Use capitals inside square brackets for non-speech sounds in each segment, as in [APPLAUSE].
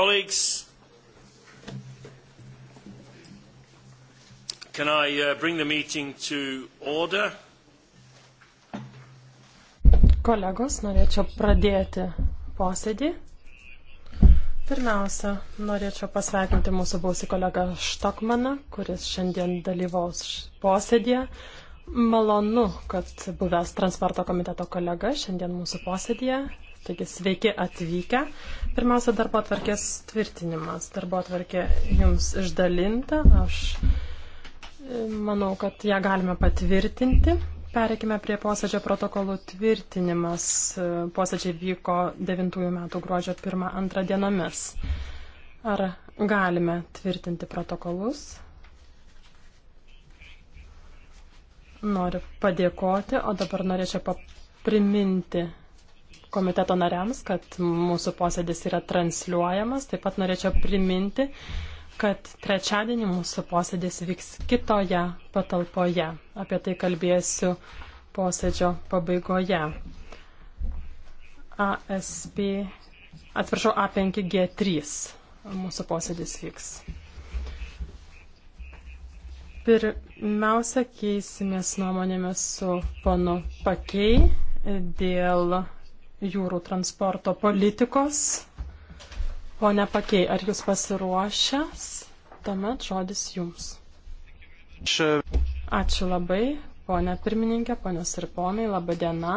Colleagues, can I uh, bring the meeting to order? Kolegos, norėčiau pradėti posėdį. Pirmiausia, norėčiau pasveikinti mūsų būsį kolegą Štokmaną, kuris šiandien dalyvaus posėdėje. Malonu, kad buvęs transporto komiteto kolega šiandien mūsų posėdėje Taigi sveiki atvykę. Pirmiausia, darbo atvarkės tvirtinimas. Darbo atvarkė jums išdalinta. Aš e, manau, kad ją galime patvirtinti. Pereikime prie posėdžio protokolų tvirtinimas. E, posėdžiai vyko 9 metų gruodžio 1-2 dienomis. Ar galime tvirtinti protokolus? Noriu padėkoti, o dabar norėčiau priminti komiteto nariams, kad mūsų posėdis yra transliuojamas. Taip pat norėčiau priminti, kad trečiadienį mūsų posėdis vyks kitoje patalpoje. Apie tai kalbėsiu posėdžio pabaigoje. ASP, atsiprašau, A5G3 mūsų posėdis vyks. Pirmiausia, keisimės nuomonėmis su ponu Pakei dėl jūrų transporto politikos. Pone Pakei, ar jūs pasiruošęs? Tuomet žodis jums. Ačiū labai, ponė pirmininkė, ponios ir ponai, laba diena.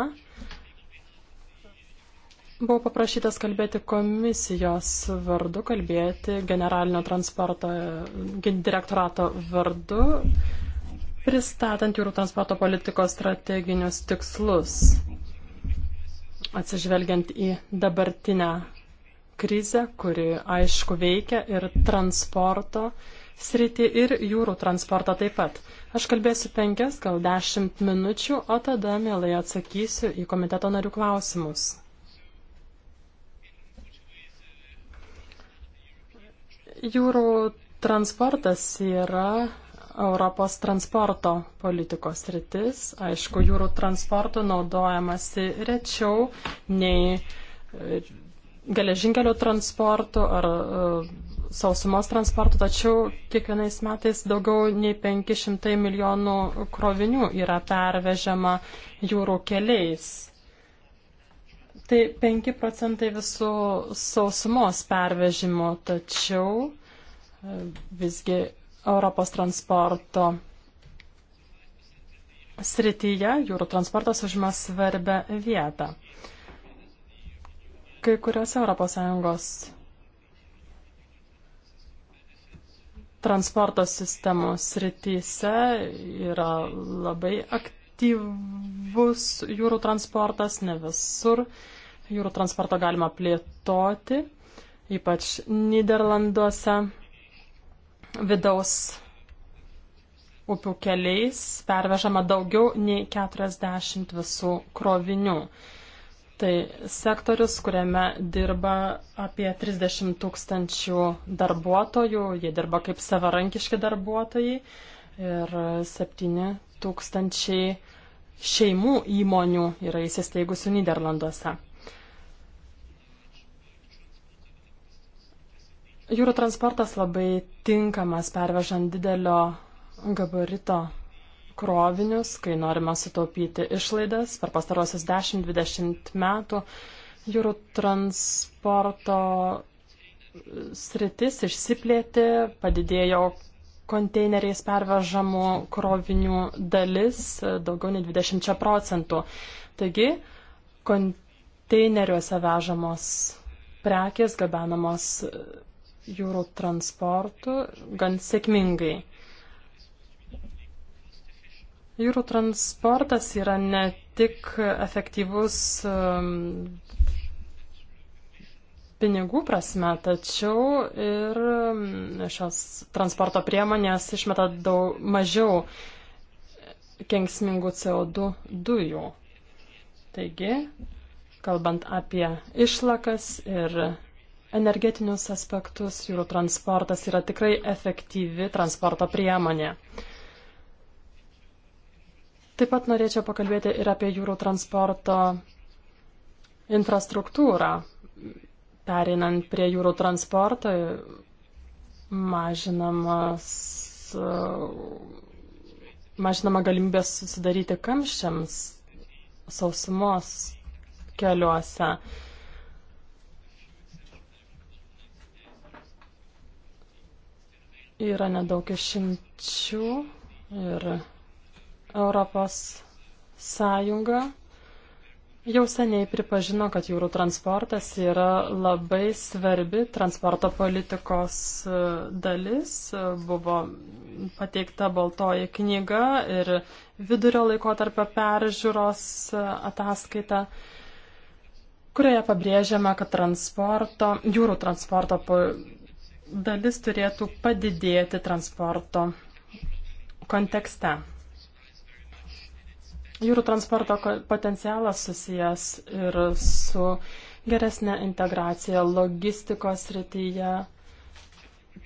Buvau paprašytas kalbėti komisijos vardu, kalbėti generalinio transporto direktorato vardu, pristatant jūrų transporto politikos strateginius tikslus atsižvelgiant į dabartinę krizę, kuri aišku veikia ir transporto sritį ir jūrų transportą taip pat. Aš kalbėsiu penkias, gal dešimt minučių, o tada mielai atsakysiu į komiteto narių klausimus. Jūrų transportas yra Europos transporto politikos rytis. Aišku, jūrų transportų naudojamasi rečiau nei e, geležinkelio transportu ar e, sausumos transportu, tačiau kiekvienais metais daugiau nei 500 milijonų krovinių yra pervežama jūrų keliais. Tai 5 procentai visų sausumos pervežimo, tačiau e, visgi Europos transporto srityje jūrų transportas užima svarbę vietą. Kai kuriuose ES transporto sistemų srityse yra labai aktyvus jūrų transportas, ne visur jūrų transporto galima plėtoti, ypač Niderlanduose vidaus upių keliais pervežama daugiau nei 40 visų krovinių. Tai sektorius, kuriame dirba apie 30 tūkstančių darbuotojų, jie dirba kaip savarankiški darbuotojai ir 7 tūkstančiai šeimų įmonių yra įsisteigusių Niderlanduose. Jūrų transportas labai tinkamas pervežant didelio gabarito krovinius, kai norime sutaupyti išlaidas. Per pastarosius 10-20 metų jūrų transporto sritis išsiplėtė, padidėjo konteineriais pervežamų krovinių dalis daugiau nei 20 procentų. Taigi, konteineriuose vežamos prekės gabenamos jūrų transportu gan sėkmingai. Jūrų transportas yra ne tik efektyvus um, pinigų prasme, tačiau ir um, šios transporto priemonės išmeta daug mažiau kenksmingų CO2 dujų. Taigi, kalbant apie išlakas ir energetinius aspektus. Jūrų transportas yra tikrai efektyvi transporto priemonė. Taip pat norėčiau pakalbėti ir apie jūrų transporto infrastruktūrą. Perinant prie jūrų transporto, mažinamas, mažinama galimybė susidaryti kamščiams sausumos keliuose. Yra nedaug išimčių ir Europos Sąjunga jau seniai pripažino, kad jūrų transportas yra labai svarbi transporto politikos e, dalis. Buvo pateikta baltoji knyga ir vidurio laikotarpio peržiūros e, ataskaita kurioje pabrėžiama, kad transporto, jūrų transporto dalis turėtų padidėti transporto kontekste. Jūrų transporto potencialas susijęs ir su geresnė integracija logistikos srityje.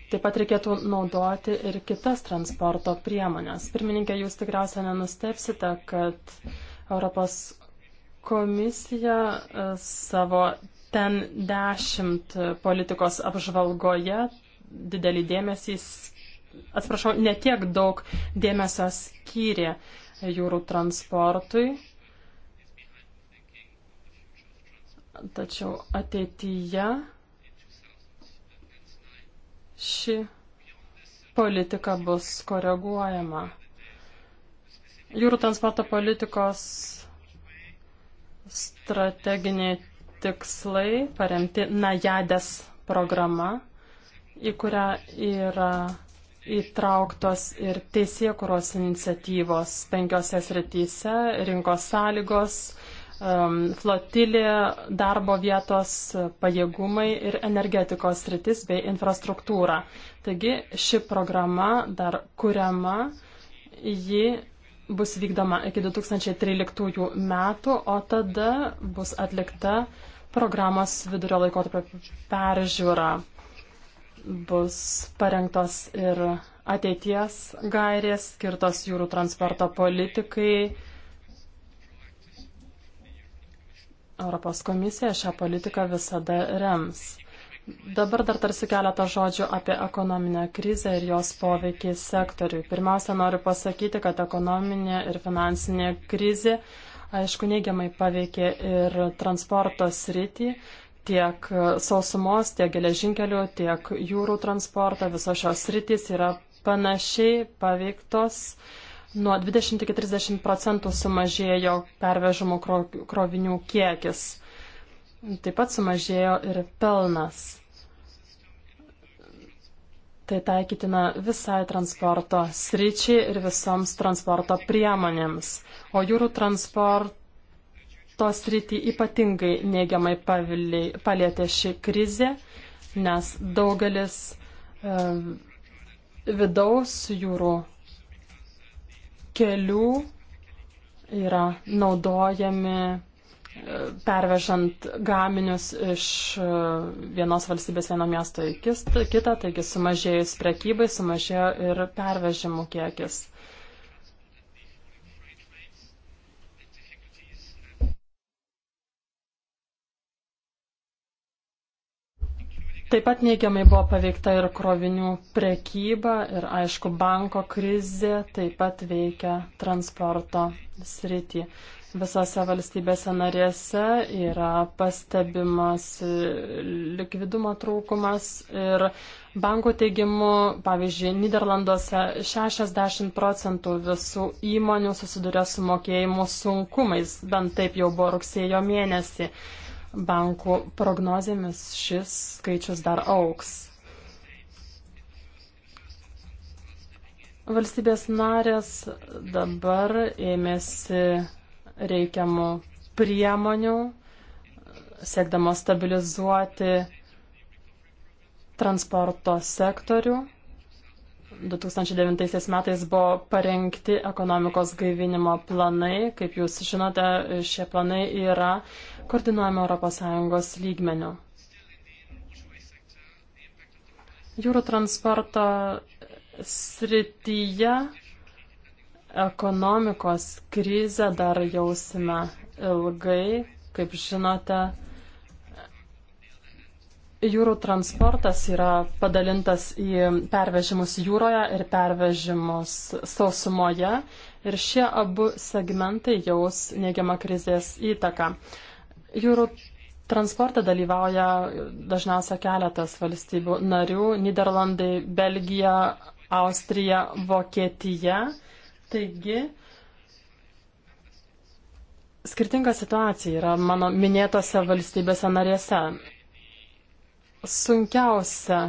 Taip pat reikėtų naudoti ir kitas transporto priemonės. Pirmininkė, jūs tikriausiai nenustepsite, kad Europos komisija e, savo ten dešimt politikos apžvalgoje didelį dėmesį, atsiprašau, netiek daug dėmesio skyrė jūrų transportui. Tačiau ateityje ši politika bus koreguojama. Jūrų transporto politikos strateginė tikslai paremti Najadės programa, į kurią yra įtrauktos ir teisėkuros iniciatyvos penkiose srityse - rinkos sąlygos, um, flotilė, darbo vietos, pajėgumai ir energetikos sritis bei infrastruktūra. Taigi ši programa dar kuriama, ji bus vykdoma iki 2013 metų, o tada bus atlikta programos vidurio laikotarpio peržiūra. Bus parengtos ir ateities gairės skirtos jūrų transporto politikai. Europos komisija šią politiką visada rems. Dabar dar tarsi keletą žodžių apie ekonominę krizę ir jos poveikį sektoriui. Pirmiausia, noriu pasakyti, kad ekonominė ir finansinė krizė uh, aišku, neigiamai paveikė ir transporto sritį, tiek sausumos, tiek geležinkelių, tiek jūrų transporto, visos šios sritys yra panašiai paveiktos. Nuo 20 iki 30 procentų sumažėjo pervežimo krovinių kiekis. Taip pat sumažėjo ir pelnas. Tai taikytina visai transporto sričiai ir visoms transporto priemonėms. O jūrų transporto srity ypatingai neigiamai palėtė ši krizė, nes daugelis e, vidaus jūrų kelių yra naudojami pervežant gaminius iš e, vienos valstybės vieno miesto į kitą, taigi sumažėjus prekybai sumažėjo ir pervežimų kiekis. Taip pat neigiamai buvo paveikta ir krovinių prekyba ir, aišku, banko krizė taip pat veikia transporto sritį visose valstybėse narėse yra pastebimas likvidumo trūkumas ir bankų teigimu, pavyzdžiui, Niderlanduose 60 procentų visų įmonių susiduria su mokėjimų sunkumais, bent taip jau buvo rugsėjo mėnesį. Bankų prognozėmis šis skaičius dar auks. Valstybės narės dabar ėmėsi reikiamų priemonių, siekdama stabilizuoti transporto sektorių. 2009 metais buvo parengti ekonomikos gaivinimo planai. Kaip jūs žinote, šie planai yra koordinuojami ES lygmeniu. Jūrų transporto srityje Ekonomikos krizę dar jausime ilgai, kaip žinote. Jūrų transportas yra padalintas į pervežimus jūroje ir pervežimus sausumoje ir šie abu segmentai jaus neigiamą krizės įtaką. Jūrų transporte dalyvauja dažniausia keletas valstybių narių - Niderlandai, Belgija, Austrija, Vokietija. Taigi, skirtinga situacija yra mano minėtose valstybėse narėse. Sunkiausia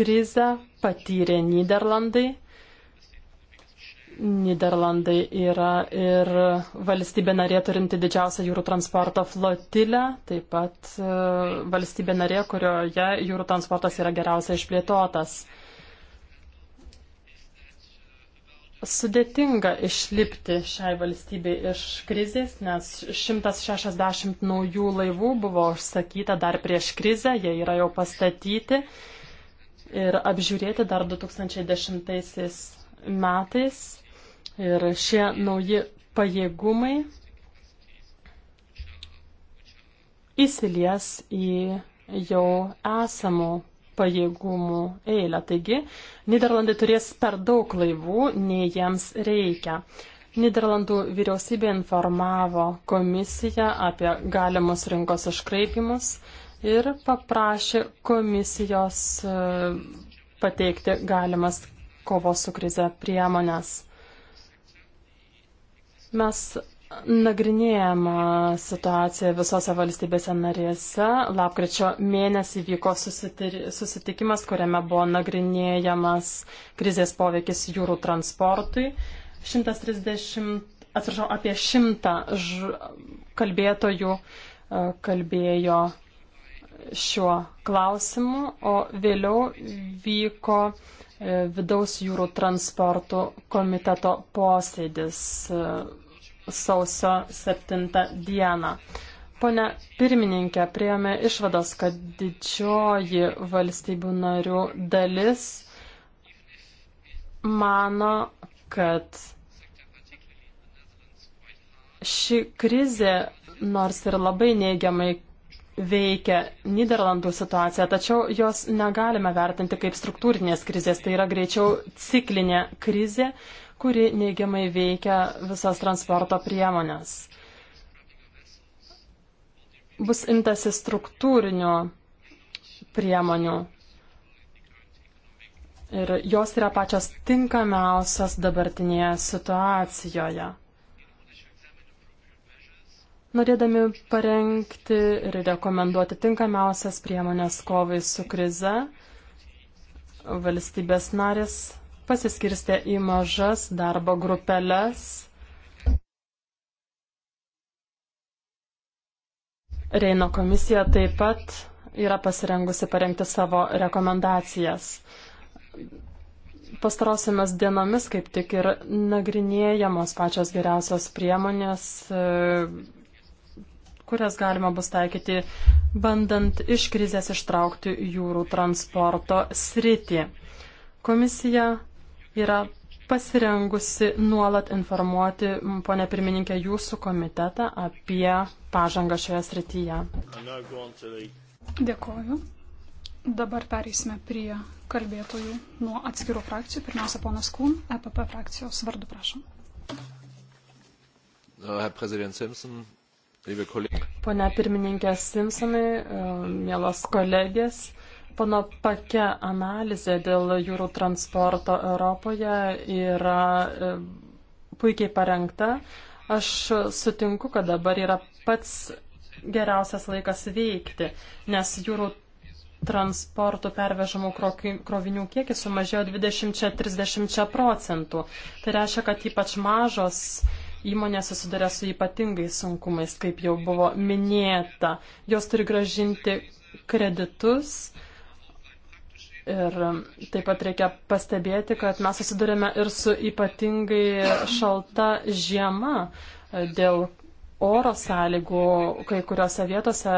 krizę patyrė Niderlandai. Niderlandai yra ir valstybė narė turinti didžiausią jūrų transporto flotilę, taip pat e, valstybė narė, kurioje jūrų transportas yra geriausiai išplėtotas. sudėtinga išlipti šiai valstybei iš krizės, nes 160 naujų laivų buvo užsakyta dar prieš krizę, jie yra jau pastatyti ir apžiūrėti dar 2010 metais. Ir šie nauji pajėgumai įsilies į jau esamų pajėgumų eilę. Taigi, Niderlandai turės per daug laivų, nei jiems reikia. Niderlandų vyriausybė informavo komisiją apie galimus rinkos iškraipimus ir paprašė komisijos e, pateikti galimas kovos su krize priemonės. Mes Nagrinėjama situacija visose valstybėse narėse. Lapkričio mėnesį vyko susitikimas, kuriame buvo nagrinėjamas krizės poveikis jūrų transportui. 130, atsiprašau, apie 100 ž... kalbėtojų e, kalbėjo šiuo klausimu, o vėliau vyko e, vidaus jūrų transporto komiteto posėdis e, sausio 7 dieną. Pone pirmininkė, priėmė išvados, kad didžioji valstybių narių dalis mano, kad ši krizė nors ir labai neigiamai veikia Niderlandų situacija, tačiau jos negalime vertinti kaip struktūrinės krizės, tai yra greičiau ciklinė krizė, kuri neigiamai veikia visas transporto priemonės. Bus imtasi struktūrinių priemonių ir jos yra pačios tinkamiausias dabartinėje situacijoje. Norėdami parengti ir rekomenduoti tinkamiausias priemonės kovai su krize, valstybės narės pasiskirstė į mažas darbo grupeles. Reino komisija taip pat yra pasirengusi parengti savo rekomendacijas. Pastarosiamis dienomis kaip tik ir nagrinėjamos pačios geriausios priemonės, e, kurias galima bus taikyti, bandant iš krizės ištraukti jūrų transporto sritį. Komisija yra pasirengusi nuolat informuoti, ponė pirmininkė, jūsų komitetą apie pažangą šioje srityje. Dėkoju. Dabar pereisime prie kalbėtojų nuo atskirų frakcijų. Pirmiausia, ponas Kūn, EPP frakcijos vardu, prašom. Pone pirmininkė Simpsonai, e, mielos kolegės, Pano Pake analizė dėl jūrų transporto Europoje yra e, puikiai parengta. Aš sutinku, kad dabar yra pats geriausias laikas veikti, nes jūrų transporto pervežamų krovinių kiekis sumažėjo 20-30 procentų. Tai reiškia, kad ypač mažos įmonės susiduria su ypatingais sunkumais, kaip jau buvo minėta. Jos turi gražinti kreditus, Ir taip pat reikia pastebėti, kad mes susidurėme ir su ypatingai šalta žiema, dėl oro sąlygų kai kuriuose vietose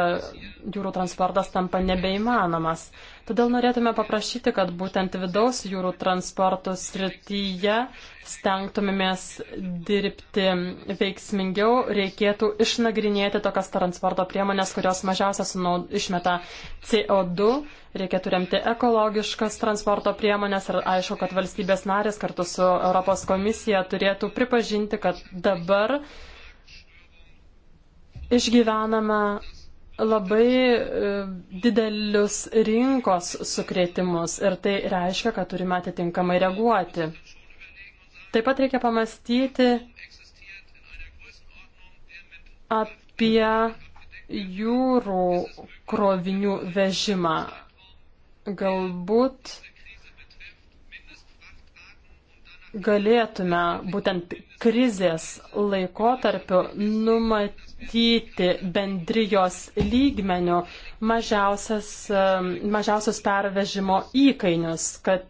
jūrų transportas tampa nebeįmanomas. Todėl norėtume paprašyti, kad būtent vidaus jūrų transporto srityje stengtumėmės dirbti veiksmingiau, reikėtų išnagrinėti tokias transporto priemonės, kurios mažiausias išmeta CO2, reikėtų remti ekologiškas transporto priemonės ir aišku, kad valstybės narės kartu su Europos komisija turėtų pripažinti, kad dabar išgyvename labai e, didelius rinkos sukrėtimus ir tai reiškia, kad turime atitinkamai reaguoti. Taip pat reikia pamastyti apie jūrų krovinių vežimą. Galbūt galėtume būtent krizės laikotarpiu numatyti nustatyti bendrijos lygmenių mažiausias, mažiausius pervežimo įkainius, kad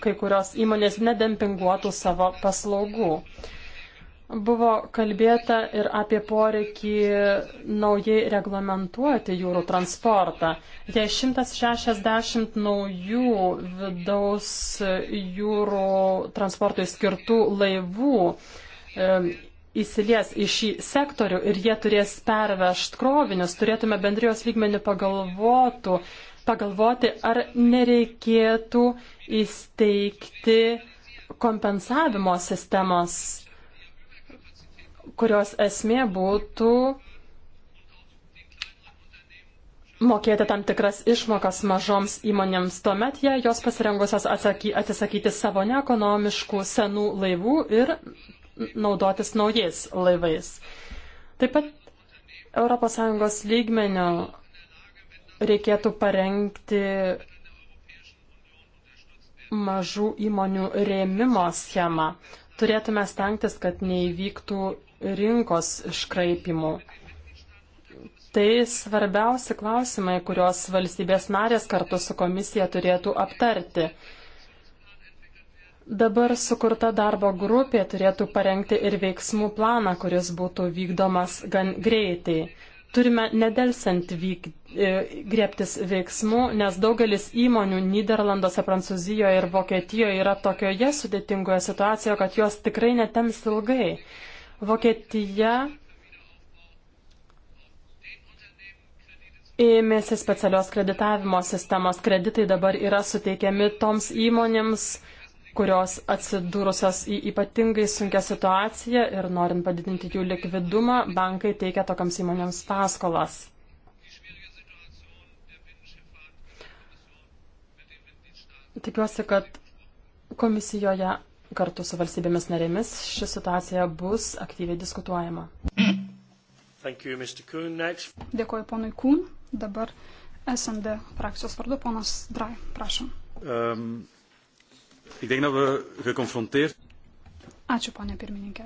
kai kurios įmonės nedempinguotų savo paslaugų. Buvo kalbėta ir apie poreikį naujai reglamentuoti jūrų transportą. Jei 160 naujų vidaus jūrų transportui skirtų laivų įsilies į šį sektorių ir jie turės pervežti krovinius, turėtume bendrijos lygmenį pagalvotų, pagalvoti, ar nereikėtų įsteigti kompensavimo sistemos, kurios esmė būtų mokėti tam tikras išmokas mažoms įmonėms tuomet, jei jos pasirengusios atsaky, atsisakyti savo neekonomiškų senų laivų ir naudotis naujais laivais. Taip pat ES lygmenio reikėtų parengti mažų įmonių rėmimo schemą. Turėtume stengtis, kad neįvyktų rinkos iškraipimų. Tai svarbiausi klausimai, kuriuos valstybės narės kartu su komisija turėtų aptarti. Dabar sukurta darbo grupė turėtų parengti ir veiksmų planą, kuris būtų vykdomas gan greitai. Turime nedelsiant vyk, e, griebtis veiksmų, nes daugelis įmonių Niderlanduose, Prancūzijoje ir Vokietijoje yra tokioje sudėtingoje situacijoje, kad jos tikrai netems ilgai. Vokietija ėmėsi specialios kreditavimo sistemos. Kreditai dabar yra suteikiami toms įmonėms, kurios atsidūrusios į ypatingai sunkę situaciją ir norint padidinti jų likvidumą, bankai teikia tokiams įmonėms paskolas. Tikiuosi, kad komisijoje kartu su valstybėmis narėmis ši situacija bus aktyviai diskutuojama. You, Dėkuoju ponui Kūn. Dabar SND frakcijos vardu ponas Drai, prašom. Um, Ik denk dat we geconfronteerd. Ačiū, ponė pirmininkė.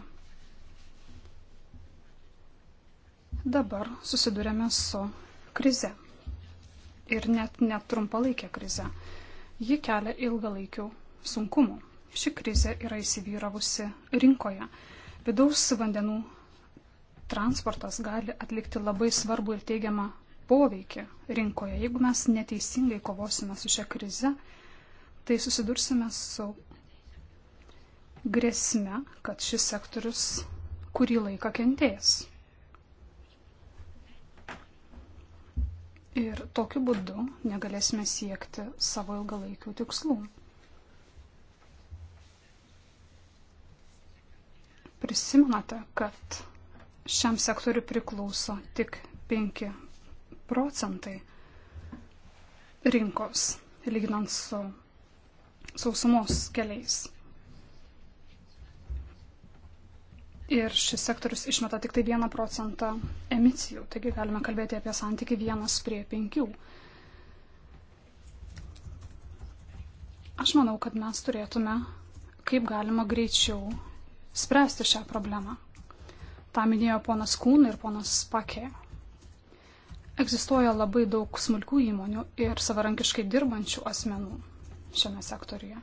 Dabar susidurėme su krize. Ir net netrumpalaikė krize. Ji kelia ilgalaikių sunkumų. Ši krize yra įsivyravusi rinkoje. Vidaus vandenų transportas gali atlikti labai svarbu ir teigiamą poveikį rinkoje. Jeigu mes neteisingai kovosime su šia krize, tai susidursime su grėsme, kad šis sektorius kurį laiką kentės. Ir tokiu būdu negalėsime siekti savo ilgalaikių tikslų. Prisimenate, kad šiam sektoriu priklauso tik 5 procentai rinkos, lyginant su sausumos keliais. Ir šis sektorius išmeta tik tai 1 procentą emisijų, taigi galime kalbėti apie santyki 1 prie 5. Aš manau, kad mes turėtume kaip galima greičiau spręsti šią problemą. Ta minėjo ponas Kūn ir ponas Pakė. Egzistuoja labai daug smulkių įmonių ir savarankiškai dirbančių asmenų šiame sektoriuje.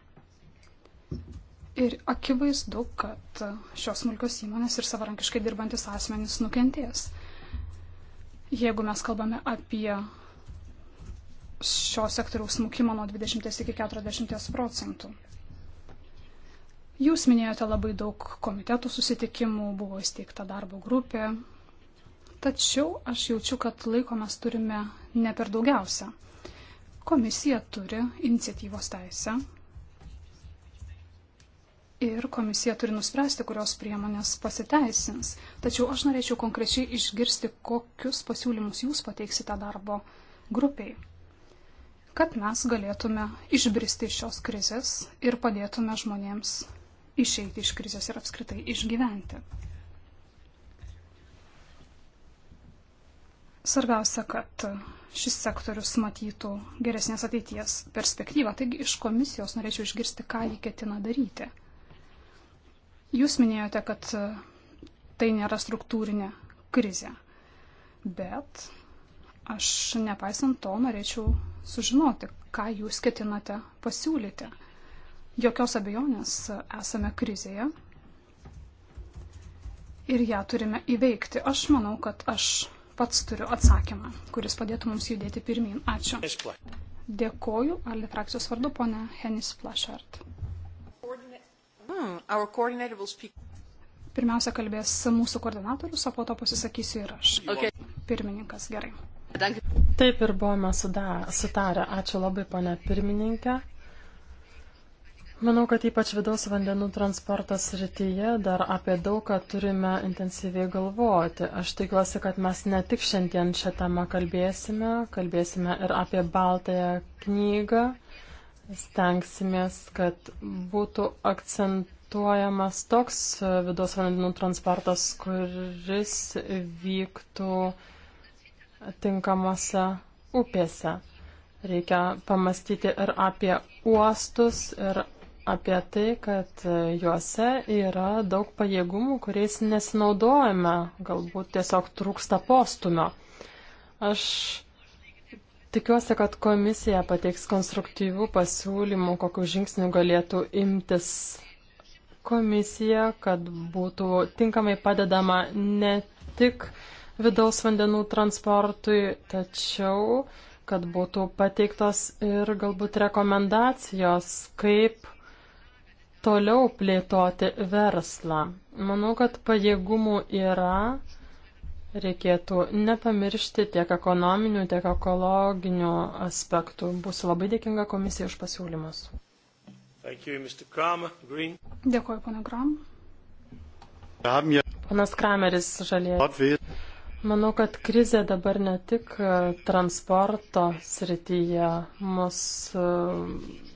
Ir akivaizdu, kad šios smulkios įmonės ir savarankiškai dirbantis asmenys nukentės. Jeigu mes kalbame apie šio sektoriaus smukimą nuo 20 iki 40 procentų. Jūs minėjote labai daug komitetų susitikimų, buvo įsteigta darbo grupė, tačiau aš jaučiu, kad laiko mes turime ne per daugiausia. Komisija turi iniciatyvos teisę ir komisija turi nuspręsti, kurios priemonės pasiteisins. Tačiau aš norėčiau konkrečiai išgirsti, kokius pasiūlymus jūs pateiksite darbo grupiai, kad mes galėtume išbristi iš šios krizės ir padėtume žmonėms išeiti iš krizės ir apskritai išgyventi. Svarbiausia, kad šis sektorius matytų geresnės ateities perspektyvą. Taigi iš komisijos norėčiau išgirsti, ką jį ketina daryti. Jūs minėjote, kad tai nėra struktūrinė krizė, bet aš nepaisant to norėčiau sužinoti, ką jūs ketinate pasiūlyti. Jokios abejonės esame krizėje ir ją turime įveikti. Aš manau, kad aš pats turiu atsakymą, kuris padėtų mums judėti pirmin. Ačiū. Dėkoju Alde frakcijos vardu, ponė Henis Plašart. Hmm, Pirmiausia kalbės mūsų koordinatorius, o po to pasisakysiu ir aš. Okay. Pirmininkas, gerai. Taip ir buvome sudarę. Ačiū labai, ponė pirmininkė. Manau, kad ypač vidaus vandenų transportas rytyje dar apie daug ką turime intensyviai galvoti. Aš tikiuosi, kad mes ne tik šiandien šią temą kalbėsime, kalbėsime ir apie baltąją knygą. Stengsimės, kad būtų akcentuojamas toks vidaus vandenų transportas, kuris vyktų tinkamose upėse. Reikia pamastyti ir apie uostus, ir apie tai, kad e, juose yra daug pajėgumų, kuriais nesinaudojame, galbūt tiesiog trūksta postumio. Aš tikiuosi, kad komisija pateiks konstruktyvių pasiūlymų, kokiu žingsniu galėtų imtis komisija, kad būtų tinkamai padedama ne tik vidaus vandenų transportui, tačiau kad būtų pateiktos ir galbūt rekomendacijos, kaip toliau plėtoti verslą. Manau, kad pajėgumų yra. Reikėtų nepamiršti tiek ekonominių, tiek ekologinių aspektų. Būsiu labai dėkinga komisijai už pasiūlymus. You, Kramer, Dėkuoju, pana Kram. Panas Krameris žalėjo. Manau, kad krizė dabar ne tik transporto srityje mus. Uh,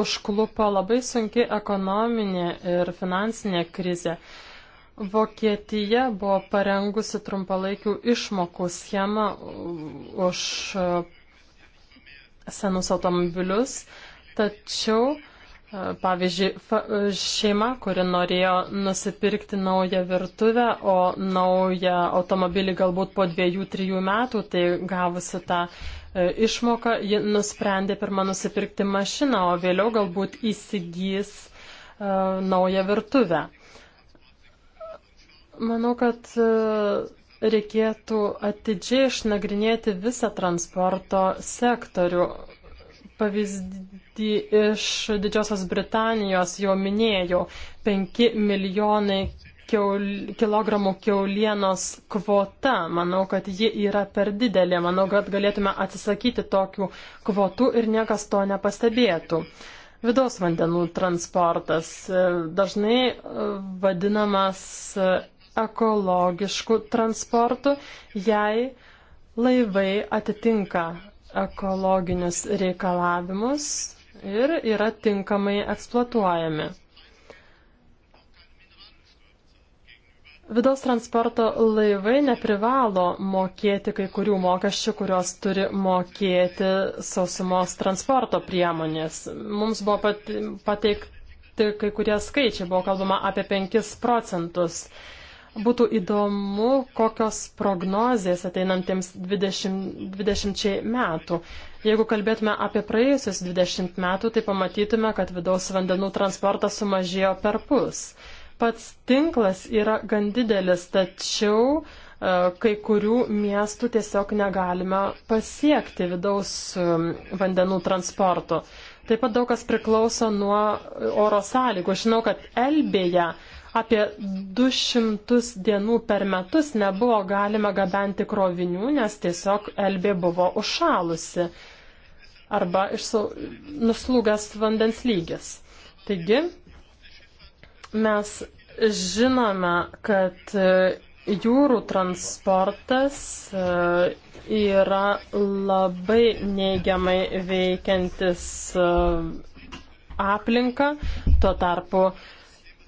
užklupo labai sunki ekonominė ir finansinė krizė. Vokietija buvo parengusi trumpalaikių išmokų schemą už e, senus automobilius, tačiau e, Pavyzdžiui, e, šeima, kuri norėjo nusipirkti naują virtuvę, o naują automobilį galbūt po dviejų, trijų metų, tai gavusi tą E, išmoką, ji nusprendė pirmą nusipirkti mašiną, o vėliau galbūt įsigys e, naują virtuvę. Manau, kad e, reikėtų atidžiai išnagrinėti visą transporto sektorių. Pavyzdį iš Didžiosios Britanijos jau minėjau, 5 milijonai kiaul, kilogramų kiaulienos kvota. Manau, kad ji yra per didelė. Manau, kad galėtume atsisakyti tokių kvotų ir niekas to nepastebėtų. Vidaus vandenų transportas e, dažnai e, vadinamas e, ekologišku transportu, jei laivai atitinka ekologinius reikalavimus ir yra tinkamai eksploatuojami. Vidaus transporto laivai neprivalo mokėti kai kurių mokesčių, kuriuos turi mokėti sausumos transporto priemonės. Mums buvo pateikti kai kurie skaičiai, buvo kalbama apie 5 procentus. Būtų įdomu, kokios prognozijas ateinantiems 20, 20 metų. Jeigu kalbėtume apie praėjusius 20 metų, tai pamatytume, kad vidaus vandenų transportas sumažėjo per pus. Pats tinklas yra gan didelis, tačiau e, kai kurių miestų tiesiog negalime pasiekti vidaus e, vandenų transportu. Taip pat daug kas priklauso nuo oro sąlygų. Žinau, kad Elbėje apie 200 dienų per metus nebuvo galima gabenti krovinių, nes tiesiog Elbė buvo užšalusi arba išsau... nuslūgęs vandens lygis. Taigi, Mes žinome, kad e, jūrų transportas e, yra labai neigiamai veikiantis e, aplinką, tuo tarpu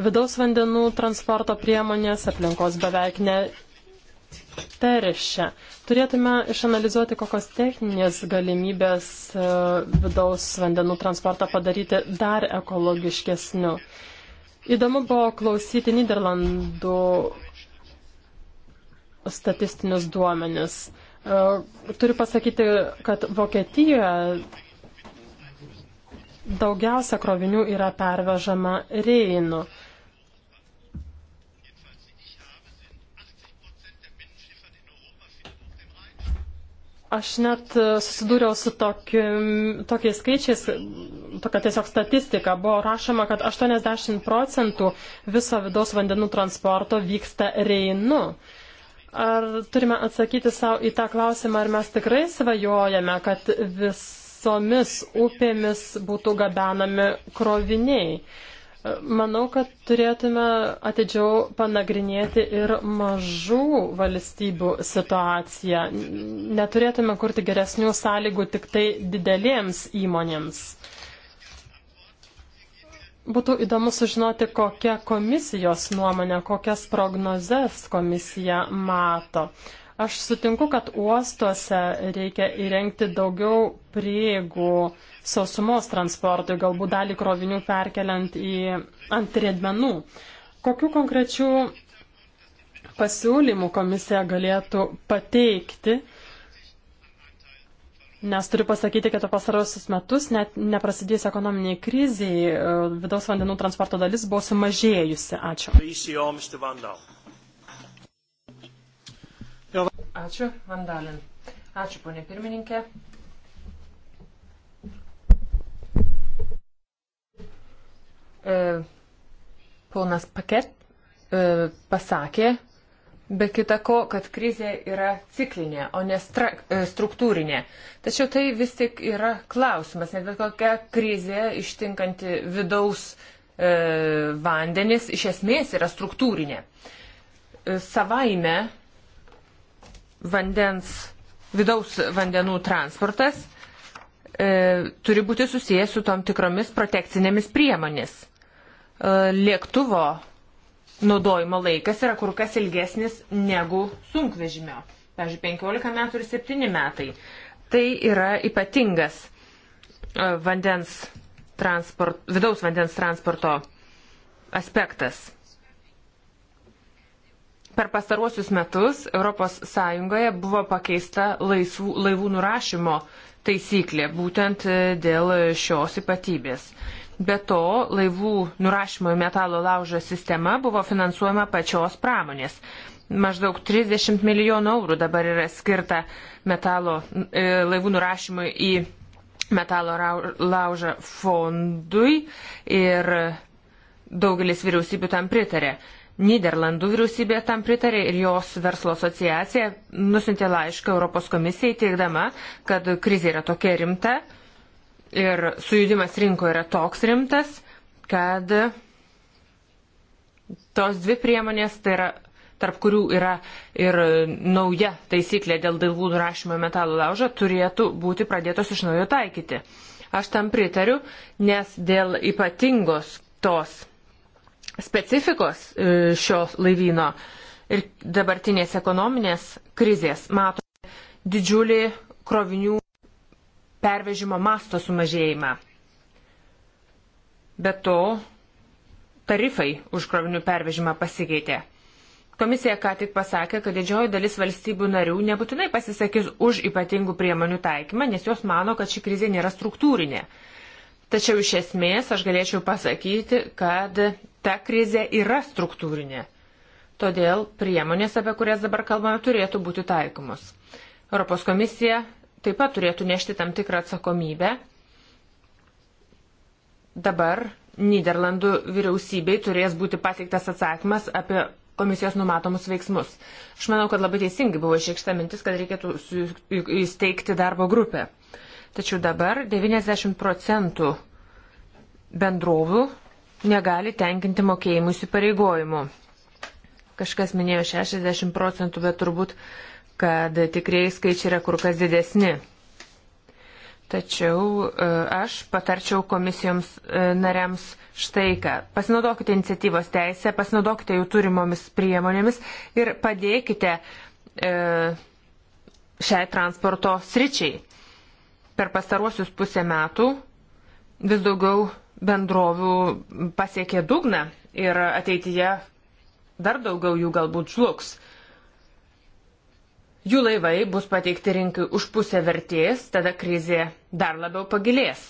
vidaus vandenų transporto priemonės aplinkos beveik ne teršia. Turėtume išanalizuoti, kokios techninės galimybės vidaus vandenų transportą padaryti dar ekologiškesniu. Įdomu buvo klausyti Niderlandų statistinius duomenis. E, turiu pasakyti, kad Vokietijoje daugiausia krovinių yra pervežama Reinu. Aš net e, susidūriau su tokiu, tokiais skaičiais, tokia tiesiog statistika. Buvo rašoma, kad 80 procentų viso vidaus vandenų transporto vyksta Reinu. Ar turime atsakyti savo į tą klausimą, ar mes tikrai svajojame, kad visomis upėmis būtų gabenami kroviniai? Manau, kad turėtume atidžiau panagrinėti ir mažų valstybių situaciją. Neturėtume kurti geresnių sąlygų tik tai didelėms įmonėms. Būtų įdomu sužinoti, kokia komisijos nuomonė, kokias prognozes komisija mato. Aš sutinku, kad uostuose reikia įrengti daugiau prieigų sausumos transportui, galbūt dalį krovinių perkeliant į ant riedmenų. Kokiu konkrečiu pasiūlymų komisija galėtų pateikti, nes turiu pasakyti, kad pasarosius metus, net neprasidėjus ekonominiai kriziai, e, vidaus vandenų transporto dalis buvo sumažėjusi. Ačiū. Ačiū, Vandalin. Ačiū, ponė pirmininkė. E, ponas Paket e, pasakė, be kita ko, kad krizė yra ciklinė, o ne e, struktūrinė. Tačiau tai vis tik yra klausimas, nes bet kokia krizė ištinkanti vidaus e, vandenis iš esmės yra struktūrinė. Savaime vandens, vidaus vandenų transportas e, turi būti susijęs su tom tikromis protekcinėmis priemonės E, lėktuvo naudojimo laikas yra kur kas ilgesnis negu sunkvežimio. Pavyzdžiui, 15 metų ir 7 metai. Tai yra ypatingas e, vandens transport, vidaus vandens transporto aspektas. Per pastaruosius metus ES buvo pakeista laisvų, laivų nurašymo taisyklė būtent e, dėl šios ypatybės. Be to, laivų nurašymo į metalo laužo sistema buvo finansuojama pačios pramonės. Maždaug 30 milijonų eurų dabar yra skirta metalo, e, laivų nurašymui į metalo laužą fondui ir daugelis vyriausybių tam pritarė. Niderlandų vyriausybė tam pritarė ir jos verslo asociacija nusintė laišką Europos komisijai teikdama, kad krizė yra tokia rimta, Ir sujudimas rinkoje yra toks rimtas, kad tos dvi priemonės, tai yra, tarp kurių yra ir nauja taisyklė dėl daivų nurašymo metalų laužą, turėtų būti pradėtos iš naujo taikyti. Aš tam pritariu, nes dėl ypatingos tos specifikos e, šio laivyno ir dabartinės ekonominės krizės matome didžiulį krovinių pervežimo masto sumažėjimą. Be to, tarifai už krovinių pervežimą pasikeitė. Komisija ką tik pasakė, kad didžioji dalis valstybių narių nebūtinai pasisakys už ypatingų priemonių taikymą, nes jos mano, kad ši krizė nėra struktūrinė. Tačiau iš esmės aš galėčiau pasakyti, kad ta krizė yra struktūrinė. Todėl priemonės, apie kurias dabar kalbame, turėtų būti taikomos. Europos komisija taip pat turėtų nešti tam tikrą atsakomybę. Dabar Niderlandų vyriausybei turės būti pateiktas atsakymas apie komisijos numatomus veiksmus. Aš manau, kad labai teisingai buvo išreikšta mintis, kad reikėtų įsteigti darbo grupę. Tačiau dabar 90 procentų bendrovų negali tenkinti mokėjimų įsipareigojimų. Kažkas minėjo 60 procentų, bet turbūt kad tikrieji skaičiai yra kur kas didesni. Tačiau e, aš patarčiau komisijoms e, nariams štai ką. Pasinaudokite iniciatyvos teisę, pasinaudokite jų turimomis priemonėmis ir padėkite e, šiai transporto sričiai. Per pastaruosius pusę metų vis daugiau bendrovių pasiekė dugną ir ateityje dar daugiau jų galbūt žlugs. Jų laivai bus pateikti rinkai už pusę vertės, tada krizė dar labiau pagilės.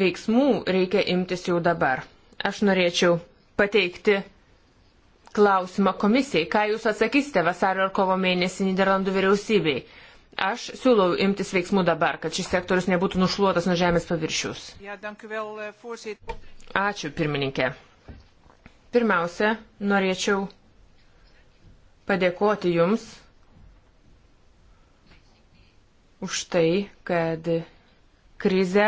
Veiksmų reikia imtis jau dabar. Aš norėčiau pateikti klausimą komisijai. Ką jūs atsakysite vasario ar kovo mėnesį Niderlandų vyriausybei? Aš siūlau imtis veiksmų dabar, kad šis sektorius nebūtų nušluotas nuo žemės paviršius. Eh, Ačiū, pirmininkė. Pirmiausia, norėčiau padėkoti Jums už tai, kad krizę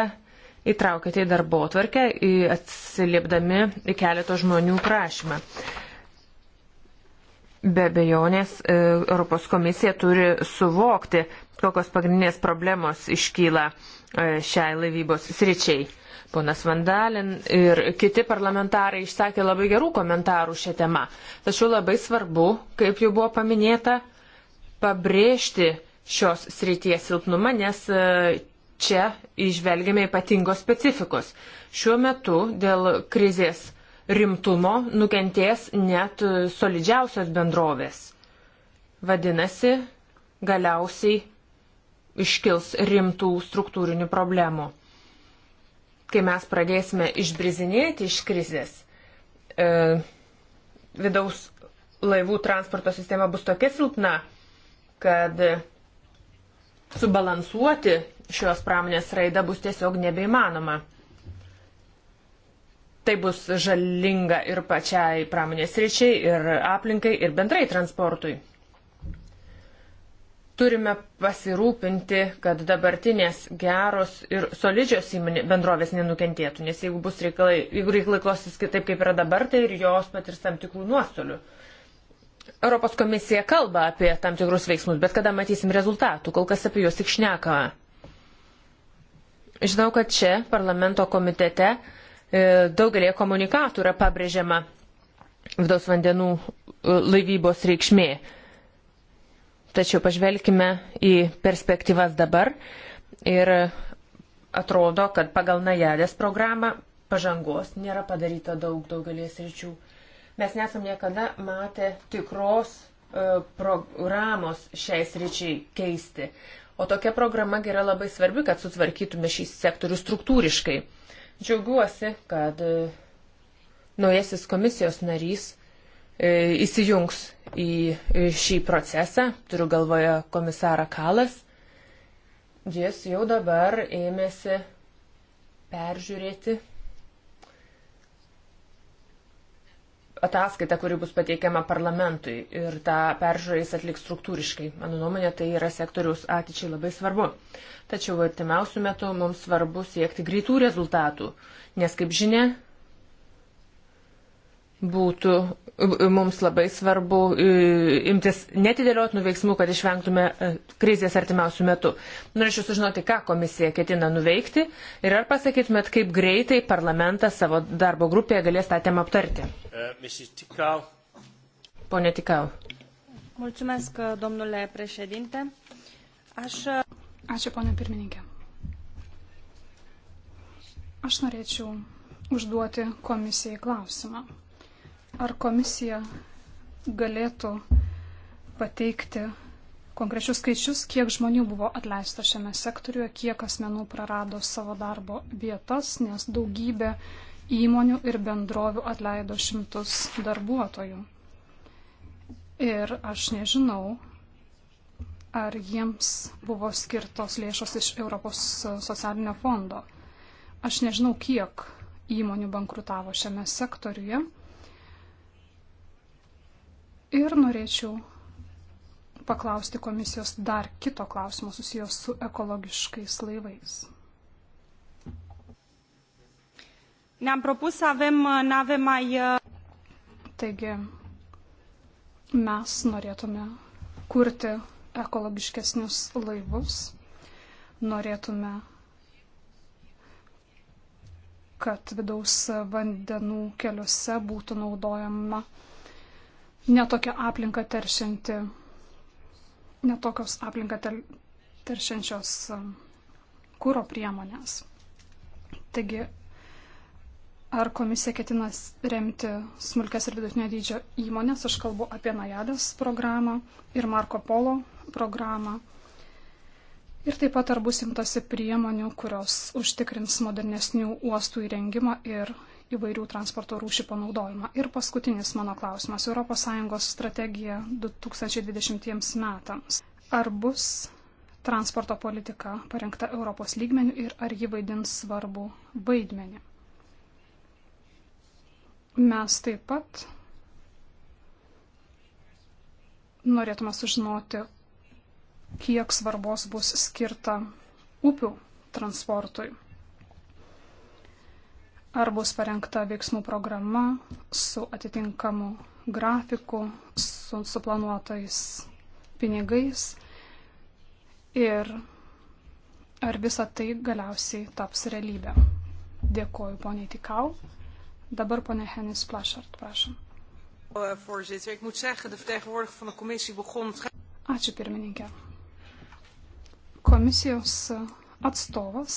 įtraukėte į darbo atvarkę, atsiliepdami į keleto žmonių prašymą. Be bejonės, e, Europos komisija turi suvokti, kokios pagrindinės problemos iškyla e, šiai laivybos sričiai. Ponas Vandalin ir kiti parlamentarai išsakė labai gerų komentarų šią temą. Tačiau labai svarbu, kaip jau buvo paminėta, pabrėžti šios srities silpnumą, nes e, čia išvelgiame ypatingos specifikos. Šiuo metu dėl krizės rimtumo nukentės net e, solidžiausios bendrovės. Vadinasi, galiausiai iškils rimtų struktūrinių problemų. Kai mes pradėsime išbrizinėti iš krizės, e, vidaus laivų transporto sistema bus tokia silpna, kad subalansuoti šios pramonės raidą bus tiesiog nebeįmanoma. Tai bus žalinga ir pačiai pramonės ryčiai, ir aplinkai, ir bendrai transportui. Turime pasirūpinti, kad dabartinės geros ir solidžios įmonė, bendrovės nenukentėtų, nes jeigu bus reikalai, jeigu reikalai klostys kitaip, kaip yra dabar, tai ir jos patirs tam tikrų nuostolių. Uh, Europos komisija kalba apie tam tikrus veiksmus, bet kada matysim rezultatų, kol kas apie juos tik šnekama. Žinau, kad čia parlamento komitete e, daugelį komunikatų yra pabrėžiama vidaus vandenų e, laivybos reikšmė. Tačiau pažvelkime į perspektyvas dabar ir atrodo, kad pagal Najadės programą pažangos nėra padaryta daug daugelės ryčių. Mes nesam niekada matę tikros e, programos šiais ryčiai keisti. O tokia programa yra labai svarbi, kad sutvarkytume šį sektorių struktūriškai. Džiaugiuosi, kad e, naujasis komisijos narys e, įsijungs į šį procesą, turiu galvoje komisarą Kalas. Jis jau dabar ėmėsi peržiūrėti ataskaitą, kuri bus pateikiama parlamentui ir tą peržiūrą jis atliks struktūriškai. Mano nuomonė, tai yra sektoriaus ateičiai labai svarbu. Tačiau artimiausių metų mums svarbu siekti greitų rezultatų, nes, kaip žinia, būtų e, e, mums labai svarbu e, imtis netidėliotinų veiksmų, kad išvengtume krizės artimiausių metų. Norėčiau sužinoti, ką komisija ketina nuveikti ir ar pasakytumėt, kaip greitai parlamentas savo darbo grupėje galės tą temą aptarti. Pone Tikau. Mulțumesc, domnule președinte. Aš... Ačiū, ponė pirmininkė. Aš norėčiau užduoti komisijai klausimą. Ar komisija galėtų pateikti konkrečius skaičius, kiek žmonių buvo atleista šiame sektoriuje, kiek asmenų prarado savo darbo vietas, nes daugybė įmonių ir bendrovių atleido šimtus darbuotojų. Ir aš nežinau, ar jiems buvo skirtos lėšos iš Europos socialinio fondo. Aš nežinau, kiek įmonių bankrutavo šiame sektoriuje. Ir norėčiau paklausti komisijos dar kito klausimo susijęs su ekologiškais laivais. Ne-am propus să avem nave mai. Uh, Taigi, mes norėtume kurti ekologiškesnius laivus, norėtume, kad vidaus vandenų keliuose būtų naudojama uh, netokia aplinka teršianti, netokios aplinka teršiančios um, kūro priemonės. Taigi, ar komisija ketina remti smulkės ir vidutinio dydžio įmonės, aš kalbu apie Najadas programą ir Marko Polo programą. Ir taip pat ar bus imtasi priemonių, kurios užtikrins modernesnių uostų įrengimą ir įvairių transporto rūšių panaudojimą. Ir paskutinis mano klausimas - ES strategija 2020 metams. Ar bus transporto politika parengta Europos lygmenių ir ar ji vaidins svarbu vaidmenį? Mes taip pat norėtume sužinoti, kiek svarbos bus skirta upių transportui ar bus parengta veiksmų programa su atitinkamu grafiku, su suplanuotais pinigais ir ar visa tai galiausiai taps realybė. Dėkoju poniai Tikau. Dabar ponė Henis Plašart, prašom. Ačiū pirmininkė. Komisijos atstovas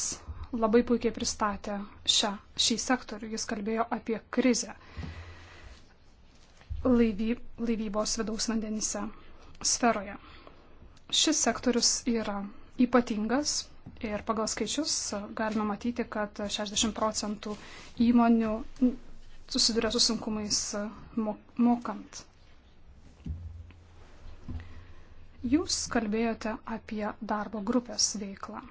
labai puikiai pristatė šią, šį sektorių. Jis kalbėjo apie krizę laivy, laivybos vidaus vandenyse sferoje. Šis sektorius yra ypatingas ir pagal skaičius galima matyti, kad 60 procentų įmonių susiduria su sunkumais mokant. Jūs kalbėjote apie darbo grupės veiklą.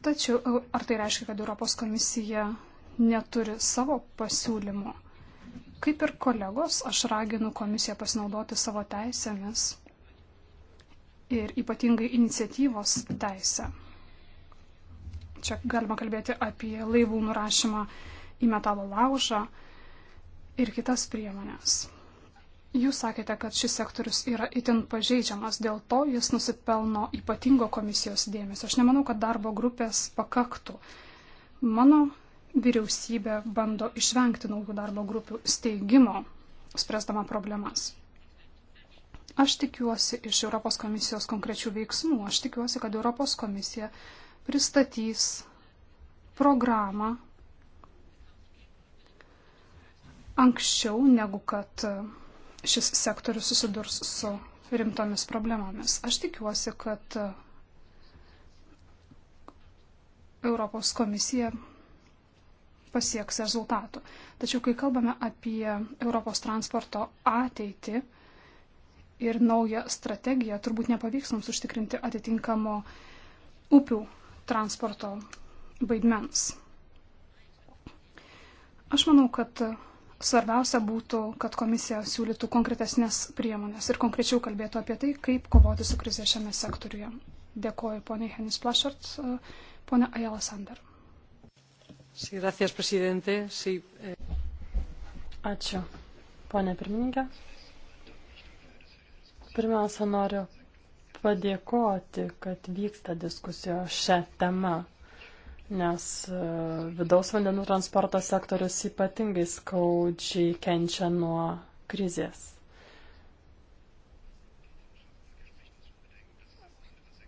Tačiau e, ar tai reiškia, kad Europos komisija neturi savo pasiūlymo? Kaip ir kolegos, aš raginu komisiją pasinaudoti savo teisėmis ir ypatingai iniciatyvos teisę. Čia galima kalbėti apie laivų nurašymą į metalo laužą ir kitas priemonės. Jūs sakėte, kad šis sektorius yra itin pažeidžiamas, dėl to jis nusipelno ypatingo komisijos dėmesio. Aš nemanau, kad darbo grupės pakaktų. Mano vyriausybė bando išvengti naujų darbo grupių steigimo, spręsdama problemas. Aš tikiuosi iš Europos komisijos konkrečių veiksmų. Aš tikiuosi, kad Europos komisija pristatys programą anksčiau negu kad šis sektorius susidurs su rimtomis problemomis. Aš tikiuosi, kad Europos komisija pasieks rezultatų. Tačiau, kai kalbame apie Europos transporto ateitį ir naują strategiją, turbūt nepavyks mums užtikrinti atitinkamo upių transporto vaidmens. Aš manau, kad Svarbiausia būtų, kad komisija siūlytų konkretesnės priemonės ir konkrečiau kalbėtų apie tai, kaip kovoti su krize šiame sektoriuje. Dėkoju poniai Henis Plašart, ponia Ajala Sander. Sí, gracias, presidente. Sí, eh... Ačiū, ponia pirmininkė. Pirmiausia, noriu padėkoti, kad vyksta diskusijos šią temą nes e, vidaus vandenų transporto sektorius ypatingai skaudžiai kenčia nuo krizės.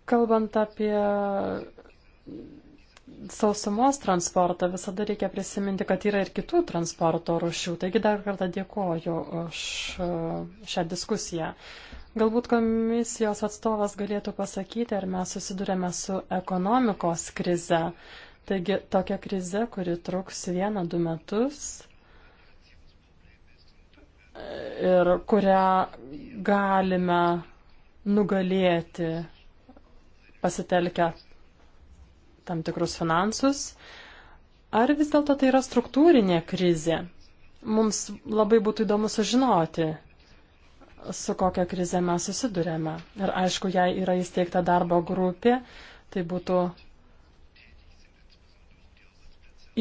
Kalbant apie sausumos transportą, visada reikia prisiminti, kad yra ir kitų transporto rušių. Taigi dar kartą dėkoju už e, šią diskusiją. Galbūt komisijos atstovas galėtų pasakyti, ar mes susidurėme su ekonomikos krize. Taigi tokia krize, kuri truks vieną, du metus ir kurią galime nugalėti pasitelkę tam tikrus finansus, ar vis dėlto tai yra struktūrinė krizė. Mums labai būtų įdomu sužinoti, su kokia krize mes susidurėme. Ir aišku, jei yra įsteigta darbo grupė, tai būtų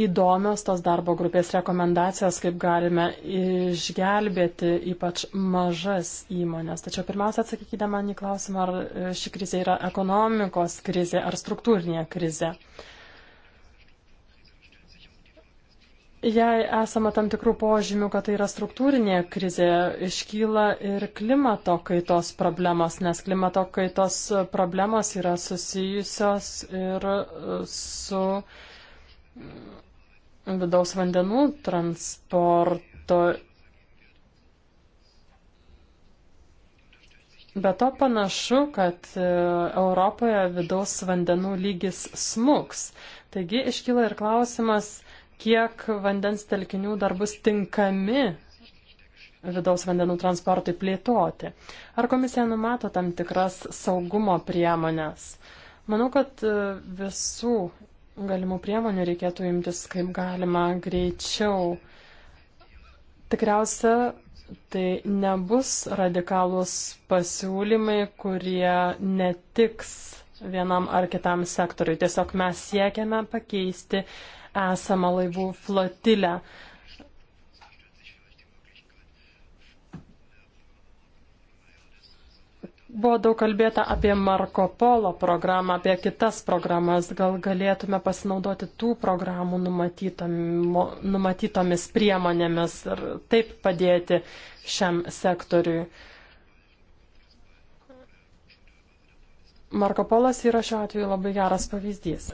įdomios tos darbo grupės rekomendacijos, kaip galime išgelbėti ypač mažas įmonės. Tačiau pirmiausia, atsakykite man į klausimą, ar ši krizė yra ekonomikos krizė ar struktūrinė krizė. Jei esama tam tikrų požymių, kad tai yra struktūrinė krizė, iškyla ir klimato kaitos problemos, nes klimato kaitos problemos yra susijusios ir su vidaus vandenų transporto. Be to panašu, kad e, Europoje vidaus vandenų lygis smuks. Taigi iškyla ir klausimas, kiek vandens telkinių dar bus tinkami vidaus vandenų transportui plėtoti. Ar komisija numato tam tikras saugumo priemonės? Manau, kad e, visų galimų priemonių reikėtų imtis kaip galima greičiau. Tikriausia, tai nebus radikalūs pasiūlymai, kurie netiks vienam ar kitam sektoriui. Tiesiog mes siekiame pakeisti esamą laivų flotilę. Buvo daug kalbėta apie Marko Polo programą, apie kitas programas. Gal galėtume pasinaudoti tų programų numatytomis priemonėmis ir taip padėti šiam sektoriui. Marko Polas yra šiuo atveju labai geras pavyzdys.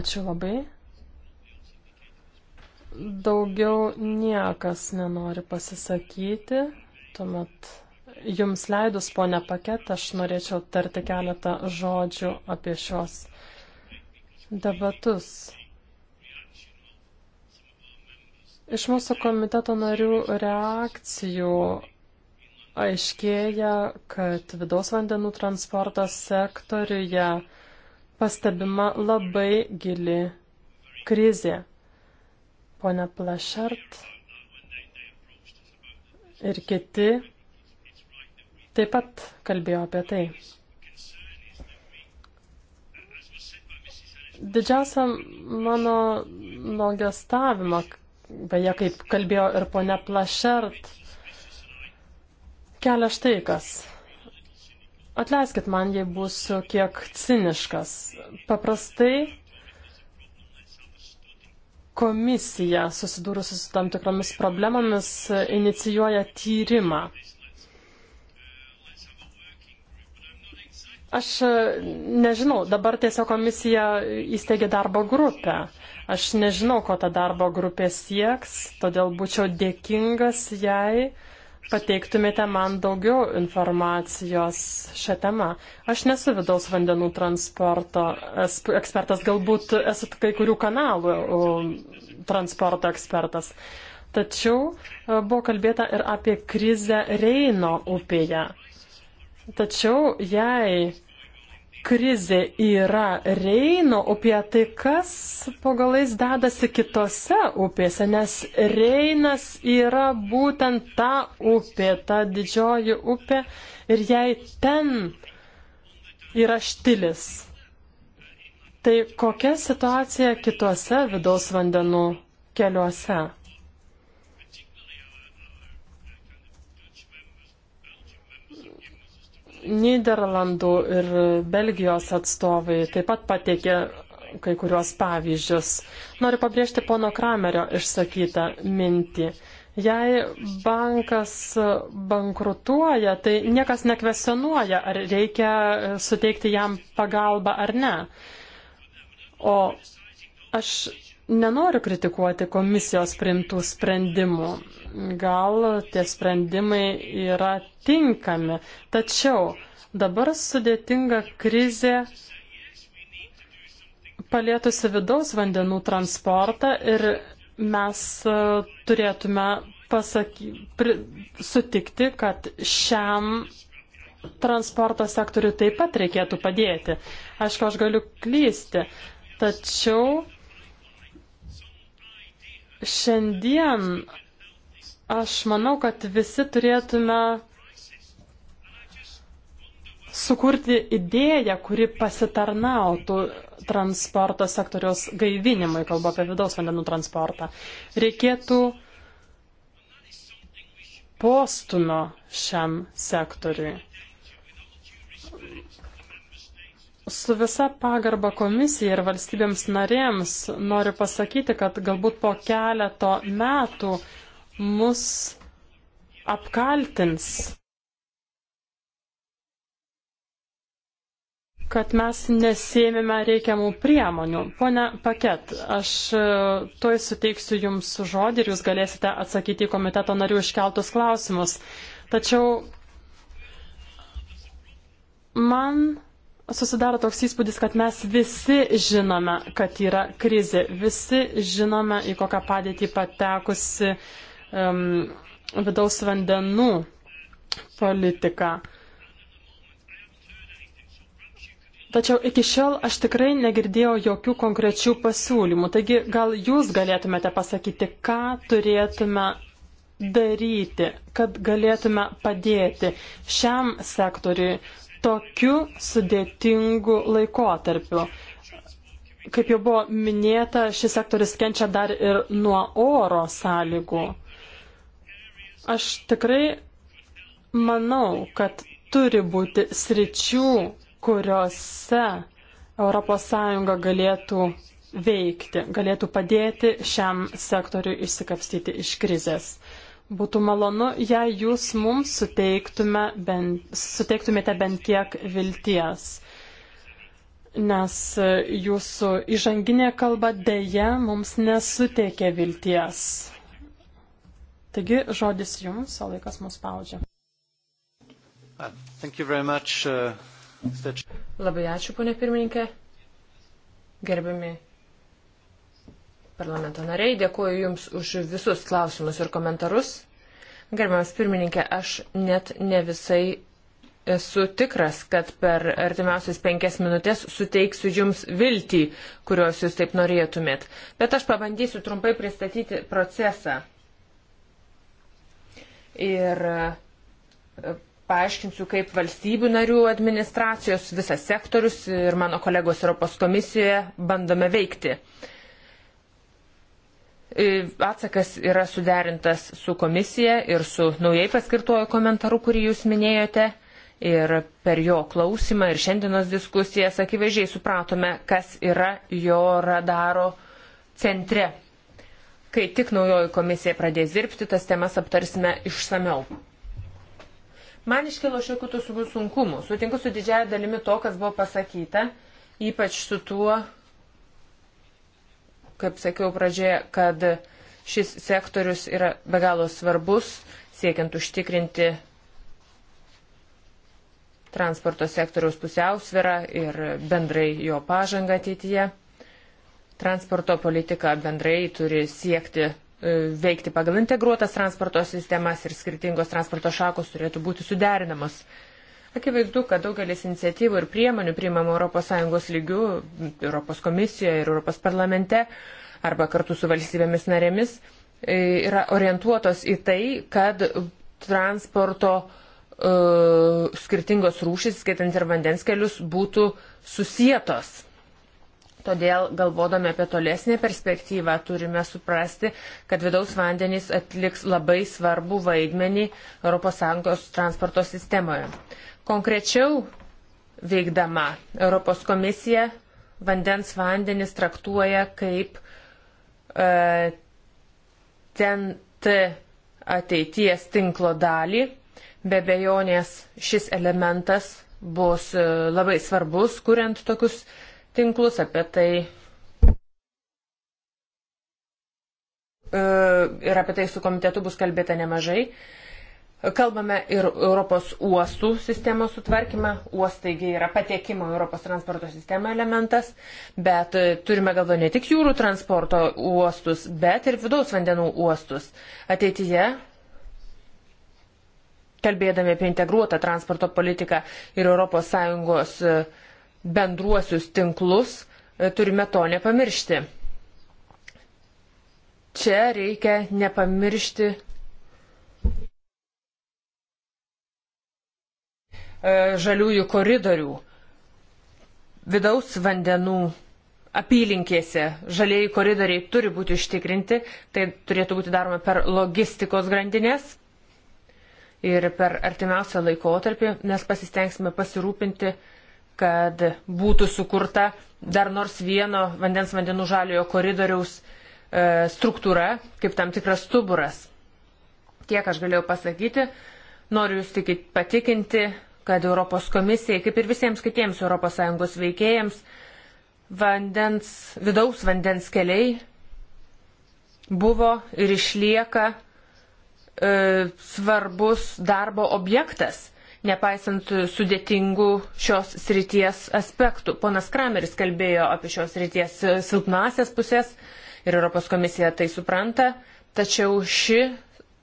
Ačiū labai. Daugiau niekas nenori pasisakyti. Tuomet Jums leidus, ponė Paket, aš norėčiau tarti keletą žodžių apie šios debatus. Iš mūsų komiteto narių reakcijų aiškėja, kad vidaus vandenų transporto sektoriuje pastebima labai gili krizė. Pone Plašart ir kiti taip pat kalbėjo apie tai. Didžiausia mano nuogestavimą, beje, kaip kalbėjo ir ponia Plašert, kelia štai kas. Atleiskit man, jei būsiu kiek ciniškas. Paprastai komisija, susidūrusi su tam tikromis problemomis, inicijuoja tyrimą. Aš e, nežinau, dabar tiesiog komisija įsteigė darbo grupę. Aš nežinau, ko ta darbo grupė sieks, todėl būčiau dėkingas jai pateiktumėte man daugiau informacijos šią temą. Aš nesu vidaus vandenų transporto ekspertas, galbūt esu kai kurių kanalų transporto ekspertas. Tačiau e, buvo kalbėta ir apie krizę Reino upėje. Tačiau jei krizė yra Reino upėje, tai kas po galais dedasi kitose upėse, nes Reinas yra būtent ta upė, ta didžioji upė ir jei ten yra štilis, tai kokia situacija kitose vidaus vandenų keliuose? Niderlandų ir Belgijos atstovai taip pat pateikė kai kuriuos pavyzdžius. Noriu pabrėžti pono Kramerio išsakytą mintį. Jei bankas bankrutuoja, tai niekas nekvesionuoja, ar reikia suteikti jam pagalbą ar ne. O aš nenoriu kritikuoti komisijos primtų sprendimų. Gal tie sprendimai yra tinkami, tačiau dabar sudėtinga krizė palėtusi vidaus vandenų transportą ir mes e, turėtume pasaky, pri, sutikti, kad šiam transporto sektoriu taip pat reikėtų padėti. Aišku, aš galiu klysti, tačiau Šiandien aš manau, kad visi turėtume sukurti idėją, kuri pasitarnautų transporto sektoriaus gaivinimui, kalbu apie vidaus vandenų transportą. Reikėtų postumio šiam sektoriui. Su visa pagarba komisija ir valstybėms narėms noriu pasakyti, kad galbūt po keleto metų mus apkaltins, kad mes nesėmėme reikiamų priemonių. Pone Paket, aš e, toj suteiksiu Jums žodį ir Jūs galėsite atsakyti į komiteto narių iškeltus klausimus. Tačiau man susidaro toks įspūdis, kad mes visi žinome, kad yra krizė, visi žinome, į kokią padėtį patekusi um, vidaus vandenų politika. Tačiau iki šiol aš tikrai negirdėjau jokių konkrečių pasiūlymų. Taigi gal jūs galėtumėte pasakyti, ką turėtume daryti, kad galėtume padėti šiam sektoriui, tokiu sudėtingu laikotarpiu. Kaip jau buvo minėta, šis sektoris kenčia dar ir nuo oro sąlygų. Aš tikrai manau, kad turi būti sričių, kuriuose ES galėtų veikti, galėtų padėti šiam sektoriui išsikapstyti iš krizės. Būtų malonu, jei jūs mums suteiktume bent, suteiktumėte bent kiek vilties, nes e, jūsų įžanginė kalba dėja mums nesuteikė vilties. Taigi žodis jums, o laikas mus spaudžia. Uh, much, uh, Labai ačiū, ponė pirmininkė. Gerbiami parlamento nariai, dėkuoju Jums už visus klausimus ir komentarus. Gerbiamas pirmininkė, aš net ne visai esu tikras, kad per artimiausias penkias minutės suteiksiu Jums viltį, kurios Jūs taip norėtumėt. Bet aš pabandysiu trumpai pristatyti procesą. Ir e, paaiškinsiu, kaip valstybių narių administracijos, visas sektorius ir mano kolegos Europos komisijoje bandome veikti. Uh, E, atsakas yra suderintas su komisija ir su naujai paskirtuoju komentaru, kurį jūs minėjote. Ir per jo klausimą ir šiandienos diskusijas akivaizdžiai supratome, kas yra jo radaro centre. Kai tik naujoji komisija pradės dirbti, tas temas aptarsime išsameu. Man iškilo šiokių tokių sunkumų. Sutinku su didžiaja dalimi to, kas buvo pasakyta, ypač su tuo, kaip sakiau pradžioje, kad šis sektorius yra be galo svarbus, siekiant užtikrinti transporto sektoriaus pusiausvirą ir bendrai jo pažangą ateityje. Transporto politika bendrai turi siekti e, veikti pagal integruotas transporto sistemas ir skirtingos transporto šakos turėtų būti suderinamos. Akivaizdu, kad daugelis iniciatyvų ir priemonių priimama ES lygių, ES komisijoje ir ES parlamente arba kartu su valstybėmis narėmis e, yra orientuotos į tai, kad transporto uh, skirtingos rūšys, skaitant ir vandens kelius, būtų susijėtos. Todėl, galvodami apie tolesnį perspektyvą, turime suprasti, kad vidaus vandenys atliks labai svarbų vaidmenį ES transporto sistemoje. Konkrečiau veikdama Europos komisija vandens vandenis traktuoja kaip e, ten ateities tinklo dalį. Be bejonės šis elementas bus e, labai svarbus, kuriant tokius tinklus apie tai. E, ir apie tai su komitetu bus kalbėta nemažai. E, Kalbame ir Europos uostų sistemos sutvarkymą. Uostaigi yra patekimo Europos transporto sistema elementas, bet e, turime galvo ne tik jūrų transporto uostus, bet ir vidaus vandenų uostus. Ateityje, kalbėdami apie integruotą transporto politiką ir ES e, bendruosius tinklus, e, turime to nepamiršti. Čia reikia nepamiršti E, žaliųjų koridorių vidaus vandenų apylinkėse žalieji koridoriai turi būti užtikrinti, tai turėtų būti daroma per logistikos grandinės ir per artimiausią laikotarpį mes pasistengsime pasirūpinti, kad būtų sukurta dar nors vieno vandens vandenų žaliojo koridoriaus e, struktūra kaip tam tikras stuburas. Tiek aš galėjau pasakyti. Noriu jūs tik patikinti, kad Europos komisijai, kaip ir visiems kitiems ES veikėjams, vandens, vidaus vandens keliai buvo ir išlieka e, svarbus darbo objektas, nepaisant sudėtingų šios srities aspektų. Ponas Krameris kalbėjo apie šios srities silpnasias pusės ir Europos komisija tai supranta, tačiau ši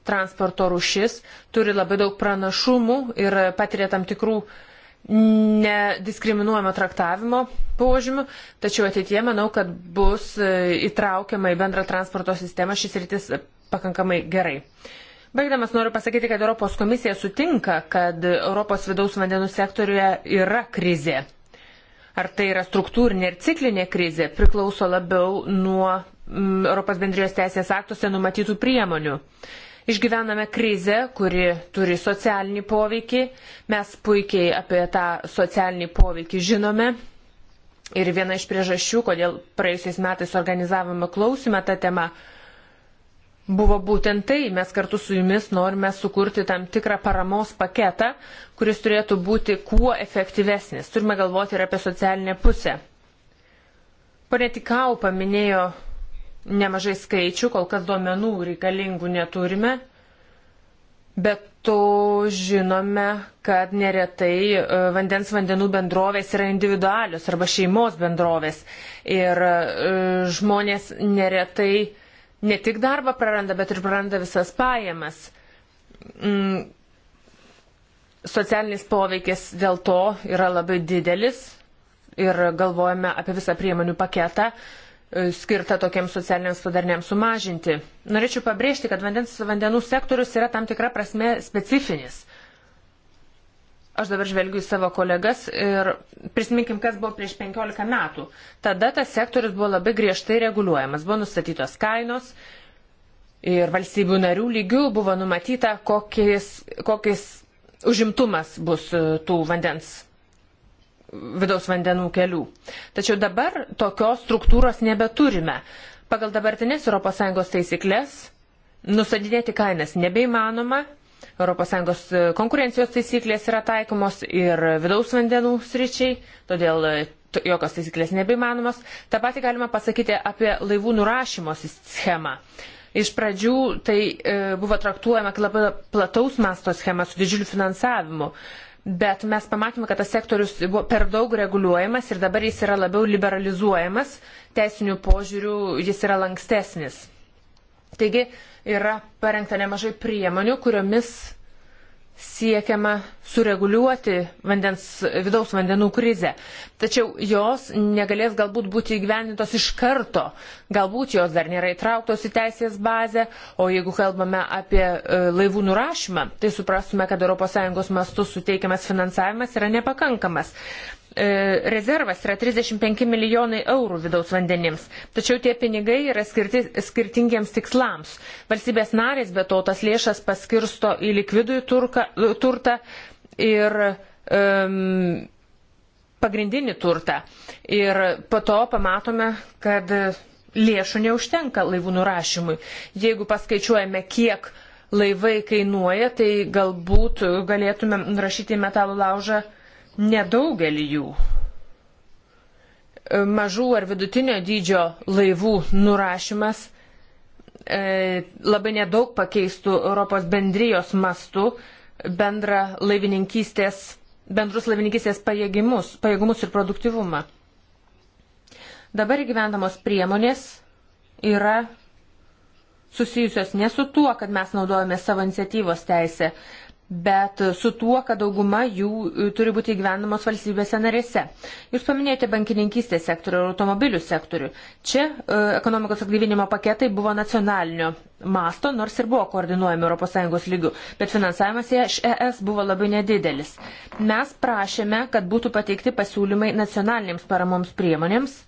transporto rušis, turi labai daug pranašumų ir patiria tam tikrų nediskriminuojamo traktavimo požymių, tačiau ateitie manau, kad bus e, įtraukiama į bendrą transporto sistemą šis rytis pakankamai gerai. Baigdamas noriu pasakyti, kad Europos komisija sutinka, kad Europos vidaus vandenų sektoriuje yra krizė. Ar tai yra struktūrinė ir ciklinė krizė priklauso labiau nuo mm, Europos bendrijos teisės aktuose numatytų priemonių. Išgyvename krizę, kuri turi socialinį poveikį. Mes puikiai apie tą socialinį poveikį žinome. Ir viena iš priežasčių, kodėl praėjusiais metais organizavome klausimą tą temą, buvo būtent tai, mes kartu su jumis norime sukurti tam tikrą paramos paketą, kuris turėtų būti kuo efektyvesnis. Turime galvoti ir apie socialinę pusę. Pane Tikau paminėjo nemažai skaičių, kol kas duomenų reikalingų neturime, bet to žinome, kad neretai e, vandens vandenų bendrovės yra individualios arba šeimos bendrovės ir e, žmonės neretai ne tik darbą praranda, bet ir praranda visas pajamas. Mm, socialinis poveikis dėl to yra labai didelis ir galvojame apie visą priemonių paketą, E, skirta tokiems socialiniams padarniams sumažinti. Norėčiau pabrėžti, kad vandens, vandenų sektorius yra tam tikra prasme specifinis. Aš dabar žvelgiu į savo kolegas ir prisiminkim, kas buvo prieš 15 metų. Tada tas sektorius buvo labai griežtai reguliuojamas, buvo nustatytos kainos ir valstybių narių lygių buvo numatyta, kokiais, kokiais užimtumas bus e, tų vandens vidaus vandenų kelių. Tačiau dabar tokios struktūros nebeturime. Pagal dabartinės ES taisyklės nusadinėti kainas nebeįmanoma. ES konkurencijos taisyklės yra taikomos ir vidaus vandenų sričiai, todėl jokios taisyklės nebeįmanomos. Ta pati galima pasakyti apie laivų nurašymo schemą. Iš pradžių tai e, buvo traktuojama kaip labai plataus masto schema su didžiuliu finansavimu. E, bet mes pamatėme, kad tas sektorius buvo per daug reguliuojamas ir dabar jis yra labiau liberalizuojamas, teisinių požiūrių jis yra lankstesnis. Taigi yra parengta nemažai priemonių, kuriomis siekiama sureguliuoti vandens, vidaus vandenų krizę. Tačiau jos negalės galbūt būti įgyvenintos iš karto, galbūt jos dar nėra įtrauktos į teisės bazę, o jeigu kalbame apie e, laivų nurašymą, tai suprastume, kad ES mastų suteikiamas finansavimas yra nepakankamas. E, rezervas yra 35 milijonai eurų vidaus vandenims, tačiau tie pinigai yra skirti skirtingiems tikslams. Valstybės narės be to tas lėšas paskirsto į likvidų turtą ir um, pagrindinį turtą. Ir po to pamatome, kad lėšų neužtenka laivų nurašymui. Jeigu paskaičiuojame, kiek laivai kainuoja, tai galbūt galėtume nurašyti metalų laužą Nedaugelį jų e, mažų ar vidutinio dydžio laivų nurašymas e, labai nedaug pakeistų Europos bendrijos mastų bendrą laivininkystės, bendrus laivininkystės pajėgimus, pajėgumus ir produktivumą. Dabar įgyvendamos priemonės yra susijusios ne su tuo, kad mes naudojame savo iniciatyvos teisę, bet su tuo, kad dauguma jų e, turi būti įgyvenamos valstybėse narėse. Jūs paminėjote bankininkystės sektorių ir automobilių sektorių. Čia e, ekonomikos atgyvinimo paketai buvo nacionalinio masto, nors ir buvo koordinuojami ES lygių, bet finansavimas iš ES buvo labai nedidelis. Mes prašėme, kad būtų pateikti pasiūlymai nacionalinėms paramoms priemonėms.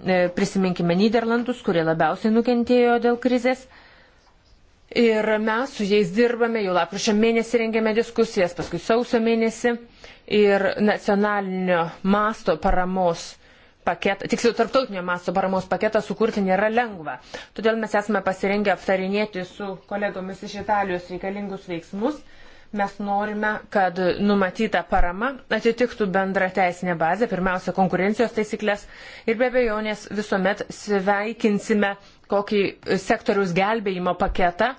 E, prisiminkime Niderlandus, kurie labiausiai nukentėjo dėl krizės Ir mes su jais dirbame, jau lapkričio mėnesį rengėme diskusijas, paskui sausio mėnesį ir nacionalinio masto paramos paketą, tiksliau tarptautinio masto paramos paketą sukurti nėra lengva. Todėl mes esame pasirengę aptarinėti su kolegomis iš Italijos reikalingus veiksmus. Mes norime, kad numatyta parama atitiktų bendrą teisinę bazę, pirmiausia, konkurencijos taisyklės ir be abejonės visuomet sveikinsime kokį sektoriaus gelbėjimo paketą,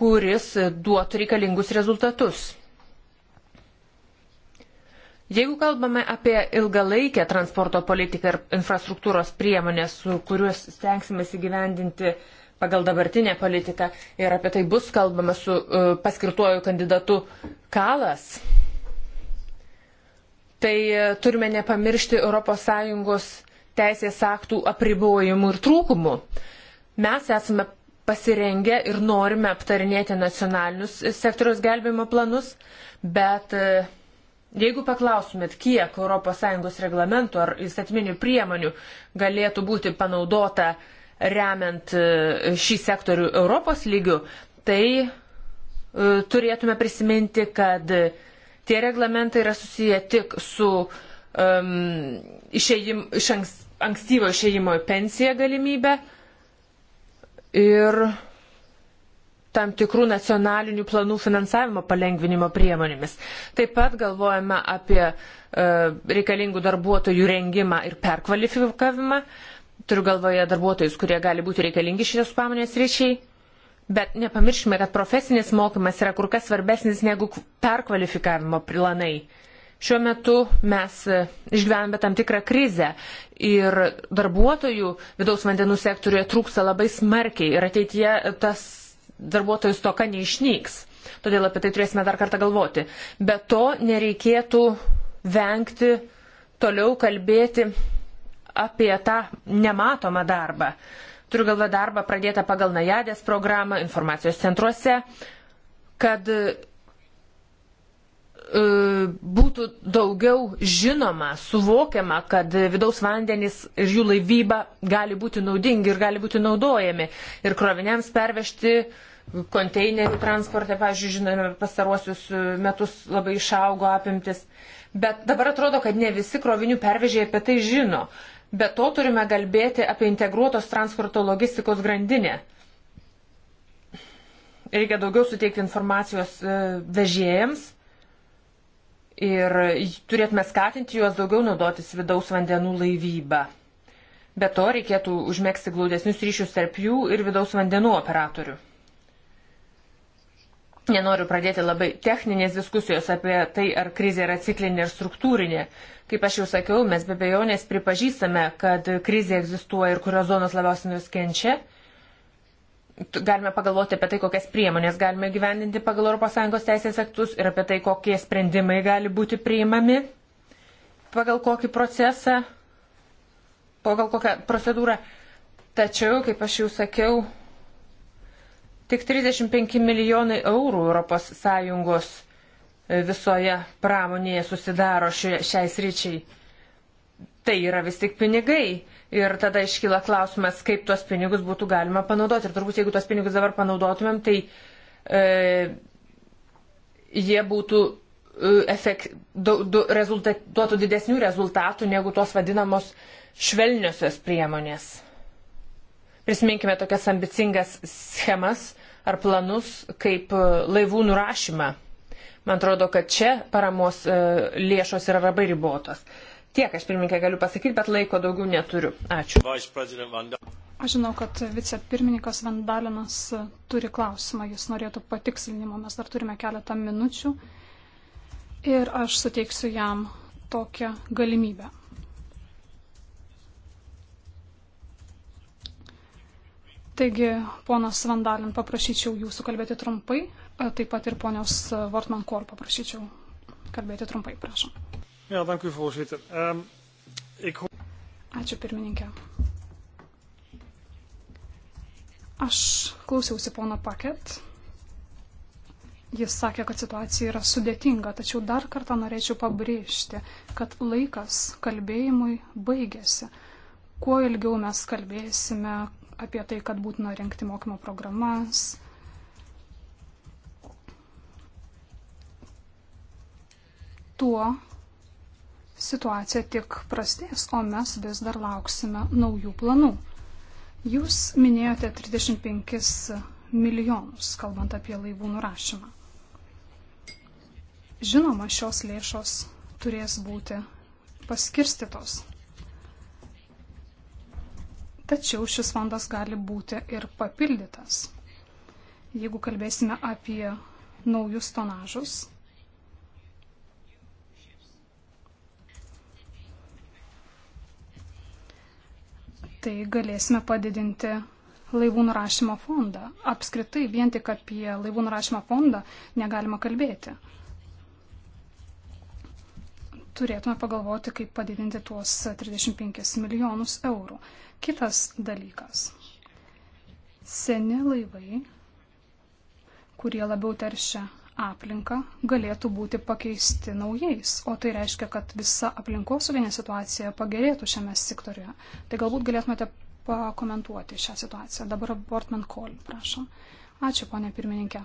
kuris duotų reikalingus rezultatus. Jeigu kalbame apie ilgalaikę transporto politiką ir infrastruktūros priemonės, kuriuos stengsime įgyvendinti pagal dabartinę politiką ir apie tai bus kalbama su uh, paskirtuoju kandidatu Kalas, tai uh, turime nepamiršti ES teisės aktų apribojimų ir trūkumų. Uh, Mes esame pasirengę ir norime aptarinėti nacionalinius sektoriaus gelbėjimo planus, bet e, jeigu paklausumėt, kiek ES reglamentų ar įstatyminių priemonių galėtų būti panaudota remiant e, šį sektorių Europos lygių, tai e, turėtume prisiminti, kad tie reglamentai yra susiję tik su um, išėjim, iš anks, ankstyvo išėjimo į pensiją galimybę, uh, ir tam tikrų nacionalinių planų finansavimo palengvinimo priemonėmis. Taip pat galvojame apie e, reikalingų darbuotojų rengimą ir perkvalifikavimą. Turiu galvoje darbuotojus, kurie gali būti reikalingi šios pamonės ryšiai. Bet nepamirškime, kad profesinis mokymas yra kur kas svarbesnis negu perkvalifikavimo planai. E, Šiuo metu mes e, išgyvename tam tikrą krizę ir darbuotojų vidaus vandenų sektoriuje trūksta labai smarkiai ir ateityje tas darbuotojų stoka neišnyks. Todėl apie tai turėsime dar kartą galvoti. Be to nereikėtų vengti toliau kalbėti apie tą nematomą darbą. Turiu galvą darbą pradėtą pagal Najadės programą informacijos centruose, kad E, būtų daugiau žinoma, suvokiama, kad vidaus vandenys ir jų laivyba gali būti naudingi ir gali būti naudojami. Ir kroviniams pervežti konteinerių transporte, pavyzdžiui, žinome, pastaruosius metus labai išaugo apimtis. Bet dabar atrodo, kad ne visi krovinių pervežėjai apie tai žino. Be to turime kalbėti apie integruotos transporto logistikos grandinę. Reikia daugiau suteikti informacijos e, vežėjams ir turėtume skatinti juos daugiau naudotis vidaus vandenų laivybą. Be to reikėtų užmėgsti glaudesnius ryšius tarp jų ir vidaus vandenų operatorių. Nenoriu pradėti labai techninės diskusijos apie tai, ar krizė yra ciklinė ir struktūrinė. Kaip aš jau sakiau, mes be bejonės pripažįstame, kad krizė egzistuoja ir kurios zonos labiausiai nuskenčia galime pagalvoti apie tai, kokias priemonės galime gyvendinti pagal ES teisės aktus ir apie tai, kokie sprendimai gali būti priimami, pagal kokį procesą, pagal kokią procedūrą. Tačiau, kaip aš jau sakiau, tik 35 milijonai eurų ES e, visoje pramonėje susidaro šiai sričiai. Tai yra vis tik pinigai Ir tada iškyla klausimas, kaip tuos pinigus būtų galima panaudoti. Ir turbūt jeigu tuos pinigus dabar panaudotumėm, tai e, jie būtų e, efekt, du, du, rezultat, duotų didesnių rezultatų negu tos vadinamos švelniosios priemonės. Prisiminkime tokias ambicingas schemas ar planus kaip e, laivų nurašymą. Man atrodo, kad čia paramos e, lėšos yra labai ribotos. Tiek aš pirmininkė galiu pasakyti, bet laiko daugiau neturiu. Ačiū. Aš žinau, kad vicepirmininkas Vandalinas uh, turi klausimą, jis norėtų patikslinimo, mes dar turime keletą minučių ir aš suteiksiu jam tokią galimybę. Taigi, ponas Vandalin, paprašyčiau jūsų kalbėti trumpai, taip pat ir ponios Vortman Kor paprašyčiau kalbėti trumpai, prašom. Ja, dank u voorzitter. Um, ik... Ačiū pirmininkė. Aš klausiausi pono paket. Jis sakė, kad situacija yra sudėtinga, tačiau dar kartą norėčiau pabrėžti, kad laikas kalbėjimui baigėsi. Kuo ilgiau mes kalbėsime apie tai, kad būtina renkti mokymo programas, tuo situacija tik prastės, o mes vis dar lauksime naujų planų. Jūs minėjote 35 milijonus, kalbant apie laivų nurašymą. Žinoma, šios lėšos turės būti paskirstytos. Tačiau šis fondas gali būti ir papildytas. Jeigu kalbėsime apie naujus tonažus, tai galėsime padidinti laivų nurašymo fondą. Apskritai, vien tik apie laivų nurašymo fondą negalima kalbėti. Turėtume pagalvoti, kaip padidinti tuos 35 milijonus eurų. Kitas dalykas. Seni laivai, kurie labiau teršia aplinką galėtų būti pakeisti naujais, o tai reiškia, kad visa aplinkosauginė situacija pagerėtų šiame sektoriuje. Tai galbūt galėtumėte pakomentuoti šią situaciją. Dabar Bortman Kol, prašom. Ačiū, ponė pirmininkė.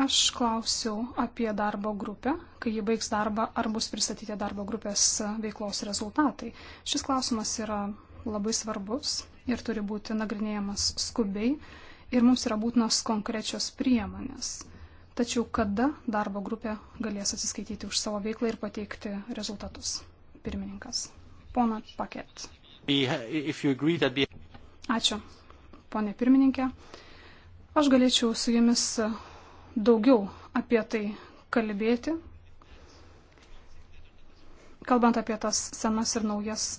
Aš klausiau apie darbo grupę, kai ji baigs darbą, ar bus pristatyti darbo grupės veiklos rezultatai. Šis klausimas yra labai svarbus ir turi būti nagrinėjamas skubiai, ir mums yra būtinos konkrečios priemonės. Tačiau kada darbo grupė galės atsiskaityti už savo veiklą ir pateikti rezultatus? Pirmininkas. Pona Paket. Ačiū, ponė pirmininkė. Aš galėčiau su jumis daugiau apie tai kalbėti, kalbant apie tas senas ir naujas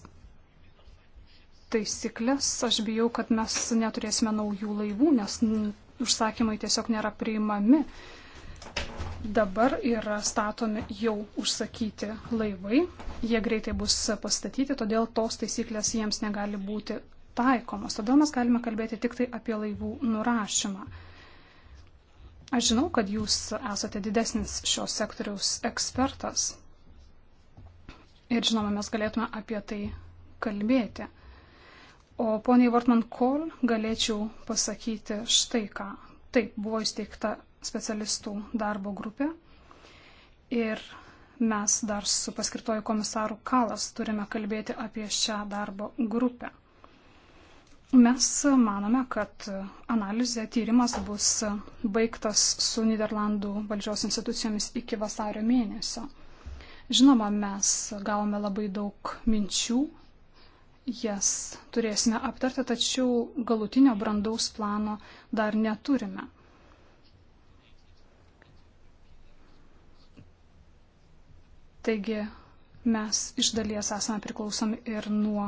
taisyklės, aš bijau, kad mes neturėsime naujų laivų, nes užsakymai tiesiog nėra priimami. Dabar yra statomi jau užsakyti laivai, jie greitai bus pastatyti, todėl tos taisyklės jiems negali būti taikomos. Todėl mes galime kalbėti tik tai apie laivų nurašymą. Aš žinau, kad jūs esate didesnis šios sektoriaus ekspertas. Ir žinoma, mes galėtume apie tai kalbėti. O poniai Vortman Kol galėčiau pasakyti štai ką. Taip, buvo įsteigta specialistų darbo grupė ir mes dar su paskirtoju komisaru Kalas turime kalbėti apie šią darbo grupę. Mes manome, kad analizė, tyrimas bus baigtas su Niderlandų valdžios institucijomis iki vasario mėnesio. Žinoma, mes gavome labai daug minčių jas turėsime aptarti, tačiau galutinio brandaus plano dar neturime. Taigi mes iš dalies esame priklausomi ir nuo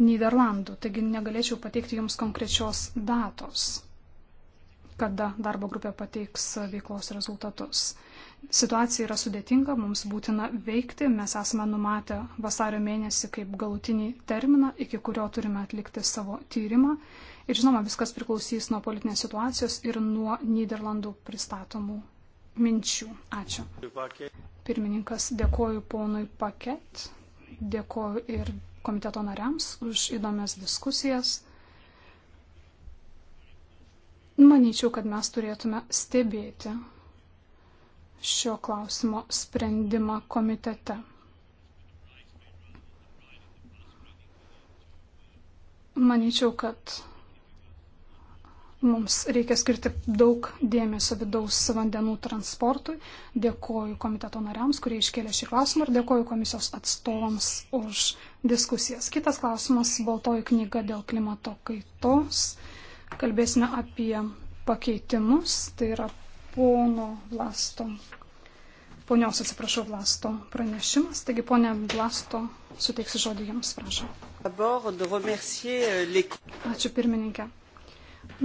Niderlandų, taigi negalėčiau pateikti Jums konkrečios datos, kada darbo grupė pateiks veiklos rezultatus. Situacija yra sudėtinga, mums būtina veikti, mes esame numatę vasario mėnesį kaip galutinį terminą, iki kurio turime atlikti savo tyrimą. Ir žinoma, viskas priklausys nuo politinės situacijos ir nuo Niderlandų pristatomų minčių. Ačiū. Pirmininkas, dėkoju ponui Paket, dėkoju ir komiteto nariams už įdomias diskusijas. Manyčiau, kad mes turėtume stebėti šio klausimo sprendimą komitete. Maničiau, kad mums reikia skirti daug dėmesio vidaus vandenų transportui. Dėkoju komiteto nariams, kurie iškėlė šį klausimą ir dėkoju komisijos atstovams už diskusijas. Kitas klausimas - Baltoji knyga dėl klimato kaitos. Kalbėsime apie pakeitimus, tai yra pono Vlasto, ponios atsiprašau Vlasto pranešimas. Taigi, ponė Vlasto, suteiksiu žodį jums, prašau. Ačiū pirmininkė.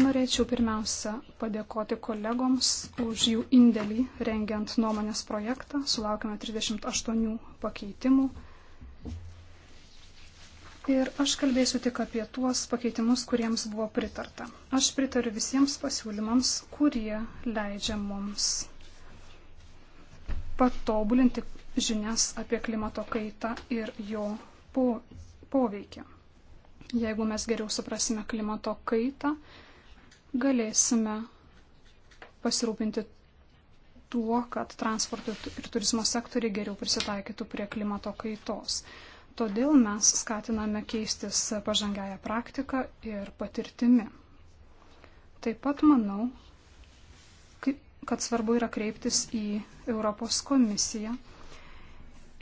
Norėčiau pirmiausia padėkoti kolegoms už jų indėlį rengiant nuomonės projektą. Sulaukime 38 pakeitimų. Ir aš kalbėsiu tik apie tuos pakeitimus, kuriems buvo pritarta. Aš pritariu visiems pasiūlymams, kurie leidžia mums patobulinti žinias apie klimato kaitą ir jo po, poveikį. Jeigu mes geriau suprasime klimato kaitą, galėsime pasirūpinti tuo, kad transporto ir turizmo sektoriai geriau prisitaikytų prie klimato kaitos. Todėl mes skatiname keistis pažangiają praktiką ir patirtimi. Taip pat manau, kad svarbu yra kreiptis į Europos komisiją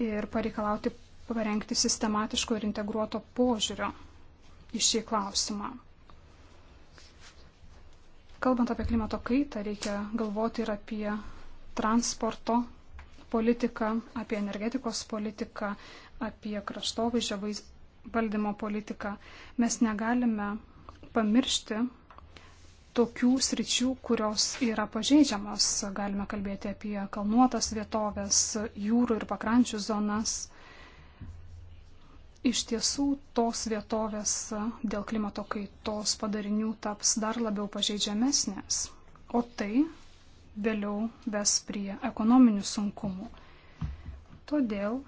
ir pareikalauti parengti sistematiško ir integruoto požiūrio į šį klausimą. Kalbant apie klimato kaitą, reikia galvoti ir apie transporto politiką, apie energetikos politiką, apie kraštovaizdžio valdymo politiką, mes negalime pamiršti tokių sričių, kurios yra pažeidžiamos. Galime kalbėti apie kalnuotas vietovės, jūrų ir pakrančių zonas. Iš tiesų, tos vietovės dėl klimato kaitos padarinių taps dar labiau pažeidžiamesnės, o tai vėliau ves prie ekonominių sunkumų. Todėl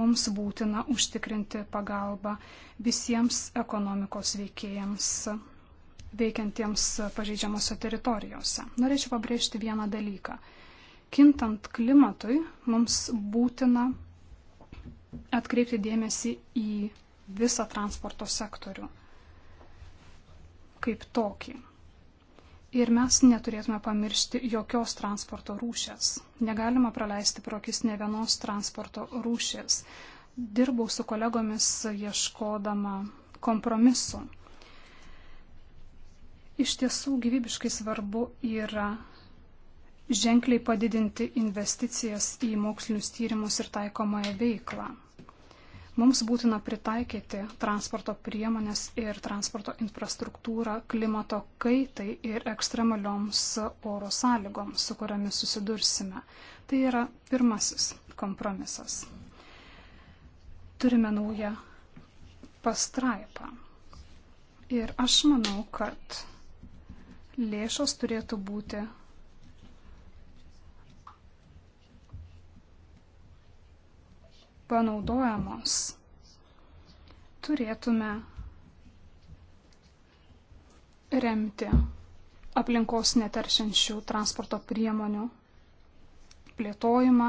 mums būtina užtikrinti pagalbą visiems ekonomikos veikėjams veikiantiems pažeidžiamose teritorijose. Norėčiau pabrėžti vieną dalyką. Kintant klimatui, mums būtina atkreipti dėmesį į visą transporto sektorių kaip tokį. Ir mes neturėtume pamiršti jokios transporto rūšės. Negalima praleisti prokis ne vienos transporto rūšės. Dirbau su kolegomis ieškodama kompromisu. Iš tiesų gyvybiškai svarbu yra ženkliai padidinti investicijas į mokslinius tyrimus ir taikomąją veiklą. Mums būtina pritaikyti transporto priemonės ir transporto infrastruktūrą klimato kaitai ir ekstremalioms oro sąlygoms, su kuriamis susidursime. Tai yra pirmasis kompromisas. Turime naują pastraipą. Ir aš manau, kad lėšos turėtų būti panaudojamos. Turėtume remti aplinkos neteršiančių transporto priemonių plėtojimą.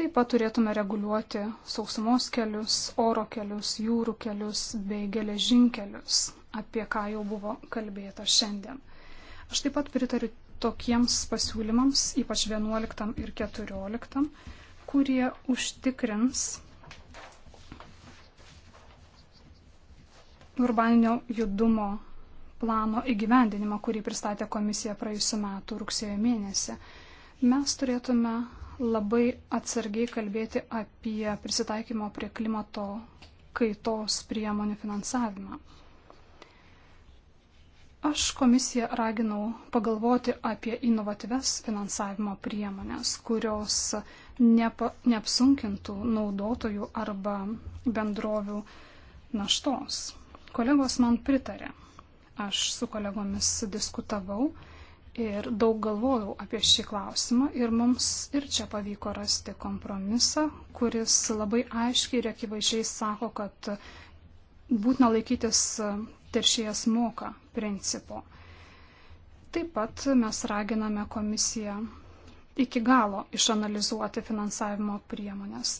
Taip pat turėtume reguliuoti sausumos kelius, oro kelius, jūrų kelius bei geležinkelius, apie ką jau buvo kalbėta šiandien. Aš taip pat pritariu tokiems pasiūlymams, ypač 11 ir 14, kurie užtikrins urbaninio judumo plano įgyvendinimą, kurį pristatė komisija praėjusiu metu rugsėjo mėnesį. Mes turėtume labai atsargiai kalbėti apie prisitaikymo prie klimato kaitos priemonių finansavimą. Aš komisiją raginau pagalvoti apie inovatyves finansavimo priemonės, kurios uh, nepa, neapsunkintų naudotojų arba bendrovių naštos. Kolegos man pritarė. Aš su kolegomis diskutavau ir daug galvojau apie šį klausimą ir mums ir čia pavyko rasti kompromisą, kuris labai aiškiai ir akivaizdžiai sako, kad būtina laikytis teršėjas moka principo. Taip pat mes raginame komisiją iki galo išanalizuoti finansavimo priemonės.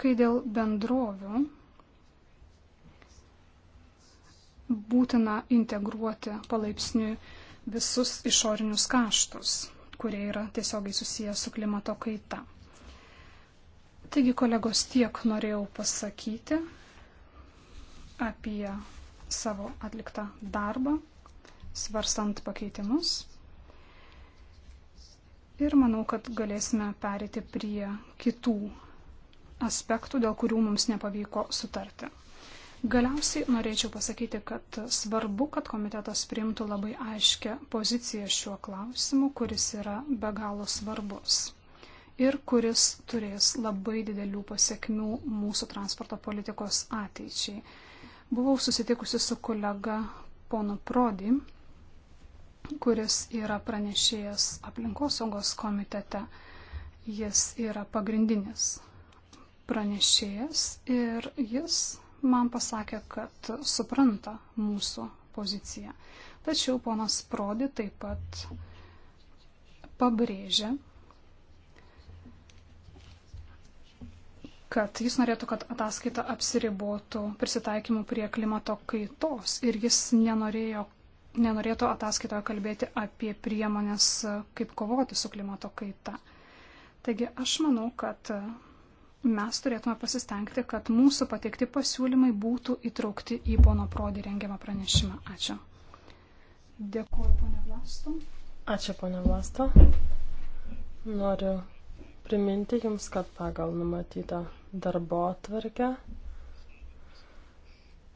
Kai dėl bendrovių būtina integruoti palaipsniui visus išorinius kaštus, kurie yra tiesiogiai susiję su klimato kaita. Taigi, kolegos, tiek norėjau pasakyti apie savo atliktą darbą svarstant pakeitimus. Ir manau, kad galėsime perėti prie kitų aspektų, dėl kurių mums nepavyko sutarti. Galiausiai norėčiau pasakyti, kad svarbu, kad komitetas priimtų labai aiškę poziciją šiuo klausimu, kuris yra be galo svarbus ir kuris turės labai didelių pasiekmių mūsų transporto politikos ateičiai. Buvau susitikusi su kolega ponu Prodi kuris yra pranešėjas aplinkosaugos komitete. Jis yra pagrindinis pranešėjas ir jis man pasakė, kad supranta mūsų poziciją. Tačiau ponas Prodi taip pat pabrėžė, kad jis norėtų, kad ataskaita apsiribotų prisitaikymu prie klimato kaitos ir jis nenorėjo, nenorėtų ataskaitoje kalbėti apie priemonės, kaip kovoti su klimato kaita. Taigi aš manau, kad mes turėtume pasistengti, kad mūsų pateikti pasiūlymai būtų įtraukti į pono Prodį rengiamą pranešimą. Ačiū. Dėkuoju, ponia Vlasto. Ačiū, ponia Vlasto. Noriu priminti Jums, kad pagal numatytą darbo atvarkę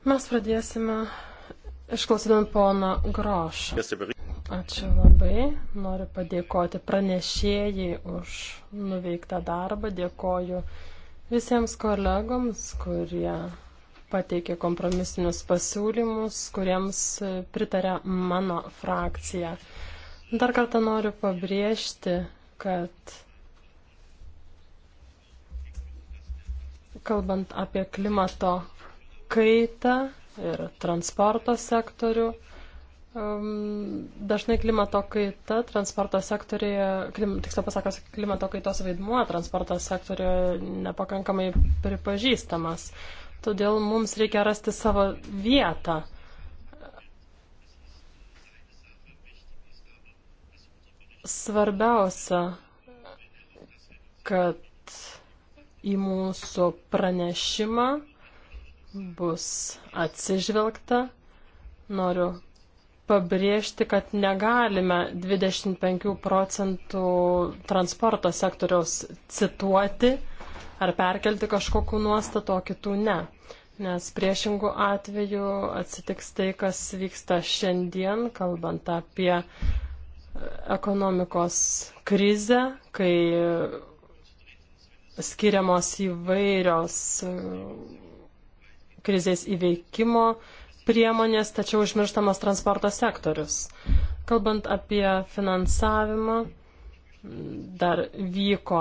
mes pradėsime Išklausydami pono Grošą. Ačiū labai. Noriu padėkoti pranešėjai už nuveiktą darbą. Dėkoju visiems kolegoms, kurie pateikė kompromisinius pasiūlymus, kuriems pritarė mano frakcija. Dar kartą noriu pabrėžti, kad kalbant apie klimato kaitą, ir transporto sektorių. Dažnai klimato kaita transporto sektorija, klim, tiksliau pasakos, klimato kaitos vaidmuo transporto sektorijoje nepakankamai pripažįstamas. Todėl mums reikia rasti savo vietą. Svarbiausia, kad į mūsų pranešimą bus atsižvelgta. Noriu pabrėžti, kad negalime 25 procentų transporto sektoriaus cituoti ar perkelti kažkokiu nuostatu, o kitų ne. Nes priešingų atveju atsitiks tai, kas vyksta šiandien, kalbant apie ekonomikos krizę, kai skiriamos įvairios krizės įveikimo priemonės, tačiau užmirštamas transporto sektorius. Kalbant apie finansavimą, dar vyko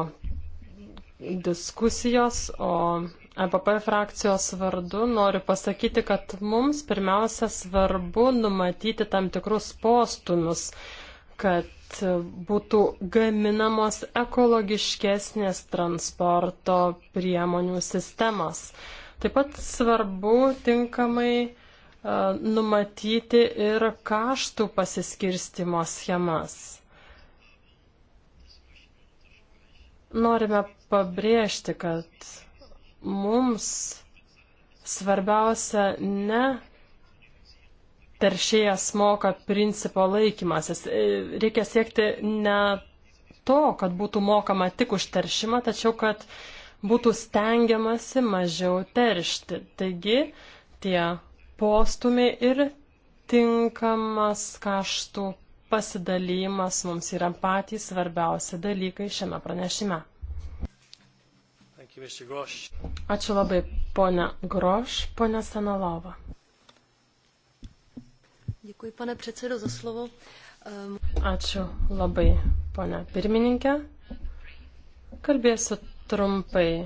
diskusijos, o EPP frakcijos vardu noriu pasakyti, kad mums pirmiausia svarbu numatyti tam tikrus postumus, kad būtų gaminamos ekologiškesnės transporto priemonių sistemos. Taip pat svarbu tinkamai e, numatyti ir kaštų pasiskirstimo schemas. Norime pabrėžti, kad mums svarbiausia ne teršėjas moka principo laikymasis. E, reikia siekti ne to, kad būtų mokama tik už teršimą, tačiau kad būtų stengiamasi mažiau teršti. Taigi tie postumiai ir tinkamas kaštų pasidalymas mums yra patys svarbiausi dalykai šiame pranešime. Ačiū labai, ponia Groš, ponia Sanalova. Děkuji, pane předsedo, za slovo. Um... Ačiū labai, ponia pirmininkė. Kalbėsiu trumpai.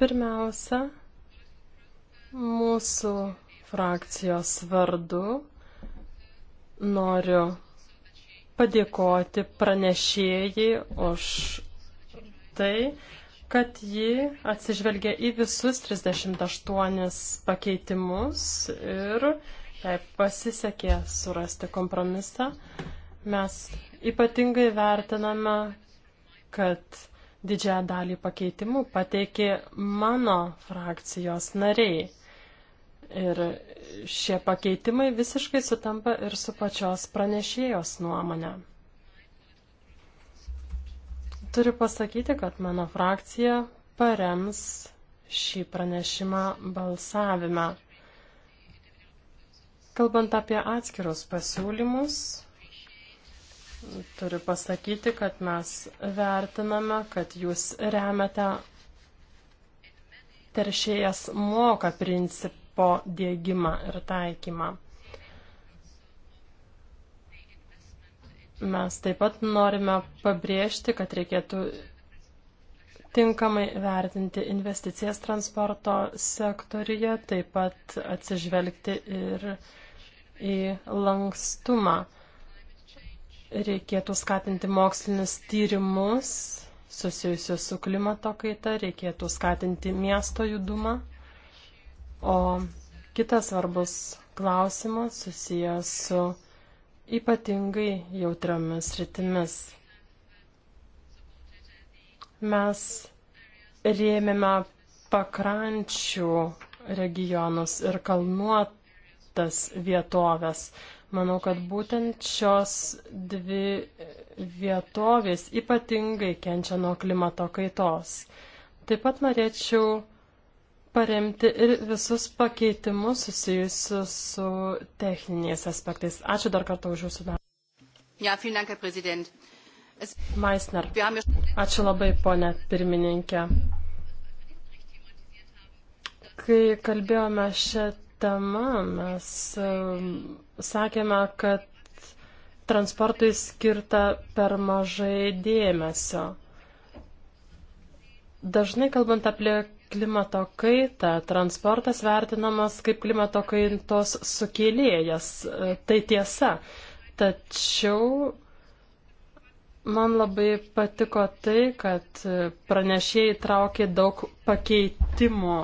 Pirmiausia, mūsų frakcijos vardu noriu padėkoti pranešėjai už tai, kad ji atsižvelgia į visus 38 pakeitimus ir jai pasisekė surasti kompromisą. Mes Ypatingai vertiname, kad didžiąją dalį pakeitimų pateikė mano frakcijos nariai. Ir šie pakeitimai visiškai sutampa ir su pačios pranešėjos nuomonė. Turiu pasakyti, kad mano frakcija parems šį pranešimą balsavime. Kalbant apie atskirus pasiūlymus, Turiu pasakyti, kad mes vertiname, kad jūs remiate teršėjas moka principo dėgymą ir taikymą. Mes taip pat norime pabrėžti, kad reikėtų tinkamai vertinti investicijas transporto sektoriuje, taip pat atsižvelgti ir į lankstumą. Reikėtų skatinti mokslinius tyrimus susijusius su klimato kaita, reikėtų skatinti miesto judumą. O kitas svarbus klausimas susijęs su ypatingai jautriomis rytimis. Mes rėmėme pakrančių regionus ir kalnuotas vietovės. Manau, kad būtent šios dvi vietovės ypatingai kenčia nuo klimato kaitos. Taip pat norėčiau paremti ir visus pakeitimus susijusius su techniniais aspektais. Ačiū dar kartą už jūsų darbą. Ja, vielen Dank, Herr Präsident. Es... Meisner. Ačiū labai, ponė pirmininkė kai kalbėjome šią temą, mes sakėme, kad transportui skirta per mažai dėmesio. Dažnai kalbant apie klimato kaitą, transportas vertinamas kaip klimato kaitos sukėlėjas. Tai tiesa. Tačiau man labai patiko tai, kad pranešėjai traukė daug pakeitimų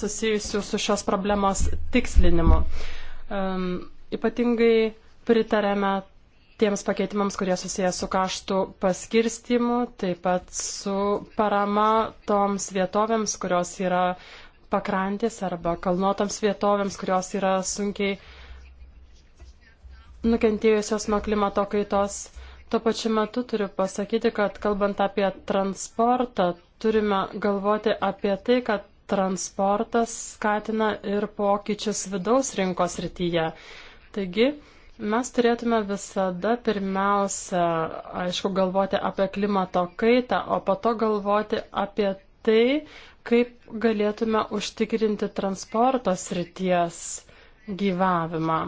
susijusių su šios problemos tikslinimu. Um, Ypatingai pritarėme tiems pakeitimams, kurie susijęs su kaštų paskirstimu, taip pat su parama toms vietovėms, kurios yra pakrantės arba kalnuotoms vietovėms, kurios yra sunkiai nukentėjusios nuo klimato kaitos. Tuo pačiu metu turiu pasakyti, kad kalbant apie transportą, turime galvoti apie tai, kad transportas skatina ir pokyčius vidaus rinkos rytyje. Taigi, mes turėtume visada pirmiausia, aišku, galvoti apie klimato kaitą, o po to galvoti apie tai, kaip galėtume užtikrinti transporto srities gyvavimą.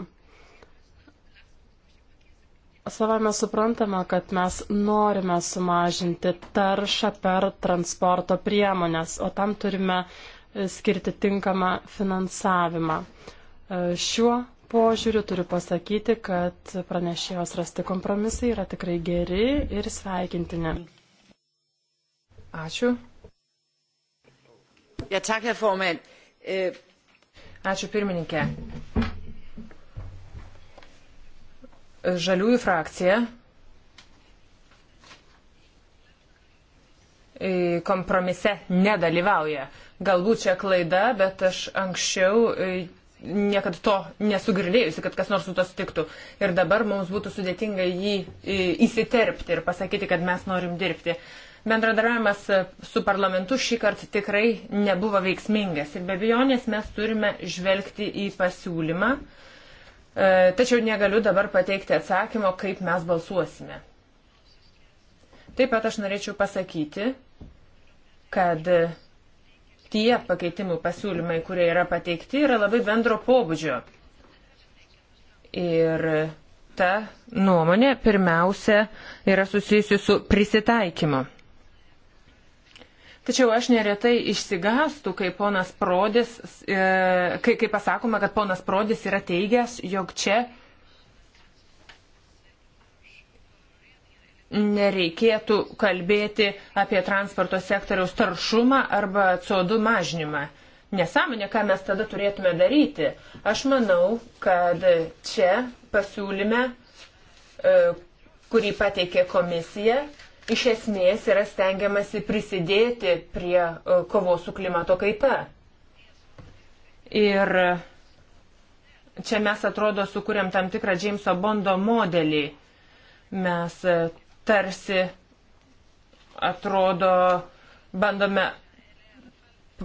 Savame suprantame, kad mes norime sumažinti taršą per transporto priemonės, o tam turime skirti tinkamą finansavimą. Šiuo požiūriu turiu pasakyti, kad pranešėjos rasti kompromisai yra tikrai geri ir sveikintini. Ačiū. Ja, tak, Herr Forman. Øh, Ačiū pirmininkė. Žaliųjų frakcija kompromise nedalyvauja. Galbūt čia klaida, bet aš anksčiau niekad to nesugirdėjusi, kad kas nors su to sutiktų. Ir dabar mums būtų sudėtinga jį įsiterpti ir pasakyti, kad mes norim dirbti. Bendradarbiavimas e, su parlamentu šį kartą tikrai nebuvo veiksmingas ir be abejonės mes turime žvelgti į pasiūlymą, e, tačiau negaliu dabar pateikti atsakymo, kaip mes balsuosime. Taip pat aš norėčiau pasakyti, kad tie pakeitimų pasiūlymai, kurie yra pateikti, yra labai bendro pobūdžio. Ir ta nuomonė pirmiausia yra susijusi su prisitaikymu. Tačiau aš neretai išsigastų, kai ponas Prodis, e, kai, kai pasakoma, kad ponas Prodis yra teigęs, jog čia nereikėtų kalbėti apie transporto sektoriaus taršumą arba CO2 mažinimą. Nesąmonė, ką mes tada turėtume daryti. Aš manau, kad čia pasiūlyme, e, kurį pateikė komisija, iš esmės yra stengiamasi prisidėti prie e, kovos su klimato kaita. Ir čia mes atrodo sukūrėm tam tikrą Džeimso Bondo modelį. Mes e, tarsi atrodo bandome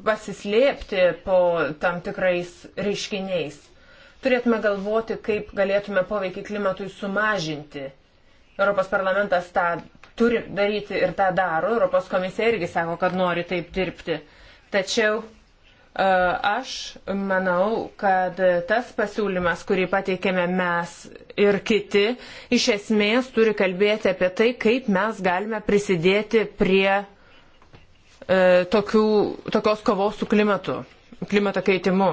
pasislėpti po tam tikrais reiškiniais. Turėtume galvoti, kaip galėtume poveikį klimatui sumažinti. Europos parlamentas tą turi daryti ir tą daro. Europos komisija irgi sako, kad nori taip dirbti. Tačiau Aš manau, kad tas pasiūlymas, kurį pateikėme mes ir kiti, iš esmės turi kalbėti apie tai, kaip mes galime prisidėti prie e, tokių, tokios kovos su klimatu, klimato keitimu,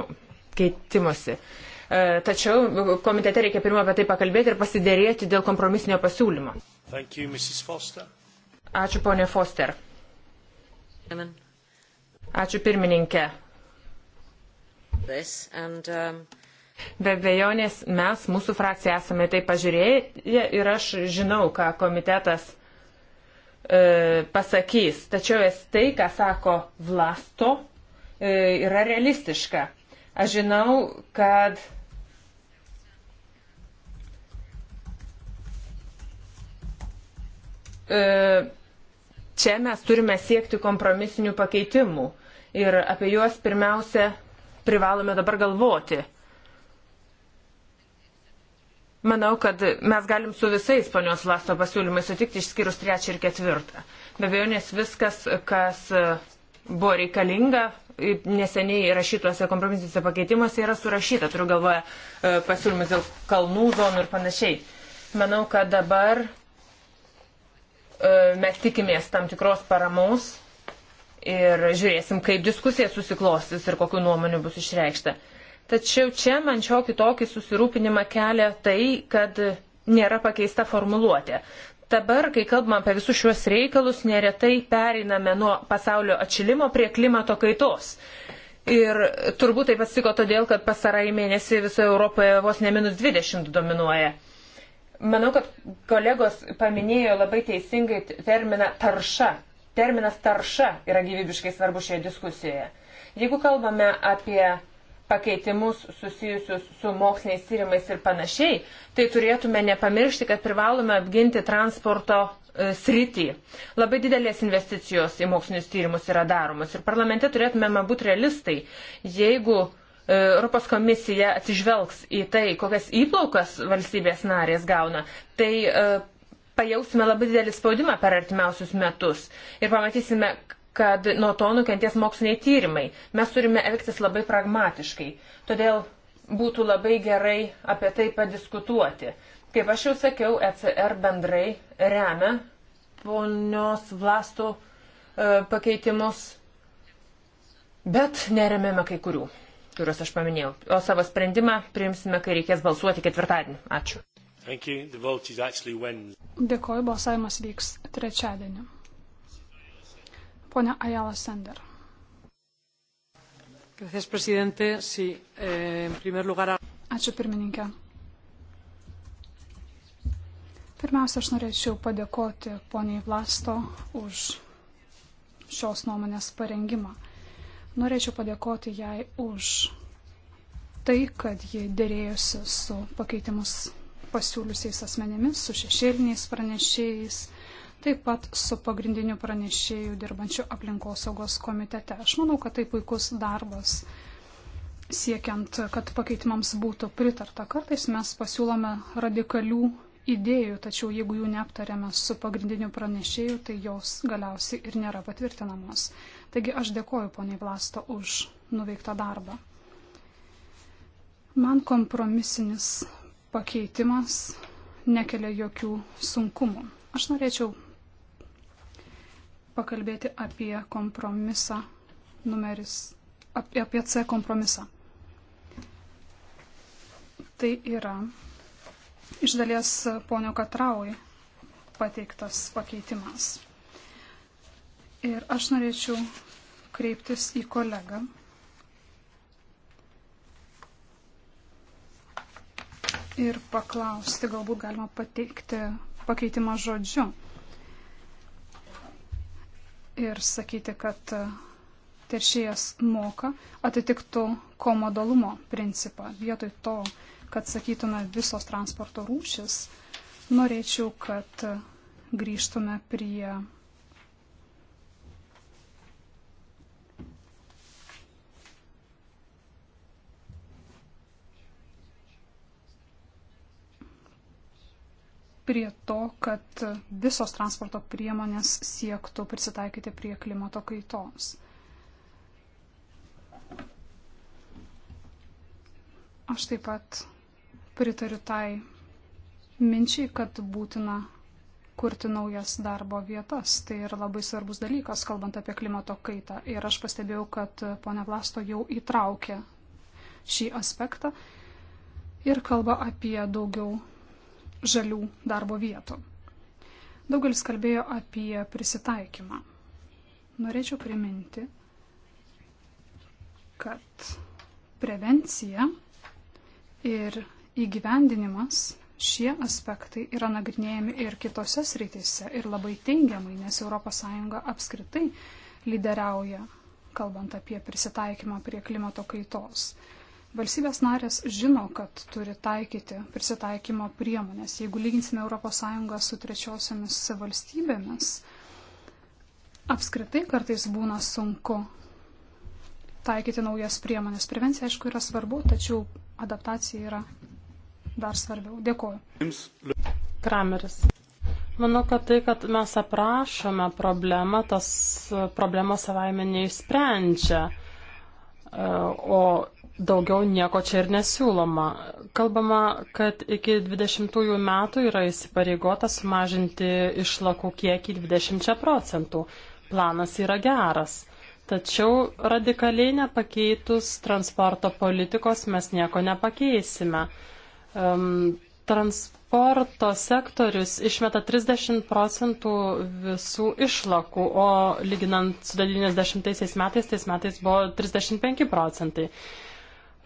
keitimosi. E, tačiau komitete reikia pirmą apie tai pakalbėti ir pasidėrėti dėl kompromisinio pasiūlymo. Thank you, Ačiū, ponė Foster. Ačiū, pirmininkė. Um, Be bejonės mes, mūsų frakcija, esame tai pažiūrėję ir aš žinau, ką komitetas e, pasakys. Tačiau es tai, ką sako Vlasto, e, yra realistiška. Aš žinau, kad e, čia mes turime siekti kompromisinių pakeitimų ir apie juos pirmiausia privalome dabar galvoti. Manau, kad mes galim su visais ponios Lasto pasiūlymais sutikti išskyrus trečią ir ketvirtą. Be abejo, nes viskas, kas e, buvo reikalinga neseniai rašytuose kompromisiniuose pakeitimuose yra surašyta, turiu galvoje e, pasiūlymus dėl kalnų zonų ir panašiai. Manau, kad dabar e, mes tikimės tam tikros paramos ir žiūrėsim, kaip diskusija susiklostys ir kokiu nuomoniu bus išreikšta. Tačiau čia man šiokį tokį susirūpinimą kelia tai, kad nėra pakeista formuluotė. Dabar, kai kalbam apie visus šiuos reikalus, neretai periname nuo pasaulio atšilimo prie klimato kaitos. Ir turbūt taip atsitiko todėl, kad pasarai mėnesį visoje Europoje vos ne minus 20 dominuoja. Manau, kad kolegos paminėjo labai teisingai terminą tarša terminas tarša yra gyvybiškai svarbu šioje diskusijoje. Jeigu kalbame apie pakeitimus susijusius su moksliniais tyrimais ir panašiai, tai turėtume nepamiršti, kad privalome apginti transporto e, sritį. Labai didelės investicijos į mokslinius tyrimus yra daromos ir parlamente turėtume būti realistai. Jeigu e, Europos komisija atsižvelgs į tai, kokias įplaukas valstybės narės gauna, tai e, pajausime labai didelį spaudimą per artimiausius metus ir pamatysime, kad nuo to nukenties moksliniai tyrimai. Mes turime elgtis labai pragmatiškai. Todėl būtų labai gerai apie tai padiskutuoti. Kaip aš jau sakiau, ECR bendrai remia ponios vlastų e, pakeitimus, bet neremėme kai kurių kuriuos aš paminėjau. O savo sprendimą priimsime, kai reikės balsuoti ketvirtadienį. Ačiū. Dėkoju, balsavimas vyks trečiadienį. Pone Ajala Sender. Gracias, presidente. Sí, eh, en primer lugar. Ačiū pirmininkė. Pirmiausia, aš norėčiau padėkoti poniai Vlasto už šios nuomonės parengimą. Norėčiau padėkoti jai už tai, kad ji dėrėjosi su pakeitimus pasiūliusiais asmenimis, su šešėliniais pranešėjais, taip pat su pagrindiniu pranešėju dirbančiu aplinkosaugos komitete. Aš manau, kad tai puikus darbas siekiant, kad pakeitimams būtų pritarta. Kartais mes pasiūlome radikalių idėjų, tačiau jeigu jų neaptarėme su pagrindiniu pranešėju, tai jos galiausiai ir nėra patvirtinamos. Taigi aš dėkoju poniai Vlasto už nuveiktą darbą. Man kompromisinis pakeitimas nekelia jokių sunkumų. Aš norėčiau pakalbėti apie kompromisą numeris, apie, apie C kompromisą. Tai yra iš dalies ponio Katraui pateiktas pakeitimas. Ir aš norėčiau kreiptis į kolegą ir paklausti, galbūt galima pateikti pakeitimą žodžiu. Ir sakyti, kad e, teršėjas moka atitiktų komodalumo principą. Vietoj to, kad sakytume visos transporto rūšis, norėčiau, kad e, grįžtume prie prie to, kad visos transporto priemonės siektų prisitaikyti prie klimato kaitos. Aš taip pat pritariu tai minčiai, kad būtina kurti naujas darbo vietas. Tai yra labai svarbus dalykas, kalbant apie klimato kaitą. Ir aš pastebėjau, kad ponia Vlasto jau įtraukė šį aspektą ir kalba apie daugiau žalių darbo vietų. Daugelis kalbėjo apie prisitaikymą. Norėčiau priminti, kad prevencija ir įgyvendinimas šie aspektai yra nagrinėjami ir kitose srityse ir labai teigiamai, nes ES apskritai lyderiauja, kalbant apie prisitaikymą prie klimato kaitos. Valstybės narės žino, kad turi taikyti prisitaikymo priemonės. Jeigu lyginsime ES su trečiosiomis valstybėmis, apskritai kartais būna sunku taikyti naujas priemonės. Prevencija, aišku, yra svarbu, tačiau adaptacija yra dar svarbiau. Dėkuoju. Krameris. Manau, kad tai, kad mes aprašome problemą, tas problemą savaime neišsprendžia. E, o Daugiau nieko čia ir nesiūloma. Kalbama, kad iki 20 metų yra įsipareigota sumažinti išlakų kiekį 20 procentų. Planas yra geras. Tačiau radikaliai nepakeitus transporto politikos mes nieko nepakeisime. Um, transporto sektorius išmeta 30 procentų visų išlakų, o lyginant su 90 metais, tais metais buvo 35 procentai.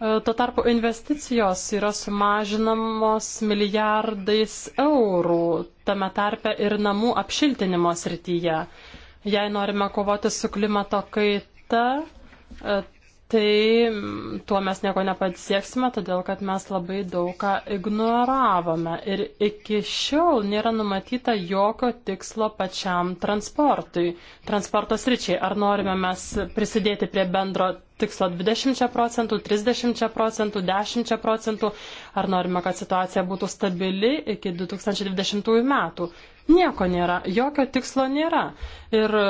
E, tuo tarpu investicijos yra sumažinamos milijardais eurų, tame tarpe ir namų apšiltinimo srityje. Jei norime kovoti su klimato kaita, e, tai mm, tuo mes nieko nepasieksime, todėl kad mes labai daug ką ignoravome ir iki šiol nėra numatyta jokio tikslo pačiam transportui, transporto sričiai. Ar norime mes prisidėti prie bendro tikslo 20 procentų, 30 procentų, 10 procentų, ar norime, kad situacija būtų stabili iki 2020 metų. Nieko nėra, jokio tikslo nėra. Ir e,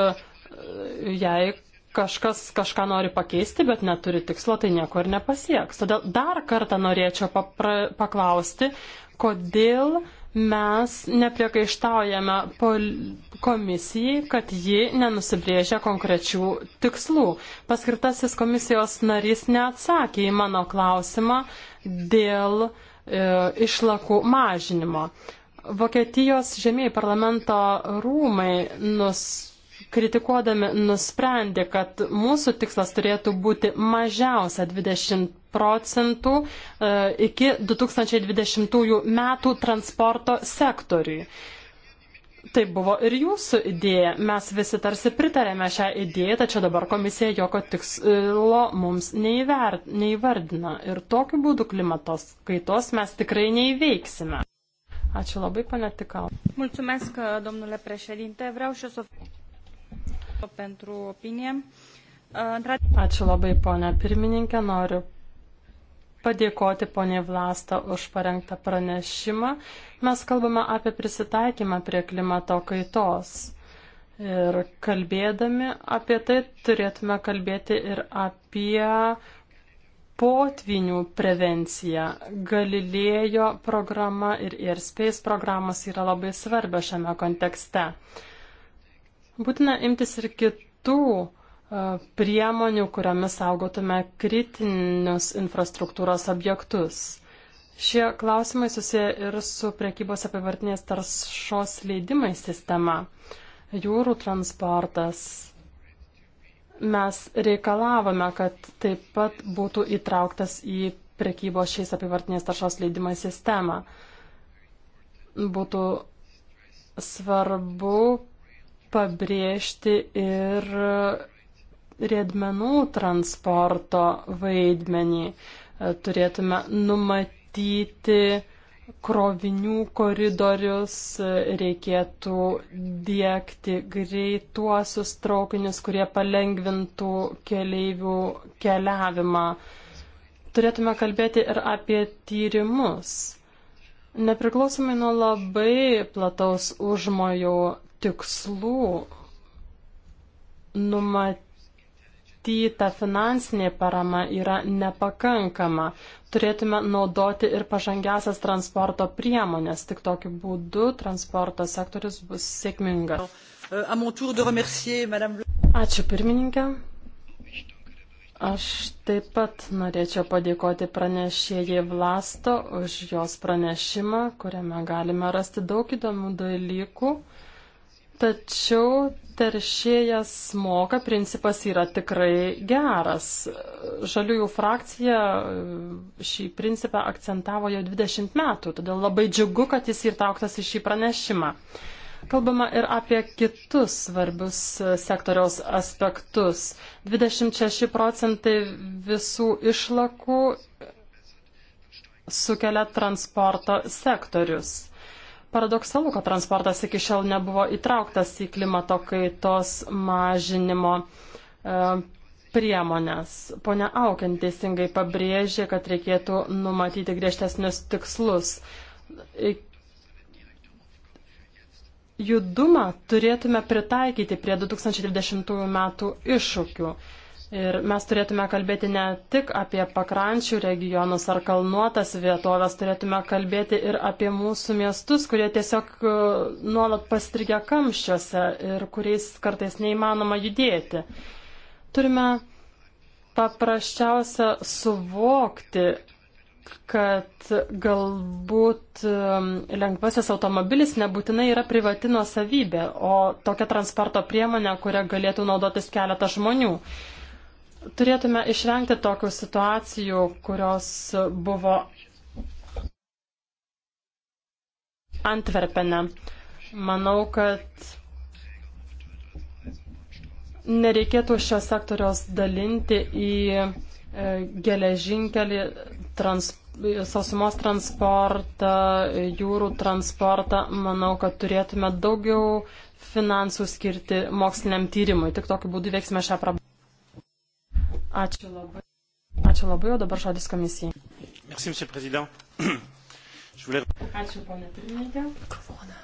jei kažkas kažką nori pakeisti, bet neturi tikslo, tai nieko ir nepasieks. Todėl dar kartą norėčiau papra, paklausti, kodėl mes nepriekaištaujame komisijai, kad ji nenusibrėžia konkrečių tikslų. Paskirtasis komisijos narys neatsakė į mano klausimą dėl e, išlakų mažinimo. Vokietijos žemėjai parlamento rūmai nus kritikuodami nusprendė, kad mūsų tikslas turėtų būti mažiausia 20 procentų e, iki 2020 metų transporto sektoriui. Tai buvo ir jūsų idėja. Mes visi tarsi pritarėme šią idėją, tačiau dabar komisija jokio tikslo mums neįver, neįvardina. Ir tokiu būdu klimatos kaitos mes tikrai neįveiksime. Ačiū labai, pane Tikau. Mulțumesc, domnule președinte. Vreau și să... Uh, Ačiū labai, ponia pirmininkė. Noriu padėkoti poniai Vlasta už parengtą pranešimą. Mes kalbame apie prisitaikymą prie klimato kaitos. Ir kalbėdami apie tai turėtume kalbėti ir apie potvinių prevenciją. Galilėjo programa ir Airspace programos yra labai svarbios šiame kontekste. Būtina imtis ir kitų e, priemonių, kuriomis saugotume kritinius infrastruktūros objektus. Šie klausimai susiję ir su priekybos apivartinės taršos leidimai sistema, jūrų transportas. Mes reikalavome, kad taip pat būtų įtrauktas į priekybos šiais apivartinės taršos leidimai sistemą. Būtų svarbu pabrėžti ir riedmenų transporto vaidmenį. E, turėtume numatyti krovinių koridorius, e, reikėtų dėkti greituosius traukinius, kurie palengvintų keleivių keliavimą. Turėtume kalbėti ir apie tyrimus. Nepriklausomai nuo labai plataus užmojų tikslų numatyta finansinė parama yra nepakankama. Turėtume naudoti ir pažangiasias transporto priemonės. Tik tokiu būdu transporto sektorius bus sėkmingas. Ačiū pirmininkė. Aš taip pat norėčiau padėkoti pranešėjai Vlasto už jos pranešimą, kuriame galime rasti daug įdomių dalykų. Tačiau teršėjas moka principas yra tikrai geras. Žaliųjų frakcija e, šį principą akcentavo jau 20 metų, todėl labai džiugu, kad jis įtrauktas į šį pranešimą. Kalbama ir apie kitus svarbius e, sektoriaus aspektus. 26 procentai visų išlakų sukelia transporto sektorius paradoksalu, kad transportas iki šiol nebuvo įtrauktas į klimato kaitos mažinimo e, priemonės. Pone Aukin teisingai pabrėžė, kad reikėtų numatyti griežtesnius tikslus. Judumą turėtume pritaikyti prie 2020 metų iššūkių. Ir mes turėtume kalbėti ne tik apie pakrančių regionus ar kalnuotas vietovės, turėtume kalbėti ir apie mūsų miestus, kurie tiesiog e, nuolat pastrigia kamščiuose ir kuriais kartais neįmanoma judėti. Turime paprasčiausia suvokti, kad galbūt e, lengvasis automobilis nebūtinai yra privati nuosavybė, o tokia transporto priemonė, kurią galėtų naudotis keletas žmonių turėtume išvengti tokių situacijų, kurios buvo Antverpene. Manau, kad nereikėtų šio sektoriaus dalinti į e, geležinkelį, trans, sausumos transportą, jūrų transportą. Manau, kad turėtume daugiau finansų skirti moksliniam tyrimui. Tik tokiu būdu veiksime šią problemą. Ačiū labai. Ačiū labai, o dabar žodis komisijai. Merci, monsieur président. [CLEARS THROAT] voulais... Ačiū, ponė pirmininkė. Mikrofoną.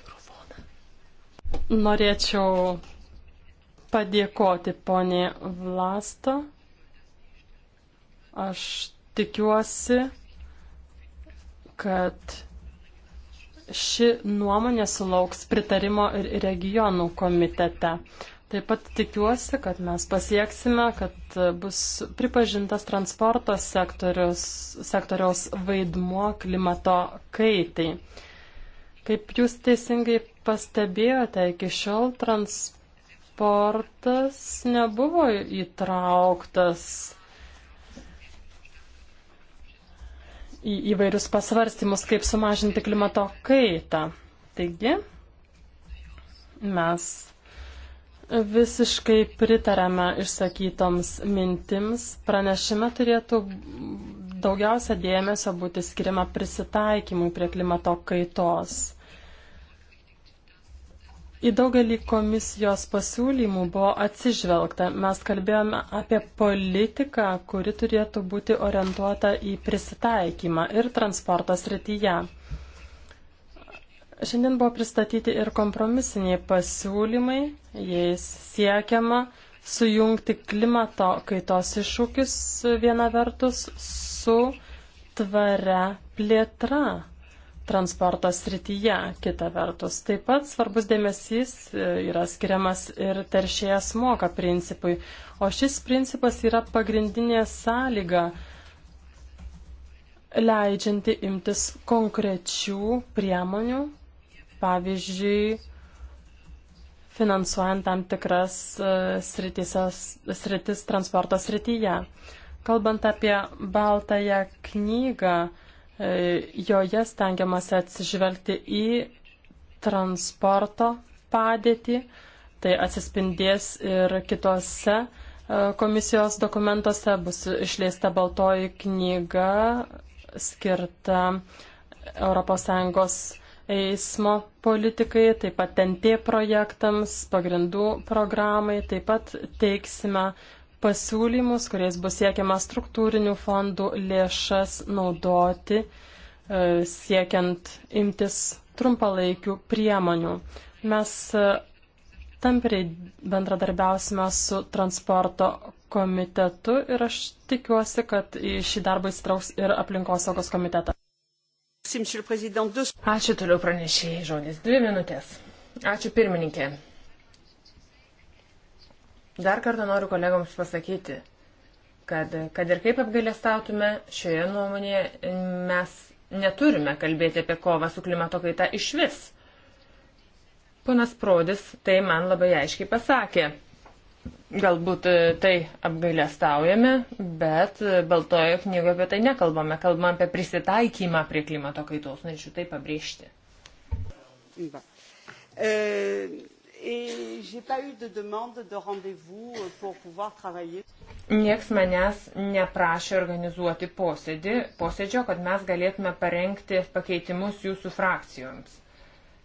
Mikrofoną. Norėčiau padėkoti ponė Vlasto. Aš tikiuosi, kad ši nuomonė sulauks pritarimo ir regionų komitete. Taip pat tikiuosi, kad mes pasieksime, kad bus pripažintas transporto sektoriaus vaidmuo klimato kaitai. Kaip jūs teisingai pastebėjote, iki šiol transportas nebuvo įtrauktas į įvairius pasvarstymus, kaip sumažinti klimato kaitą. Taigi, mes Visiškai pritarame išsakytoms mintims. Pranešime turėtų daugiausia dėmesio būti skiriama prisitaikymui prie klimato kaitos. Į daugelį komisijos pasiūlymų buvo atsižvelgta. Mes kalbėjome apie politiką, kuri turėtų būti orientuota į prisitaikymą ir transporto srityje. Šiandien buvo pristatyti ir kompromisiniai pasiūlymai, jais siekiama sujungti klimato kaitos iššūkius viena vertus su tvaria plėtra transporto srityje, kita vertus. Taip pat svarbus dėmesys e, yra skiriamas ir teršėjas moka principui, o šis principas yra pagrindinė sąlyga leidžianti imtis konkrečių priemonių, pavyzdžiui, finansuojant tam tikras e, sritis transporto srityje. Kalbant apie baltąją knygą, e, joje stengiamasi atsižvelgti į transporto padėtį, tai atsispindės ir kitose e, komisijos dokumentuose bus išleista baltoji knyga skirta ES eismo politikai, taip pat TNT projektams, pagrindų programai, taip pat teiksime pasiūlymus, kuriais bus siekiama struktūrinių fondų lėšas naudoti, e, siekiant imtis trumpalaikių priemonių. Mes e, tampriai bendradarbiausime su transporto komitetu ir aš tikiuosi, kad į šį darbą įsitrauks ir aplinkosaugos komitetas. Ačiū toliau pranešėjai žodis. Dvi minutės. Ačiū pirmininkė. Dar kartą noriu kolegoms pasakyti, kad, kad ir kaip apgailestautume, šioje nuomonėje mes neturime kalbėti apie kovą su klimato kaita iš vis. Ponas Prodis tai man labai aiškiai pasakė. Galbūt e, tai apgailestaujame, bet e, Baltojo knygoje apie tai nekalbame. Kalbame apie prisitaikymą prie klimato kaitos. Norėčiau tai pabrėžti. Ba. E... Euh, Niekas manęs neprašė organizuoti posėdį, posėdžio, kad mes galėtume parengti pakeitimus jūsų frakcijoms.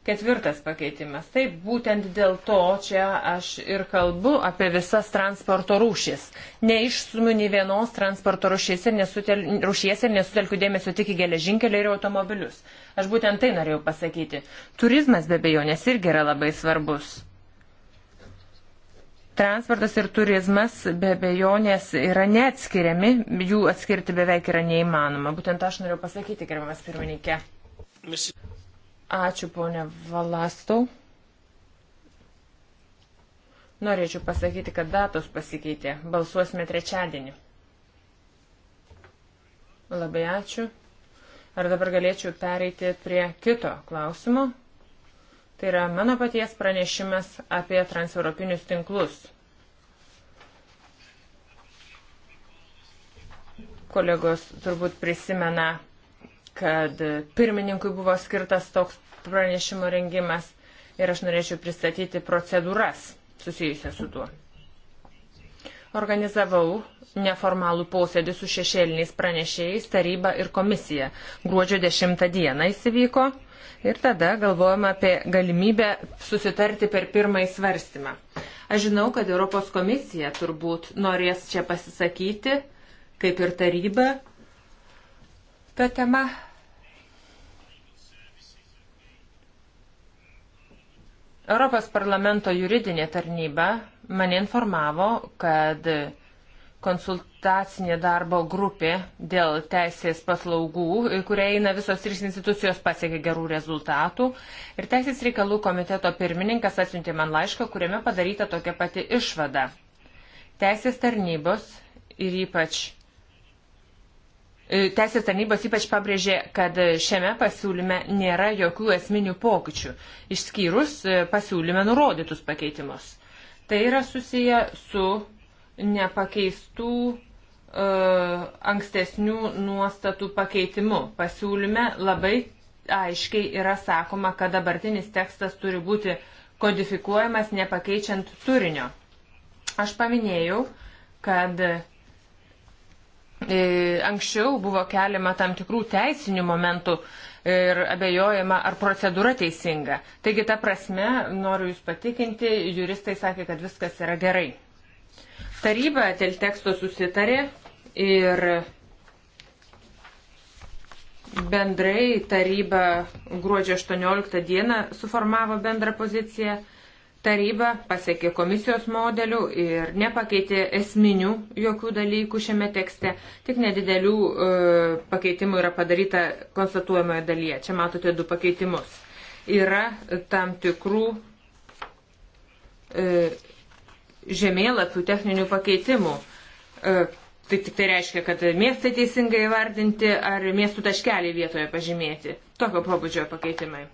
Ketvirtas pakeitimas. Taip, būtent dėl to čia aš ir kalbu apie visas transporto rūšis. Neišsumiu nei vienos transporto rūšies ir, nesutel, rūšies ir nesutelkiu dėmesio tik į geležinkelį ir automobilius. Aš būtent tai norėjau pasakyti. Turizmas be bejonės irgi yra labai svarbus. Transportas ir turizmas be bejonės yra neatskiriami, jų atskirti beveik yra neįmanoma. Būtent aš norėjau pasakyti, gerbiamas pirmininkė. Ačiū, ponė Valastau. Norėčiau pasakyti, kad datos pasikeitė. Balsuosime trečiadienį. Labai ačiū. Ar dabar galėčiau pereiti prie kito klausimo? Tai yra mano paties pranešimas apie transeuropinius tinklus. Kolegos turbūt prisimena kad pirmininkui buvo skirtas toks pranešimo rengimas ir aš norėčiau pristatyti procedūras susijusias su tuo. Organizavau neformalų posėdį su šešėliniais pranešėjais, taryba ir komisija. Gruodžio 10 dieną įsivyko ir tada galvojame apie galimybę susitarti per pirmąjį svarstymą. Aš žinau, kad Europos komisija turbūt norės čia pasisakyti, kaip ir taryba, tą temą, Europos parlamento juridinė tarnyba mane informavo, kad konsultacinė darbo grupė dėl teisės paslaugų, į kurią eina visos trys institucijos, pasiekė gerų rezultatų. Ir Teisės reikalų komiteto pirmininkas atsiuntė man laišką, kuriame padaryta tokia pati išvada. Teisės tarnybos ir ypač E, teisės tarnybos ypač pabrėžė, kad šiame pasiūlyme nėra jokių esminių pokyčių, išskyrus e, pasiūlyme nurodytus pakeitimus. Tai yra susiję su nepakeistų uh, ankstesnių nuostatų pakeitimu. Pasiūlyme labai aiškiai yra sakoma, kad dabartinis tekstas turi būti kodifikuojamas nepakeičiant turinio. Aš paminėjau, kad uh, E, anksčiau buvo keliama tam tikrų teisinių momentų ir abejojama, ar procedūra teisinga. Taigi tą prasme, noriu Jūs patikinti, juristai sakė, kad viskas yra gerai. Taryba dėl teksto susitarė ir bendrai taryba gruodžio 18 dieną suformavo bendrą poziciją. Taryba pasiekė komisijos modelių ir nepakeitė esminių jokių dalykų šiame tekste, tik nedidelių e, pakeitimų yra padaryta konstatuojamoje dalyje. Čia matote du pakeitimus. Yra tam tikrų e, žemėlapių techninių pakeitimų. E, Tai tik tai reiškia, kad miestai teisingai įvardinti ar miestų taškeliai vietoje pažymėti. Tokio pobūdžio pakeitimai.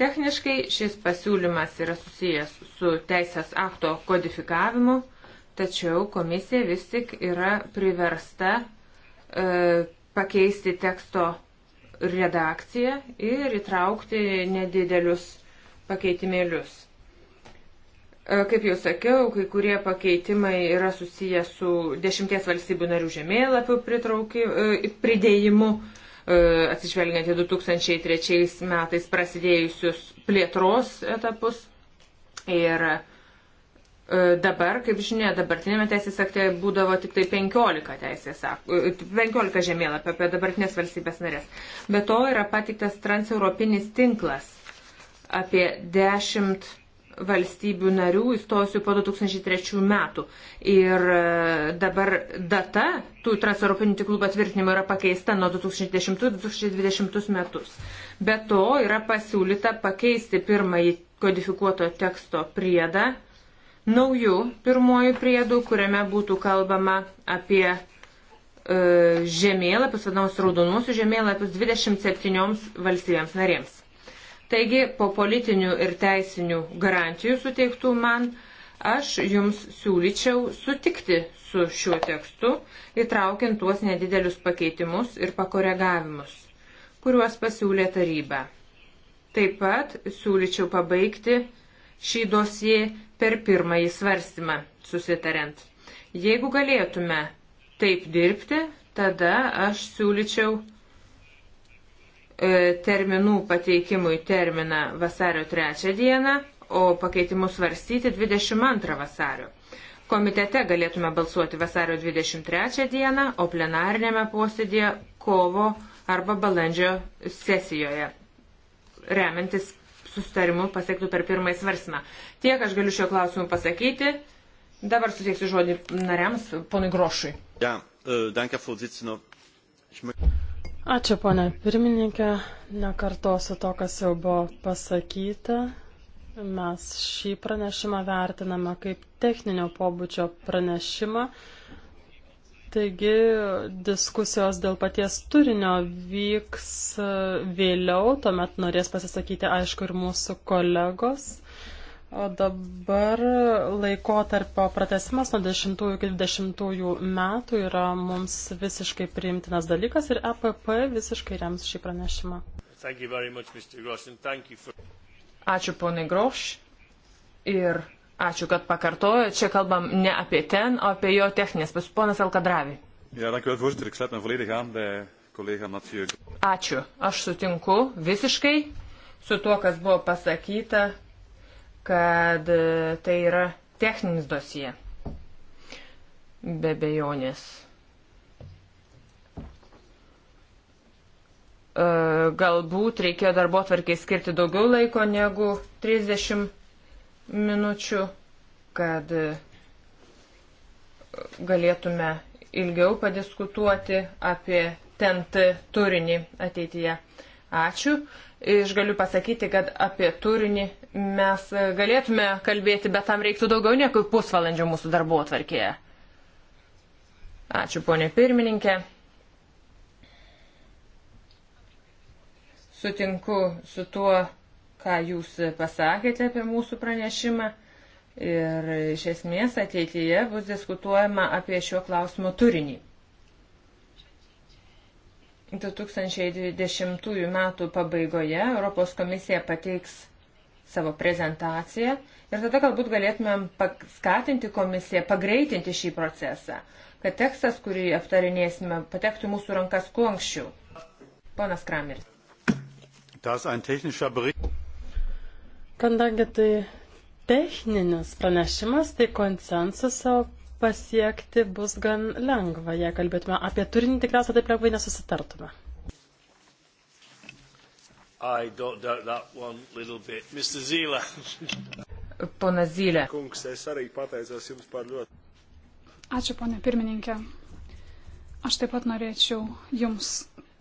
Techniškai šis pasiūlymas yra susijęs su teisės akto kodifikavimu, tačiau komisija vis tik yra priversta e, pakeisti teksto redakciją ir įtraukti nedidelius pakeitimėlius. E, kaip jau sakiau, kai kurie pakeitimai yra susiję su dešimties valstybių narių žemėlapių e, pridėjimu, E, atsižvelgiant į 2003 metais prasidėjusius plėtros etapus. Ir e, dabar, kaip žinia, dabartinėme teisės akte būdavo tik tai 15 teisės aktų, 15 e, žemėlapio apie dabartinės valstybės narės. Be to yra patiktas transeuropinis tinklas apie 10 valstybių narių įstojusių po 2003 metų. Ir e, dabar data tų transeuropinių tiklų patvirtinimo yra pakeista nuo 2010-2020 metus. Be to yra pasiūlyta pakeisti pirmąjį kodifikuoto teksto priedą naujų pirmojų priedų, kuriame būtų kalbama apie e, žemėlapius, vadinamus raudonosius žemėlapius 27 valstybėms narėms. Taigi, po politinių ir teisinių garantijų suteiktų man, aš jums siūlyčiau sutikti su šiuo tekstu, įtraukiant tuos nedidelius pakeitimus ir pakoregavimus, kuriuos pasiūlė taryba. Taip pat siūlyčiau pabaigti šį dosiją per pirmąjį svarstymą, susitariant. Jeigu galėtume taip dirbti, tada aš siūlyčiau E, terminų pateikimui terminą vasario 3 dieną, o pakeitimus svarstyti 22 vasario. Komitete galėtume balsuoti vasario 23 dieną, o plenarinėme posėdėje kovo arba balandžio sesijoje, remiantis sustarimu pasiektų per pirmąjį svarsmą. Tiek aš galiu šio klausimu pasakyti. Dabar suteiksiu žodį nariams, ponui Grošui. Ja, uh, danke, Ačiū, ponė pirmininkė. Nekartosiu to, kas jau buvo pasakyta. Mes šį pranešimą vertiname kaip techninio pobūdžio pranešimą. Taigi diskusijos dėl paties turinio vyks e, vėliau, tuomet norės pasisakyti, aišku, ir mūsų kolegos. O dabar laikotarpio pratesimas nuo 10 iki 20 metų yra mums visiškai priimtinas dalykas ir EPP visiškai rems šį pranešimą. Much, for... Ačiū ponai Groš ir ačiū, kad pakartojo. Čia kalbam ne apie ten, o apie jo techninės. Pas ponas Alkadravi. Ja, dankjewel, voorzitter. Ik sluit me volledig aan bij collega Mathieu. Ačiū. Aš sutinku visiškai su tuo, kas buvo pasakyta kad e, tai yra techninis dosie. Be bejonės. E, galbūt reikėjo darbo tvarkiai skirti daugiau laiko negu 30 minučių, kad e, galėtume ilgiau padiskutuoti apie TNT turinį ateityje. Ačiū. Iš galiu pasakyti, kad apie turinį mes galėtume kalbėti, bet tam reiktų daugiau negu pusvalandžio mūsų darbo atvarkėje. Ačiū, ponė pirmininkė. Sutinku su tuo, ką jūs pasakėte apie mūsų pranešimą. Ir iš esmės ateityje bus diskutuojama apie šio klausimo turinį. 2020 m. pabaigoje Europos komisija pateiks savo prezentaciją ir tada galbūt galėtumėm paskatinti komisiją, pagreitinti šį procesą, kad tekstas, kurį aptarinėsime, patektų mūsų rankas kuo anksčiau. Ponas Krameris. Kadangi tai techninis pranešimas, tai konsensuso pasiekti bus gan lengva. Jei kalbėtume apie turinį, tikriausiai taip lengvai nesusitartume. [LAUGHS] Pana Zylė. Ačiū, ponė pirmininkė. Aš taip pat norėčiau Jums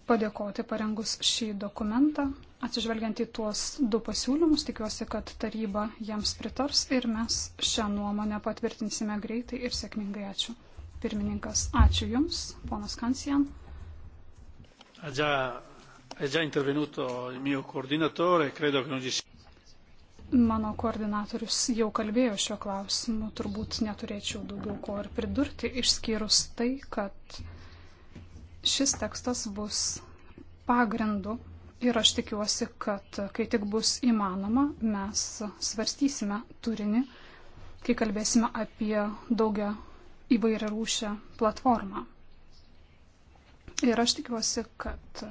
padėkoti parengus šį dokumentą. Atsižvelgiant į tuos du pasiūlymus, tikiuosi, kad taryba jiems pritars ir mes šią nuomonę patvirtinsime greitai ir sėkmingai. Ačiū. Pirmininkas, ačiū Jums, ponas Kancijan. Mano koordinatorius jau kalbėjo šio klausimu, turbūt neturėčiau daugiau ko ir pridurti, išskyrus tai, kad Šis tekstas bus pagrindu ir aš tikiuosi, kad kai tik bus įmanoma, mes svarstysime turinį, kai kalbėsime apie daugia įvairią rūšę platformą. Ir aš tikiuosi, kad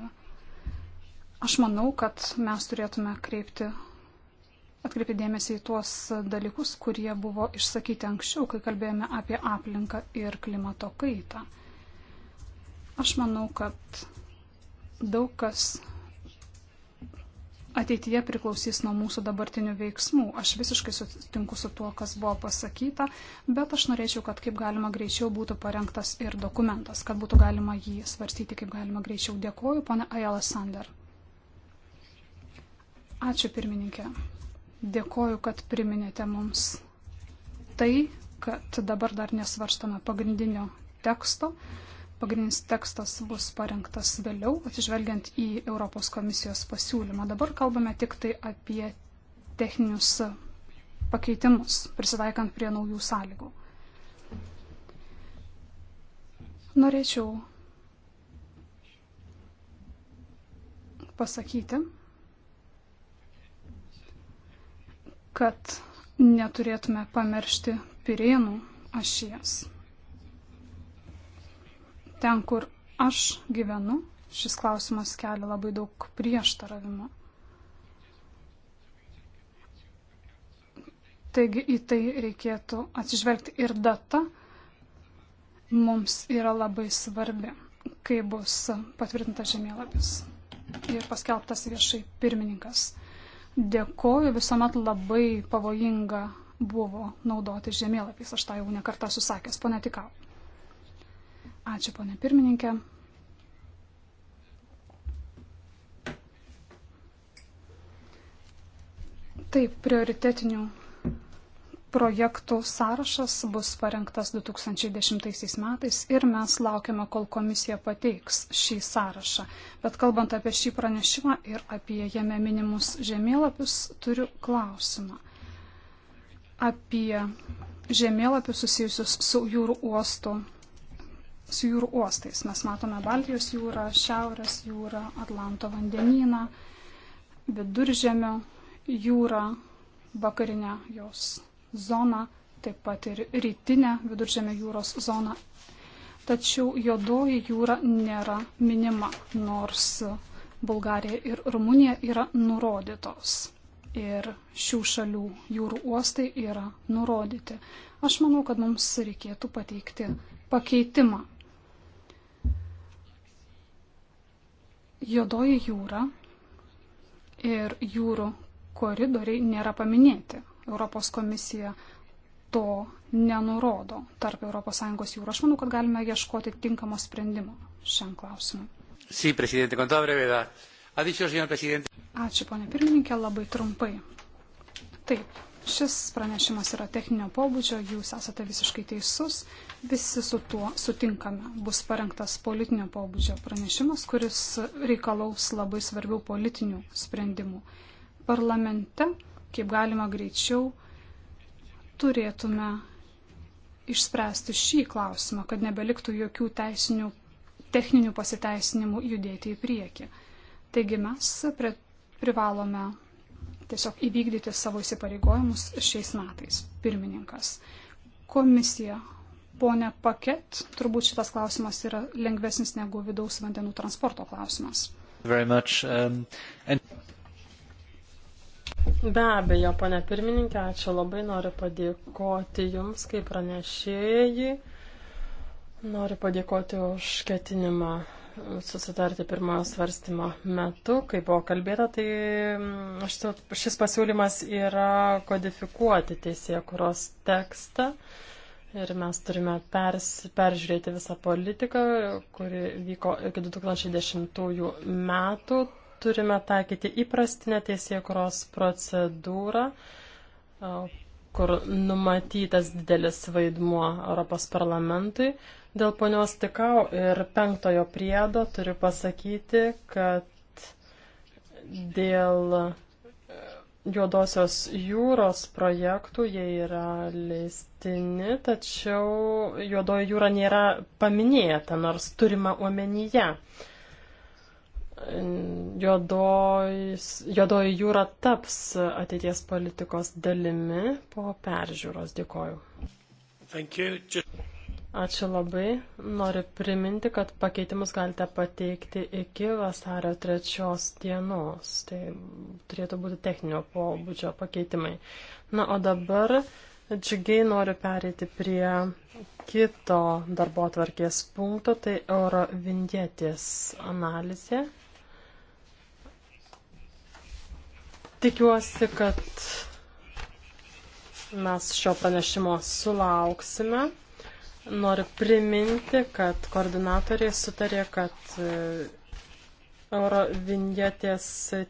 aš manau, kad mes turėtume kreipti, atkreipti dėmesį į tuos dalykus, kurie buvo išsakyti anksčiau, kai kalbėjome apie aplinką ir klimato kaitą. Aš manau, kad daug kas ateityje priklausys nuo mūsų dabartinių veiksmų. Aš visiškai sutinku su tuo, kas buvo pasakyta, bet aš norėčiau, kad kaip galima greičiau būtų parengtas ir dokumentas, kad būtų galima jį svarstyti kaip galima greičiau. Dėkuoju, pana Ajala Sander. Ačiū pirmininkė. Dėkuoju, kad priminėte mums tai, kad dabar dar nesvarstame pagrindinio teksto. Pagrindinis tekstas bus parengtas vėliau, atsižvelgiant į Europos komisijos pasiūlymą. Dabar kalbame tik tai apie techninius pakeitimus, prisitaikant prie naujų sąlygų. Norėčiau pasakyti, kad neturėtume pamiršti pirėnų ašies. Ten, kur aš gyvenu, šis klausimas kelia labai daug prieštaravimo. Taigi į tai reikėtų atsižvelgti ir data mums yra labai svarbi, kai bus patvirtintas žemėlapis ir paskelbtas viešai pirmininkas. Dėkoju, visuomet labai pavojinga buvo naudoti žemėlapiais, aš tą jau nekartą susakęs, pone Tikau. Ačiū, ponė pirmininkė. Taip, prioritetinių projektų sąrašas bus parengtas 2010 metais ir mes laukiame, kol komisija pateiks šį sąrašą. Bet kalbant apie šį pranešimą ir apie jame minimus žemėlapius, turiu klausimą. Apie žemėlapius susijusius su jūrų uostu su jūrų uostais. Mes matome Baltijos jūrą, Šiaurės jūrą, Atlanto vandenyną, Viduržemio jūrą, vakarinę jos zoną, taip pat ir rytinę Viduržemio jūros zoną. Tačiau juodoji jūra nėra minima, nors Bulgarija ir Rumunija yra nurodytos. Ir šių šalių jūrų uostai yra nurodyti. Aš manau, kad mums reikėtų pateikti pakeitimą Jodoji jūra ir jūrų koridoriai nėra paminėti. Europos komisija to nenurodo tarp ES jūrų. Aš manau, kad galime ieškoti tinkamo sprendimo šiam klausimui. Sí, presidente, con toda brevedad. Ha dicho, señor presidente. Ačiū, ponė pirmininkė, labai trumpai. Taip, Šis pranešimas yra techninio pobūdžio, jūs esate visiškai teisus, visi su tuo sutinkame. Bus parengtas politinio pobūdžio pranešimas, kuris reikalaus labai svarbių politinių sprendimų. Parlamente, kaip galima greičiau, turėtume išspręsti šį klausimą, kad nebeliktų jokių teisinių, techninių pasiteisinimų judėti į priekį. Taigi mes privalome tiesiog įvykdyti savo įsipareigojimus šiais metais. Pirmininkas. Komisija. Pone Paket, turbūt šitas klausimas yra lengvesnis negu vidaus vandenų transporto klausimas. Much, um, and... Be abejo, pane pirmininkė, ačiū labai, noriu padėkoti Jums kaip pranešėjai, noriu padėkoti už ketinimą susitarti pirmojo svarstymo metu, kai buvo kalbėta, tai mm, šis pasiūlymas yra kodifikuoti teisėje kuros tekstą ir mes turime pers, peržiūrėti visą politiką, kuri vyko iki 2010 metų. Turime taikyti įprastinę teisėje kuros procedūrą, kur numatytas didelis vaidmuo Europos parlamentui. Dėl ponios Tikau ir penktojo priedo turiu pasakyti, kad dėl e, Juodosios jūros projektų jie yra leistini, tačiau Juodoji jūra nėra paminėta, nors turima omenyje. Juodojus, juodoji jūra taps ateities politikos dalimi po peržiūros. Dėkoju. Just... Ačiū labai. Noriu priminti, kad pakeitimus galite pateikti iki vasario trečios dienos. Tai turėtų būti techninio pobūdžio pakeitimai. Na, o dabar džiugiai noriu pereiti prie kito darbo atvarkės punkto, tai eurovindėtės analizė. Tikiuosi, kad mes šio pranešimo sulauksime. Noriu priminti, kad koordinatoriai sutarė, kad e, Eurovinjetės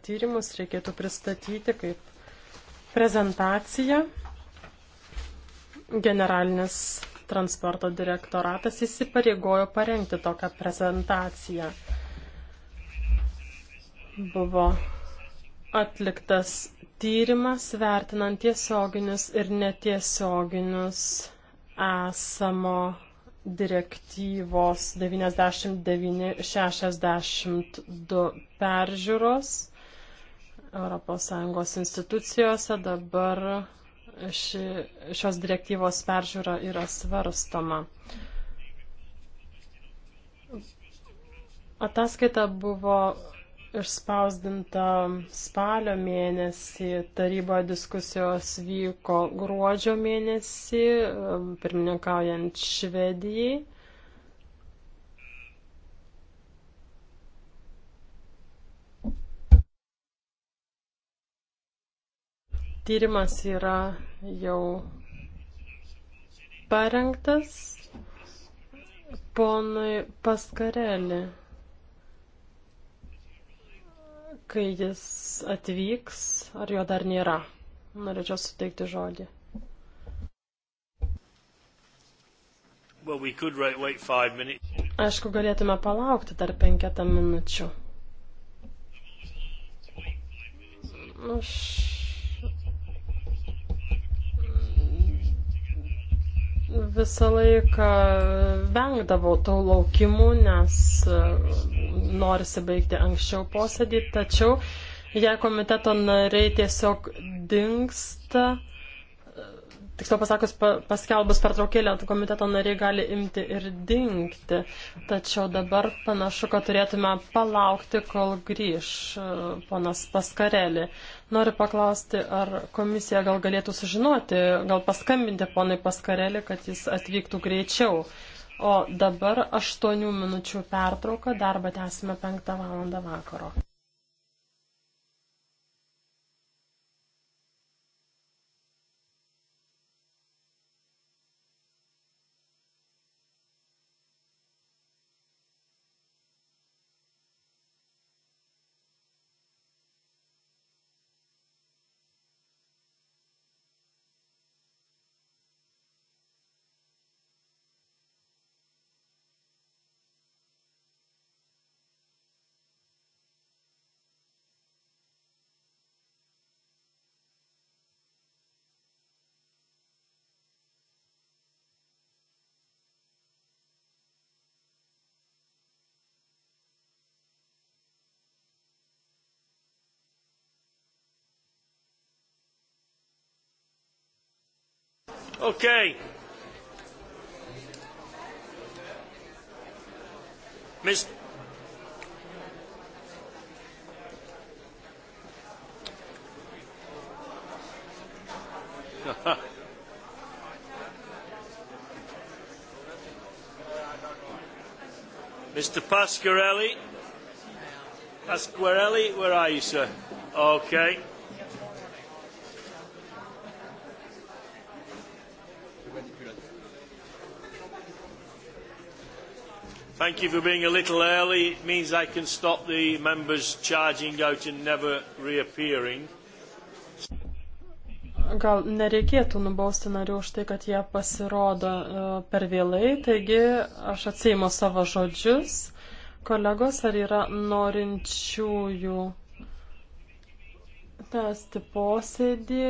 tyrimus reikėtų pristatyti kaip prezentaciją. Generalinis transporto direktoratas įsipareigojo parengti tokią prezentaciją. Buvo atliktas tyrimas vertinant tiesioginius ir netiesioginius esamo direktyvos 99-62 peržiūros ES institucijose dabar ši, šios direktyvos peržiūra yra svarstoma. Ataskaita buvo išspausdinta spalio mėnesį, taryboje diskusijos vyko gruodžio mėnesį, pirmininkaujant Švedijai. Tyrimas yra jau parengtas ponui Paskarelį. kai jis atvyks, ar jo dar nėra. Norėčiau suteikti žodį. Well, we could wait five minutes. Aišku, galėtume palaukti dar penketą minučių. Aš nu, visą laiką vengdavau to laukimų, nes e, norisi baigti anksčiau posėdį, tačiau jei komiteto nariai tiesiog dinksta, e, tiksliau pasakus, paskelbus pertraukėlę, tai komiteto nariai gali imti ir dinkti. Tačiau dabar panašu, kad turėtume palaukti, kol grįž e, ponas Paskarelį. Noriu paklausti, ar komisija gal galėtų sužinoti, gal paskambinti ponui Paskarelį, kad jis atvyktų greičiau. O dabar aštuonių minučių pertrauka, darbą tęsime penktą valandą vakaro. Okay. Ms. [LAUGHS] Mr. Pasquarelli. Pasquarelli, where are you, sir? Okay. Thank you for being a little early. It means I can stop the members charging out and never reappearing. Gal nereikėtų nubausti narių už tai, kad jie pasirodo e, per vėlai, taigi aš atseimu savo žodžius. Kolegos, ar yra norinčiųjų tęsti posėdį?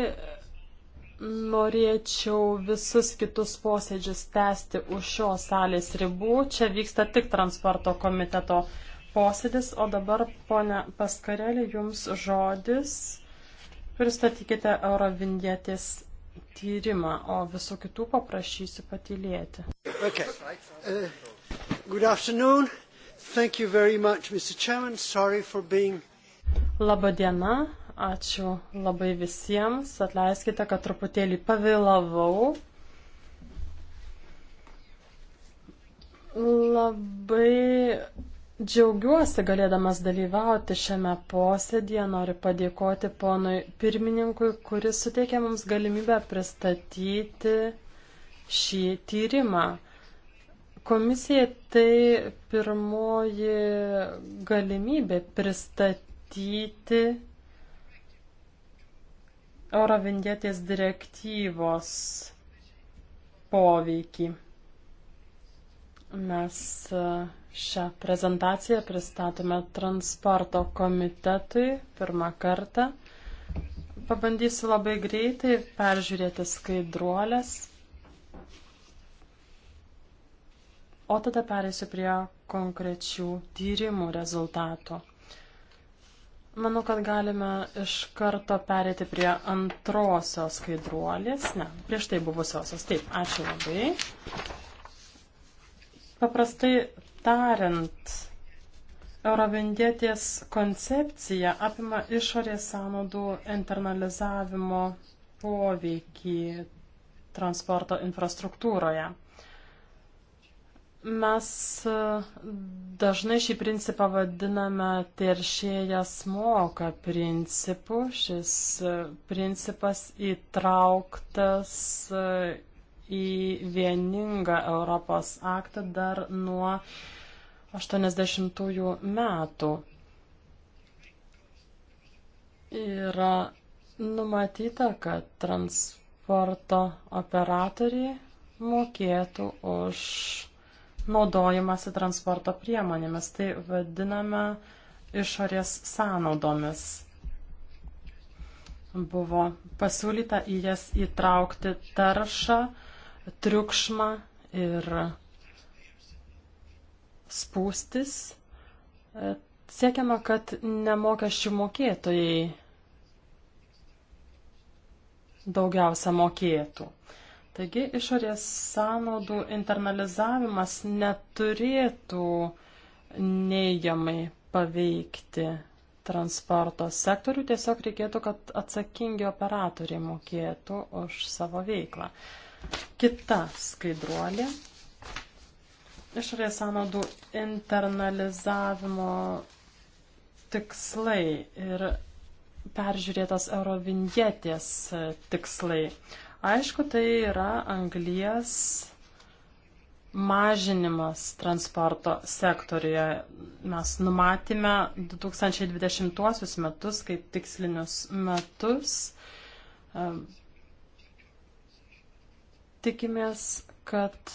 Norėčiau visus kitus posėdžius tęsti už šios salės ribų. Čia vyksta tik transporto komiteto posėdis, o dabar, ponia Paskarelė, jums žodis. Pristatykite Eurovindėtės tyrimą, o visų kitų paprašysiu patylėti. Okay. Uh, much, being... Labadiena, Ačiū labai visiems. Atleiskite, kad truputėlį pavėlavau. Labai džiaugiuosi galėdamas dalyvauti šiame posėdėje. Noriu padėkoti ponui pirmininkui, kuris suteikė mums galimybę pristatyti šį tyrimą. Komisija tai pirmoji galimybė pristatyti oro vindėtės direktyvos poveikį. Mes e, šią prezentaciją pristatome transporto komitetui pirmą kartą. Pabandysiu labai greitai peržiūrėti skaidruolės. O tada perėsiu prie konkrečių tyrimų rezultatų. Manau, kad galime iš karto perėti prie antrosios skaidruolės. Ne, prieš tai buvusiosios. Taip, ačiū labai. Paprastai tariant, Eurovindėties koncepcija apima išorės sąnaudų internalizavimo poveikį transporto infrastruktūroje. Mes e, dažnai šį principą vadiname teršėjas moka principu. Šis e, principas įtrauktas e, į vieningą Europos aktą dar nuo 80-ųjų metų. Yra numatyta, kad transporto operatoriai mokėtų už naudojimasi transporto priemonėmis, tai vadiname išorės sąnaudomis. Buvo pasiūlyta į jas įtraukti taršą, triukšmą ir spūstis. Siekiama, kad nemokesčių mokėtojai daugiausia mokėtų. Taigi išorės sąnaudų internalizavimas neturėtų neigiamai paveikti transporto sektorių, tiesiog reikėtų, kad atsakingi operatoriai mokėtų už savo veiklą. Kita skaidruolė. Išorės sąnaudų internalizavimo tikslai ir peržiūrėtas eurovinjetės tikslai. Aišku, tai yra anglies mažinimas transporto sektorijoje. Mes numatėme 2020 metus kaip tikslinius metus. Tikimės, kad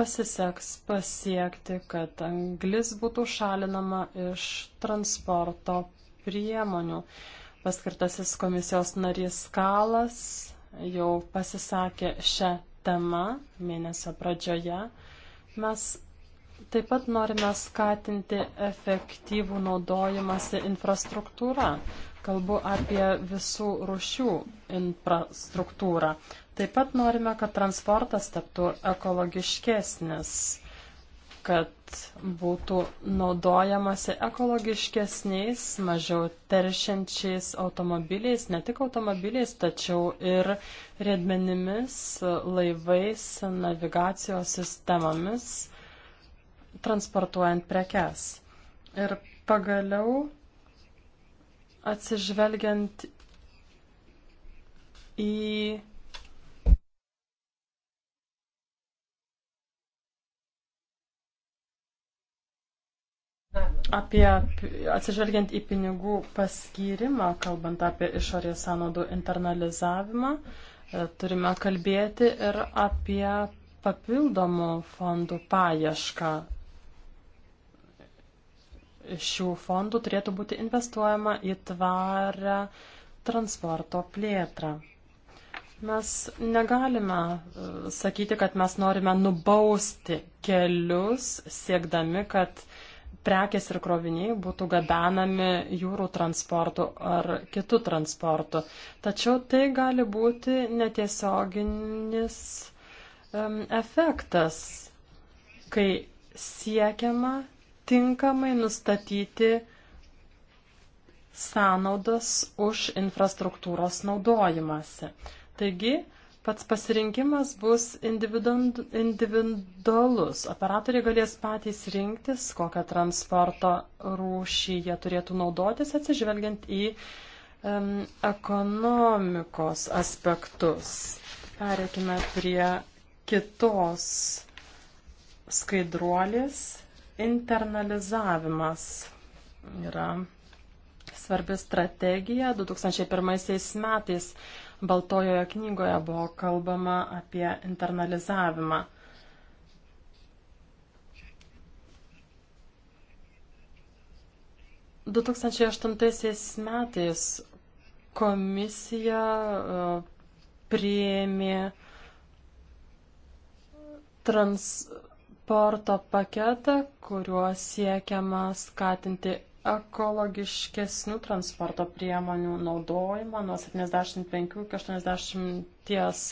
pasiseks pasiekti, kad anglis būtų šalinama iš transporto priemonių. Uh, paskirtasis komisijos narys Kalas jau pasisakė šią temą mėnesio pradžioje. Mes taip pat norime skatinti efektyvų naudojimąsi infrastruktūrą. Kalbu apie visų rušių infrastruktūrą. Taip pat norime, kad transportas taptų ekologiškesnis kad būtų naudojamasi ekologiškesniais, mažiau teršiančiais automobiliais, ne tik automobiliais, tačiau ir riedmenimis, laivais, navigacijos sistemomis, transportuojant prekes. Ir pagaliau atsižvelgiant į apie, atsižvelgiant į pinigų paskyrimą, kalbant apie išorės sąnaudų internalizavimą, e, turime kalbėti ir apie papildomų fondų paiešką. Šių fondų turėtų būti investuojama į tvarę transporto plėtrą. Mes negalime e, sakyti, kad mes norime nubausti kelius, siekdami, kad uh, prekės ir kroviniai būtų gabenami jūrų transportu ar kitų transportu. Tačiau tai gali būti netiesioginis um, efektas, kai siekiama tinkamai nustatyti sąnaudas už infrastruktūros naudojimąsi. Taigi, Pats pasirinkimas bus individualus. Operatoriai galės patys rinktis, kokią transporto rūšį jie turėtų naudotis, atsižvelgiant į um, ekonomikos aspektus. Pereikime prie kitos skaidruolės. Internalizavimas yra svarbi strategija. 2001 metais Baltojoje knygoje buvo kalbama apie internalizavimą. Du tūkstančiai aštuntaisiais metais komisija e, priėmė transporto paketą, kuriuo siekiama skatinti ekologiškesnių transporto priemonių naudojimą nuo 75 iki 80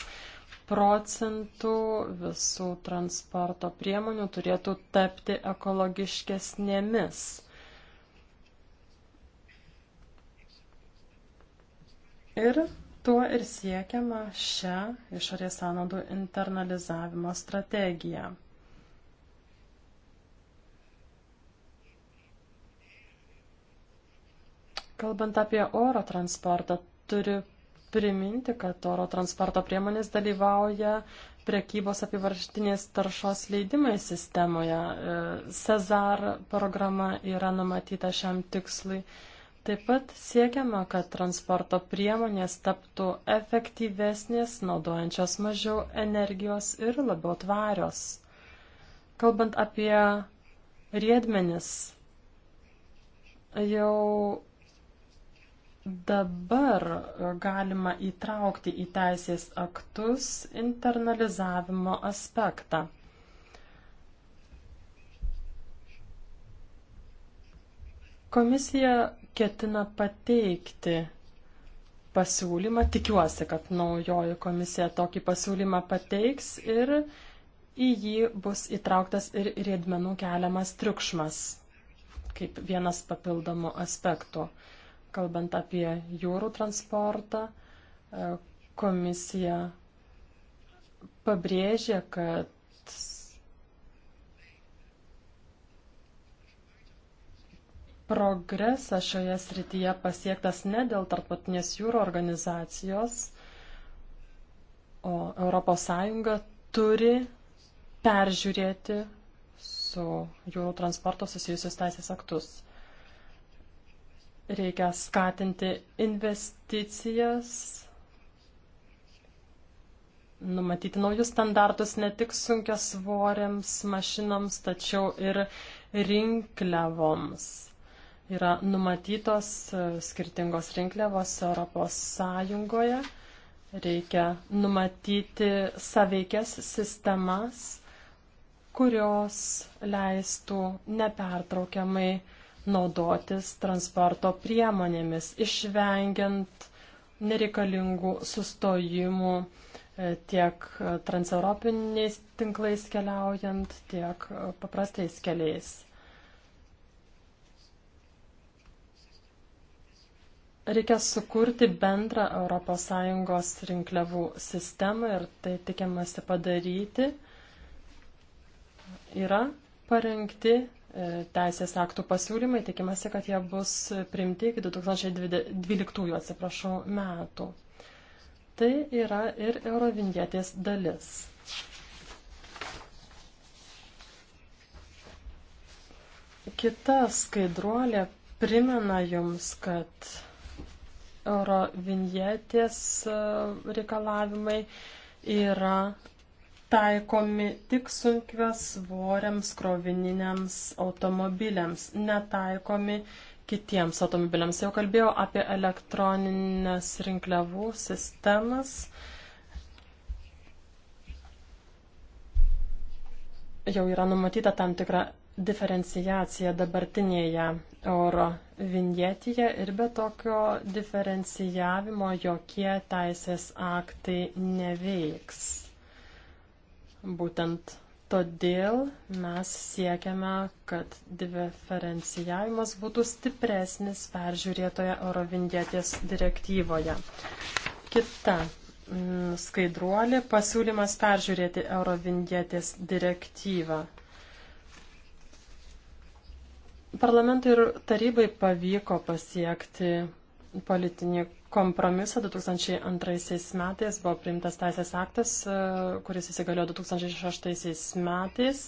procentų visų transporto priemonių turėtų tapti ekologiškesnėmis. Ir tuo ir siekiama šią išorės sąnaudų internalizavimo strategiją. Kalbant apie oro transportą, turiu priminti, kad oro transporto priemonės dalyvauja priekybos apivarštinės taršos leidimai sistemoje. E, Cezar programa yra numatyta šiam tikslui. Taip pat siekiama, kad transporto priemonės taptų efektyvesnės, naudojančios mažiau energijos ir labiau tvarios. Kalbant apie riedmenis, jau dabar galima įtraukti į teisės aktus internalizavimo aspektą. Komisija ketina pateikti pasiūlymą, tikiuosi, kad naujoji komisija tokį pasiūlymą pateiks ir į jį bus įtrauktas ir riedmenų keliamas triukšmas kaip vienas papildomų aspektų kalbant apie jūrų transportą, e, komisija pabrėžė, kad progresas šioje srityje pasiektas ne dėl tarptautinės jūro organizacijos, o ES turi peržiūrėti su jūrų transporto susijusius teisės aktus. Reikia skatinti investicijas, numatyti naujus standartus ne tik sunkias svoriams mašinoms, tačiau ir rinkliavoms. Yra numatytos e, skirtingos rinkliavos Europos Sąjungoje reikia numatyti saveikias sistemas, kurios leistų nepertraukiamai naudotis transporto priemonėmis, išvengiant nereikalingų sustojimų e, tiek transeuropiniais tinklais keliaujant, tiek paprastais keliais. Reikia sukurti bendrą ES rinkliavų sistemą ir tai tikimasi padaryti. Yra parengti E, teisės aktų pasiūlymai, tikimasi, kad jie bus primti iki 2012 atsiprašau, metų. Tai yra ir eurovindėtės dalis. Kita skaidruolė primena jums, kad eurovindėtės e, reikalavimai yra taikomi tik sunkios svoriams krovininiams automobiliams, netaikomi kitiems automobiliams. Jau kalbėjau apie elektroninės rinkliavų sistemas. Jau yra numatyta tam tikra diferenciacija dabartinėje euro vinjetėje ir be tokio diferencijavimo jokie teisės aktai neveiks. Būtent todėl mes siekiame, kad diferencijavimas būtų stipresnis peržiūrėtoje Eurovindėties direktyvoje. Kita mm, skaidruolė pasiūlymas peržiūrėti Eurovindėties direktyvą. Parlamentui ir tarybai pavyko pasiekti politinį kompromisą 2002 metais buvo priimtas teisės aktas, e, kuris įsigaliojo 2006 metais.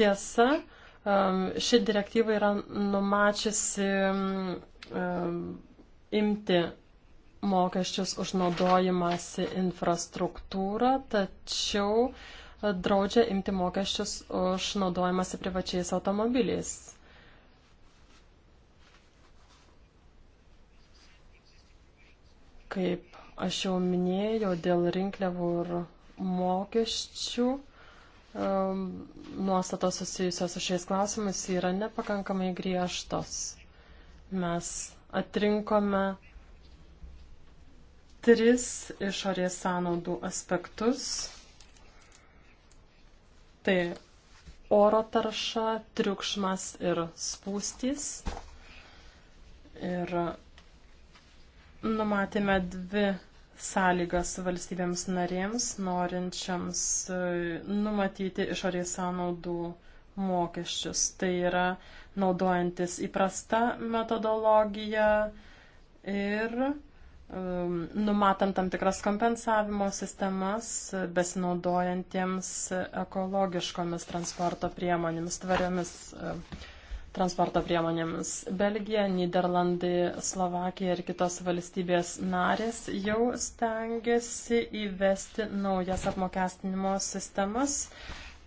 Tiesa, e, ši direktyva yra numačiusi e, imti mokesčius už naudojimąsi infrastruktūrą, tačiau draudžia imti mokesčius už naudojimąsi privačiais automobiliais. Kaip aš jau minėjau, dėl rinkliavų ir mokesčių um, nuostatos susijusios su šiais klausimais yra nepakankamai griežtos. Mes atrinkome tris išorės sąnaudų aspektus. Tai oro tarša, triukšmas ir spūstys. Ir Numatėme dvi sąlygas valstybėms narėms, norinčiams e, numatyti išorės sąnaudų mokesčius. Tai yra naudojantis įprasta metodologija ir um, numatant tam tikras kompensavimo sistemas besinaudojantiems ekologiškomis transporto priemonėmis, tvariomis uh, transporto priemonėmis. Belgija, Niderlandai, Slovakija ir kitos valstybės narės jau stengiasi įvesti naujas apmokestinimo sistemas,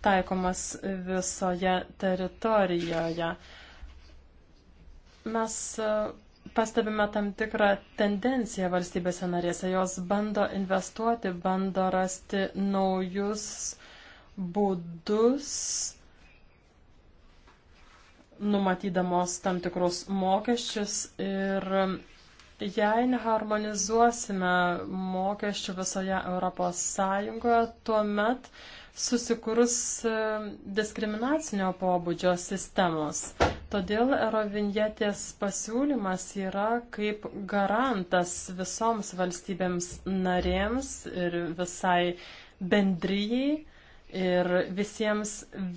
taikomas visoje teritorijoje. Mes e, pastebime tam tikrą tendenciją valstybėse narėse. Jos bando investuoti, bando rasti naujus būdus numatydamos tam tikrus mokesčius ir jei neharmonizuosime mokesčių visoje Europos Sąjungoje, tuomet susikurs e, diskriminacinio pobūdžio sistemos. Todėl Eurovinjetės pasiūlymas yra kaip garantas visoms valstybėms narėms ir visai bendryjai Ir visiems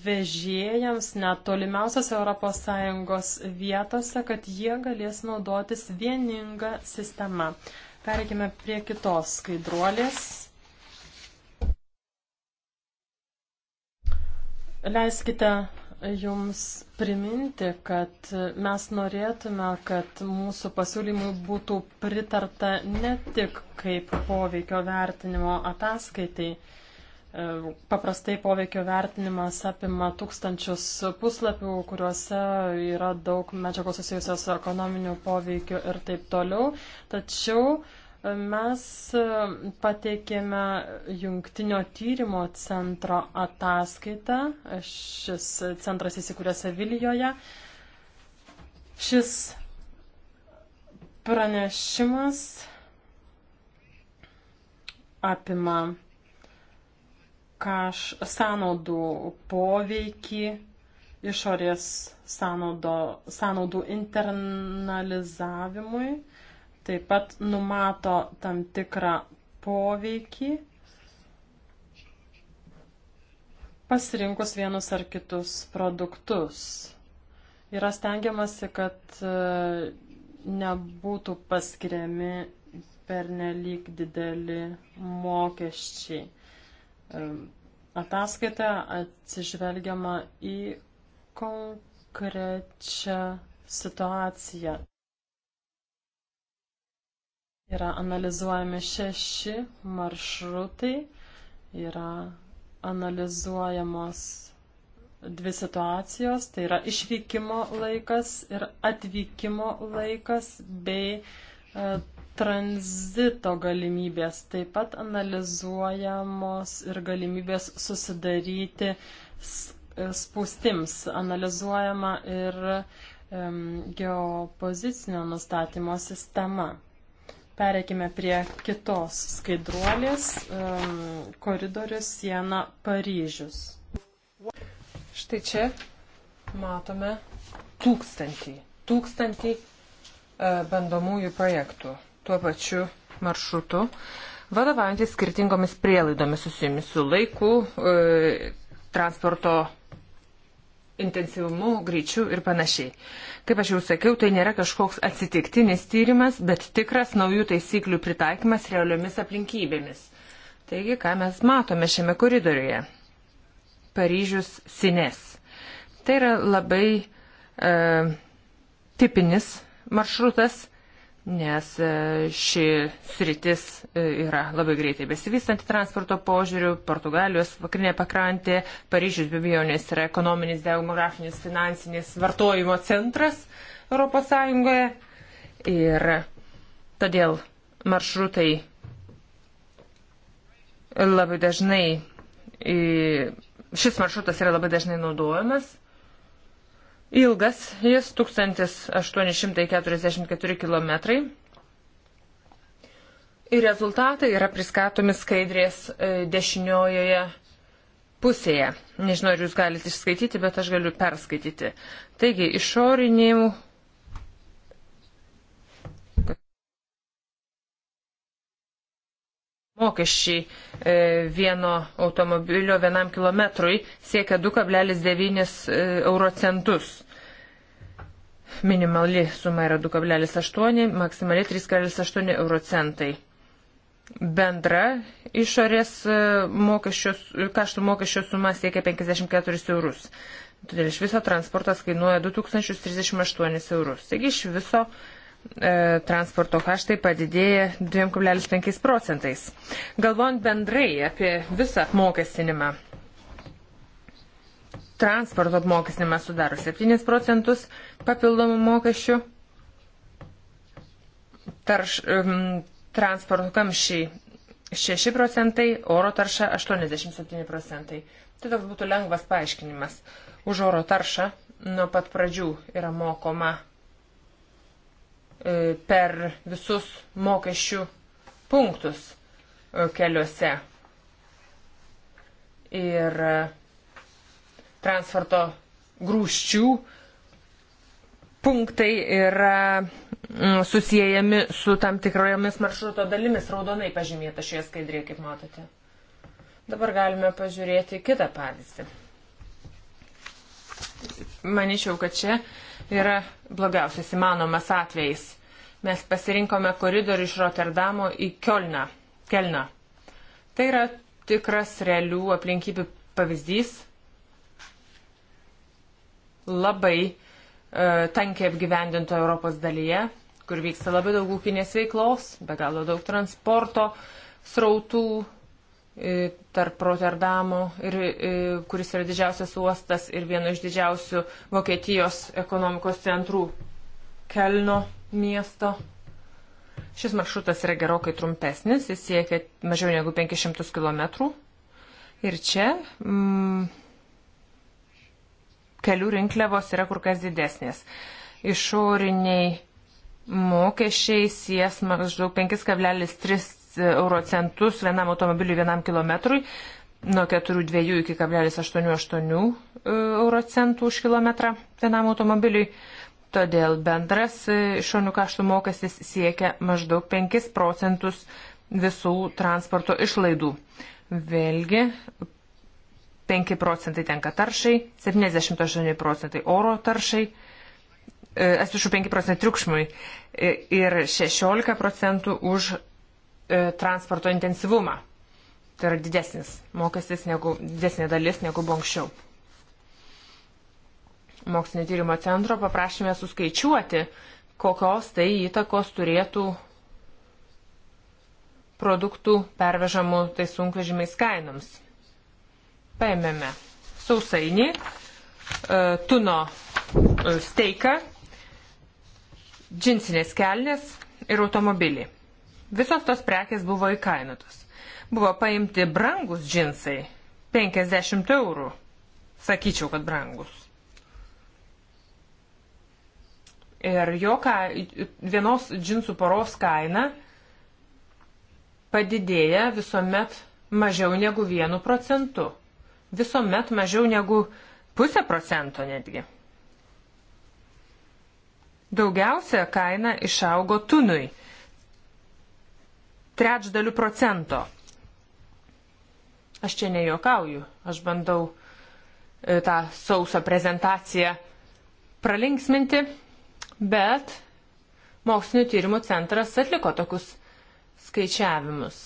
vežėjams netolimiausios ES vietose, kad jie galės naudotis vieninga sistema. Pereikime prie kitos skaidruolės. Leiskite Jums priminti, kad mes norėtume, kad mūsų pasiūlymui būtų pritarta ne tik kaip poveikio vertinimo ataskaitai, E, paprastai poveikio vertinimas apima tūkstančius puslapių, kuriuose yra daug medžiagos susijusios su ekonominiu poveikiu ir taip toliau. Tačiau e, mes e, pateikėme jungtinio tyrimo centro ataskaitą. Šis centras įsikūrė Sevilijoje. Šis pranešimas apima kaž sąnaudų poveikį, išorės sąnaudo, sąnaudų internalizavimui, taip pat numato tam tikrą poveikį pasirinkus vienus ar kitus produktus. Yra stengiamasi, kad e, nebūtų paskiriami pernelyg dideli mokesčiai ataskaitą atsižvelgiama į konkrečią situaciją. Yra analizuojami šeši maršrutai, yra analizuojamos dvi situacijos, tai yra išvykimo laikas ir atvykimo laikas bei e, tranzito galimybės, taip pat analizuojamos ir galimybės susidaryti spūstims, analizuojama ir um, geopozicinio nustatymo sistema. Pereikime prie kitos skaidruolės um, koridorius siena Paryžius. Štai čia matome tūkstantį, tūkstantį uh, bandomųjų projektų tuo pačiu maršrutu, vadovaujantis skirtingomis prielaidomis susijusiamis su laiku, e, transporto intensyvumu, greičiu ir panašiai. Kaip aš jau sakiau, tai nėra kažkoks atsitiktinis tyrimas, bet tikras naujų taisyklių pritaikymas realiomis aplinkybėmis. Taigi, ką mes matome šiame koridoriuje? Paryžius Sines. Tai yra labai e, tipinis maršrutas nes e, ši sritis e, yra labai greitai besivystanti transporto požiūrių. Portugalijos vakarinė pakrantė, Paryžius be abejonės yra ekonominis, demografinis, finansinis vartojimo centras ES. Ir todėl maršrutai labai dažnai, šis maršrutas yra labai dažnai naudojamas Ilgas jis 1844 km. Ir rezultatai yra priskatomi skaidrės e, dešiniojoje pusėje. Nežinau, ar jūs galite išskaityti, bet aš galiu perskaityti. Taigi, išorinių mokesčiai e, vieno automobilio vienam kilometrui siekia 2,9 euro centus. Minimali suma yra 2,8, maksimali 3,8 euro centai. Bendra išorės e, kaštų mokesčio suma siekia 54 eurus. Todėl iš viso transportas kainuoja 2038 eurus. Taigi iš viso uh, E, transporto kaštai padidėja 2,5 procentais. Galvojant bendrai apie visą apmokestinimą, transporto apmokestinimas sudaro 7 procentus papildomų mokesčių, tarš, um, transporto kamščiai 6 procentai, oro tarša 87 procentai. Tai toks būtų lengvas paaiškinimas. Už oro taršą nuo pat pradžių yra mokoma E, per visus mokesčių punktus e, keliuose. Ir e, transporto grūščių punktai yra mm, susijęjami su tam tikrojomis maršruto dalimis, raudonai pažymėta šioje skaidrėje, kaip matote. Dabar galime pažiūrėti kitą pavyzdį. Maničiau, kad čia yra blogiausias įmanomas atvejis. Mes pasirinkome koridorių iš Rotterdamo į Kielną. Kelną. Tai yra tikras realių aplinkybių pavyzdys. Labai e, tankiai apgyvendinto Europos dalyje, kur vyksta labai daug ūkinės veiklos, be galo daug transporto, srautų e, tarp Rotterdamo, ir, e, kuris yra didžiausias uostas ir vieno iš didžiausių Vokietijos ekonomikos centrų Kelno miesto. Šis maršrutas yra gerokai trumpesnis, jis siekia mažiau negu 500 km. Ir čia mm, kelių rinkliavos yra kur kas didesnės. Išoriniai mokesčiai sies maždaug 5,3 euro centus vienam automobiliui vienam kilometrui, nuo 4,2 iki 0,88 euro centų už kilometrą vienam automobiliui. Todėl bendras šonių kaštų mokestis siekia maždaug 5 procentus visų transporto išlaidų. Vėlgi 5 procentai tenka taršai, 78 procentai oro taršai, e, atsiprašau, 5 procentai triukšmui e, ir 16 procentų už e, transporto intensyvumą. Tai yra didesnis mokestis, negu, didesnė dalis negu buvo anksčiau mokslinio tyrimo centro paprašėme suskaičiuoti, kokios tai įtakos turėtų produktų pervežamų tai sunkvežimiais kainoms. Paėmėme sausainį, e, tuno e, steiką, džinsinės kelnes ir automobilį. Visos tos prekės buvo įkainotos. Buvo paimti brangus džinsai - 50 eurų. Sakyčiau, kad brangus. Ir jo ka, vienos džinsų poros kaina padidėja visuomet mažiau negu vienu procentu. Visuomet mažiau negu pusę procento netgi. Daugiausia kaina išaugo tunui. Trečdaliu procento. Aš čia nejuokauju, aš bandau e, tą sausą prezentaciją pralinksminti, bet mokslinio tyrimų centras atliko tokius skaičiavimus.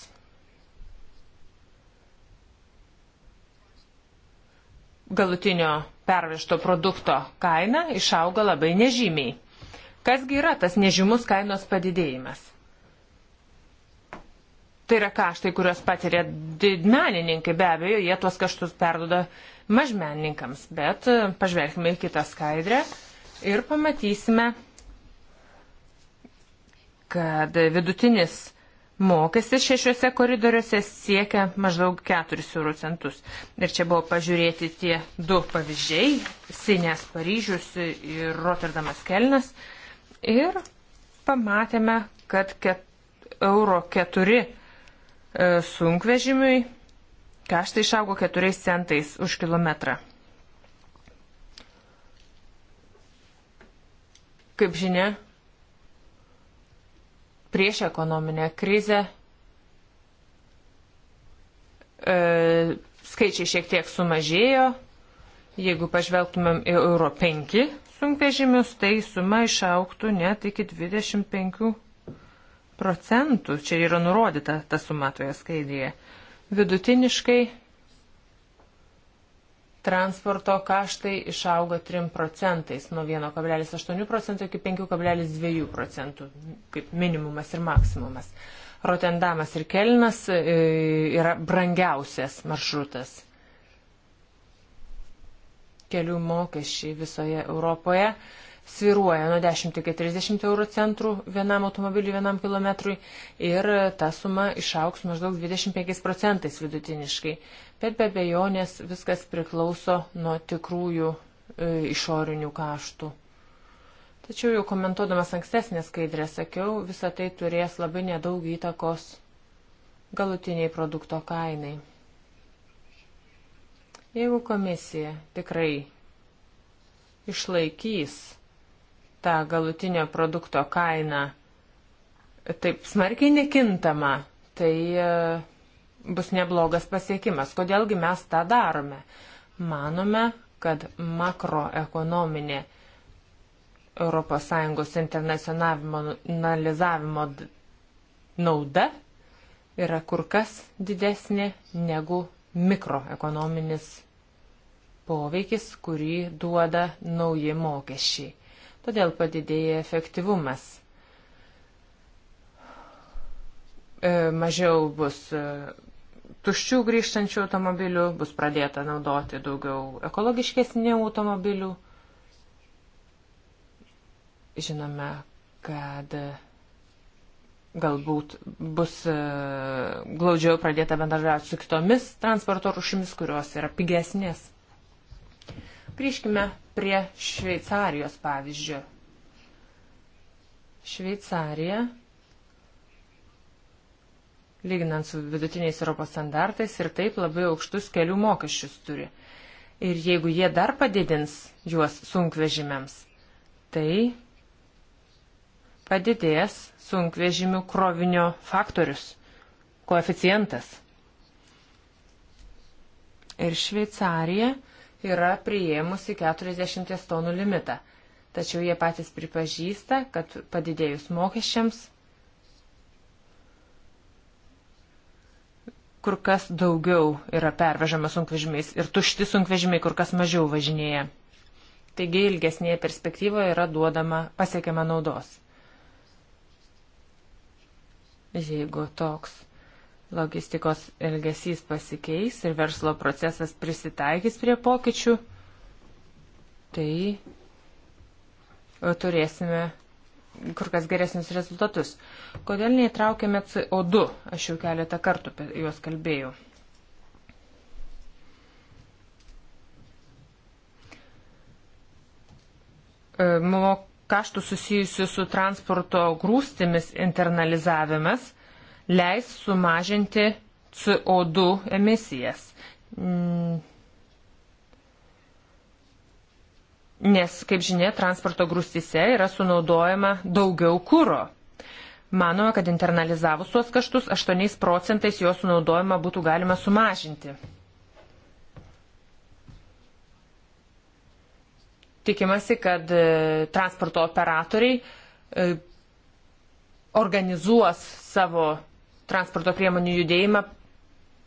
Galutinio pervežto produkto kaina išauga labai nežymiai. Kasgi yra tas nežymus kainos padidėjimas? Tai yra kaštai, kuriuos patiria didmenininkai, be abejo, jie tuos kaštus perdoda mažmenininkams, bet pažvelgime į kitą skaidrę ir pamatysime, kad vidutinis mokestis šešiuose koridoriuose siekia maždaug 4 eurų centus. Ir čia buvo pažiūrėti tie du pavyzdžiai - Sinės Paryžius ir Rotterdamas Kelnas. Ir pamatėme, kad ket, euro 4 e, sunkvežimiui kaštai išaugo 4 centais už kilometrą. Kaip žinia, prieš ekonominę krizę e, skaičiai šiek tiek sumažėjo. Jeigu pažvelgtumėm į euro 5 sunkvežimius, tai suma išauktų net iki 25 procentų. Čia yra nurodyta ta suma toje skaidrėje. Vidutiniškai transporto kaštai išaugo 3 procentais nuo 1,8 procento iki 5,2 procentų, kaip minimumas ir maksimumas. Rotendamas ir Kelnas e, yra brangiausias maršrutas. Kelių mokesčiai visoje Europoje sviruoja nuo 10 iki 30 euro centrų vienam automobiliui vienam kilometrui ir ta suma išauks maždaug 25 procentais vidutiniškai. Bet be bejonės viskas priklauso nuo tikrųjų e, išorinių kaštų. Tačiau jau komentuodamas ankstesnę skaidrę sakiau, visa tai turės labai nedaug įtakos galutiniai produkto kainai. Jeigu komisija tikrai išlaikys tą galutinio produkto kainą taip smarkiai nekintama, tai e, bus neblogas pasiekimas. Kodėlgi mes tą darome? Manome, kad makroekonominė ES internacionalizavimo nauda yra kur kas didesnė negu mikroekonominis poveikis, kurį duoda nauji mokesčiai todėl padidėja efektyvumas. E, mažiau bus e, tuščių grįžtančių automobilių, bus pradėta naudoti daugiau ekologiškesnių automobilių. Žinome, kad e, galbūt bus glaudžiau pradėta bendradarbiauti su kitomis transporto rušimis, kurios yra pigesnės. Grįžkime prie Šveicarijos pavyzdžio. Šveicarija, lyginant su vidutiniais Europos standartais, ir taip labai aukštus kelių mokesčius turi. Ir jeigu jie dar padidins juos sunkvežimiams, tai padidės sunkvežimių krovinio faktorius, koeficientas. Ir Šveicarija yra priėmusi 40 tonų limitą. Tačiau jie patys pripažįsta, kad padidėjus mokesčiams kur kas daugiau yra pervežama sunkvežimiais ir tušti sunkvežimiai kur kas mažiau važinėja. Taigi ilgesnėje perspektyvoje yra duodama pasiekiama naudos. Jeigu toks logistikos elgesys pasikeis ir verslo procesas prisitaikys prie pokyčių, tai turėsime kur kas geresnius rezultatus. Kodėl neįtraukėme CO2? Aš jau keletą kartų apie juos kalbėjau. E, mano kaštų susijusių su transporto grūstimis internalizavimas – leis sumažinti CO2 emisijas. Mm. Nes, kaip žinia, transporto grūstise yra sunaudojama daugiau kūro. Manoma, kad internalizavus tuos kaštus 8 procentais jo sunaudojimą būtų galima sumažinti. Tikimasi, kad e, transporto operatoriai e, organizuos savo transporto priemonių judėjimą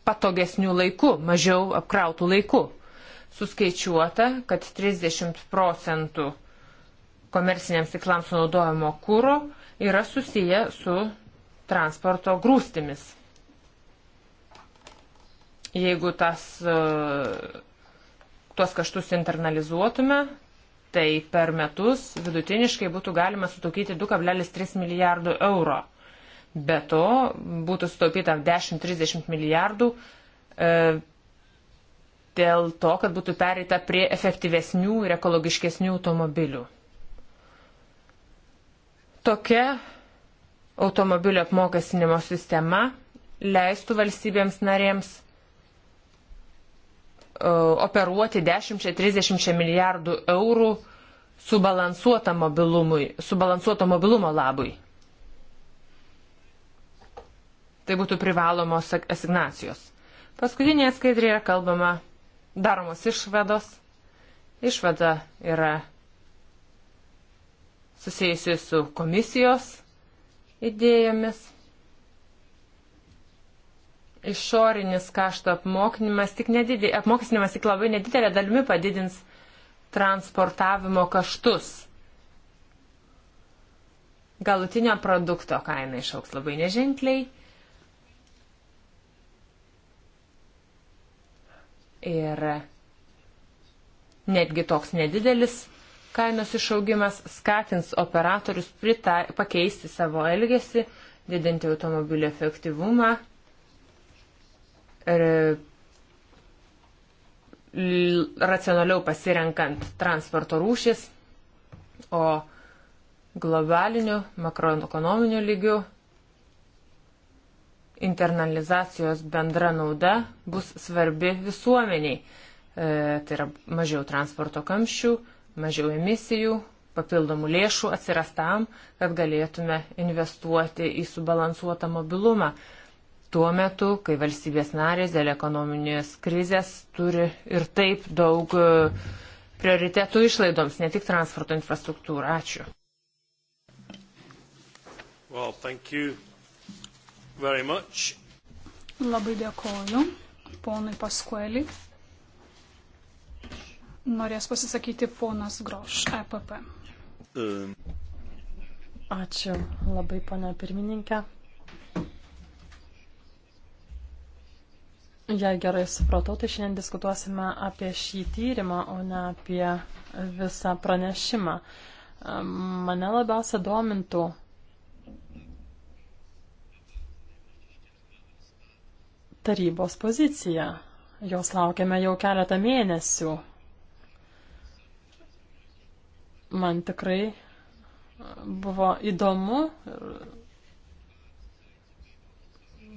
patogesnių laikų, mažiau apkrautų laikų. Suskaičiuota, kad 30 procentų komerciniams tiklams naudojamo kūro yra susiję su transporto grūstimis. Jeigu tas, e, tuos kaštus internalizuotume, tai per metus vidutiniškai būtų galima sutaupyti 2,3 milijardo euro. Be to būtų sutaupyta 10-30 milijardų e, dėl to, kad būtų pereita prie efektyvesnių ir ekologiškesnių automobilių. Tokia automobilio apmokestinimo sistema leistų valstybėms narėms e, operuoti 10-30 milijardų eurų subalansuoto mobilumui, subalansuoto mobilumo labui. Tai būtų privalomos asignacijos. Paskutinėje skaidrėje kalbama daromos išvados. Išvada yra susijusi su komisijos idėjomis. Išorinis kašto apmokinimas tik, nedidė, apmokinimas tik labai nedidelė dalimi padidins transportavimo kaštus. Galutinio produkto kaina išauks labai neženkliai Ir netgi toks nedidelis kainos išaugimas skatins operatorius pritai, pakeisti savo elgesį, didinti automobilio efektyvumą ir racionaliau pasirenkant transporto rūšis, o globaliniu makroekonominiu lygiu internalizacijos bendra nauda bus svarbi visuomeniai. E, tai yra mažiau transporto kamščių, mažiau emisijų, papildomų lėšų atsiras tam, kad galėtume investuoti į subalansuotą mobilumą. Tuo metu, kai valstybės narės dėl ekonominės krizės turi ir taip daug e, prioritetų išlaidoms, ne tik transporto infrastruktūrą. Ačiū. Well, very much. Labai dėkoju ponui Paskuelį. Norės pasisakyti ponas Groš, EPP. Um. Ačiū labai, pana pirmininkė. Jei gerai supratau, tai šiandien diskutuosime apie šį tyrimą, o ne apie visą pranešimą. Mane labiausia domintų tarybos poziciją. Jos laukiame jau keletą mėnesių. Man tikrai buvo įdomu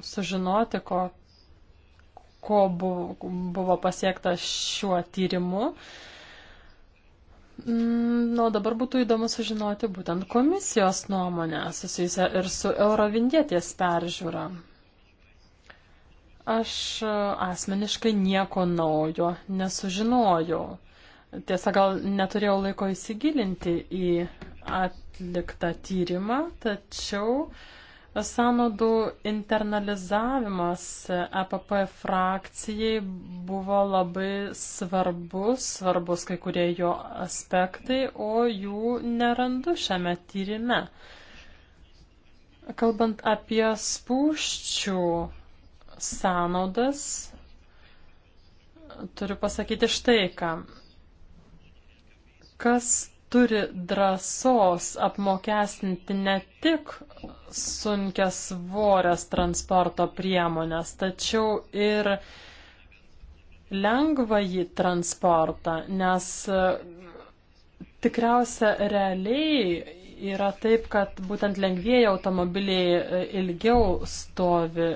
sužinoti, ko, ko buvo, buvo pasiekta šiuo tyrimu. Mm, na, o dabar būtų įdomu sužinoti būtent komisijos nuomonę susijusią ir su Eurovindėties peržiūra. Aš e, asmeniškai nieko naujo nesužinojau. Tiesa, gal neturėjau laiko įsigilinti į atliktą tyrimą, tačiau sąnaudų internalizavimas EPP frakcijai buvo labai svarbus, svarbus kai kurie jo aspektai, o jų nerandu šiame tyrime. Kalbant apie spūščių sąnaudas, turiu pasakyti štai ką. Kas turi drąsos apmokestinti ne tik sunkias svorės transporto priemonės, tačiau ir lengvąjį transportą, nes tikriausia realiai yra taip, kad būtent lengvieji automobiliai ilgiau stovi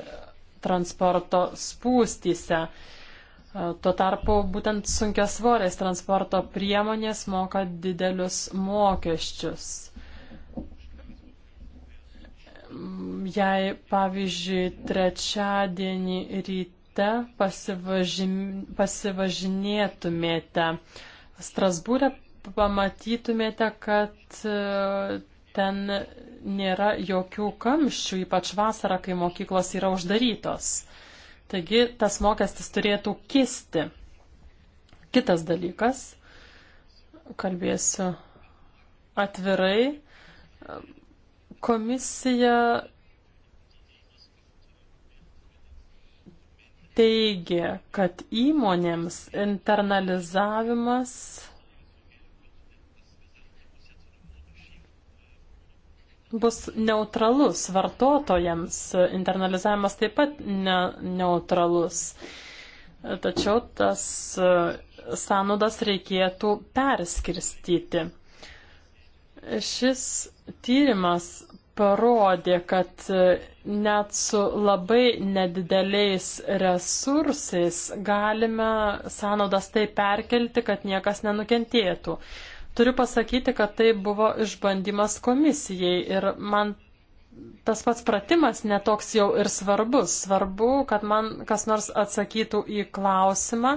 transporto spūstyse. E, tuo tarpu būtent sunkiasvorės transporto priemonės moka didelius mokesčius. Jei, pavyzdžiui, trečiadienį ryte pasivažin... pasivažinėtumėte Strasbūrė, pamatytumėte, kad e, Ten nėra jokių kamščių, ypač vasarą, kai mokyklos yra uždarytos. Taigi tas mokestis turėtų kisti. Kitas dalykas, kalbėsiu atvirai, komisija teigia, kad įmonėms internalizavimas bus neutralus vartotojams, internalizavimas taip pat ne, neutralus. Tačiau tas e, sąnaudas reikėtų perskirstyti. Šis tyrimas parodė, kad e, net su labai nedideliais resursais galime sąnaudas taip perkelti, kad niekas nenukentėtų. Turiu pasakyti, kad tai buvo išbandymas komisijai ir man tas pats pratimas netoks jau ir svarbus. Svarbu, kad man kas nors atsakytų į klausimą,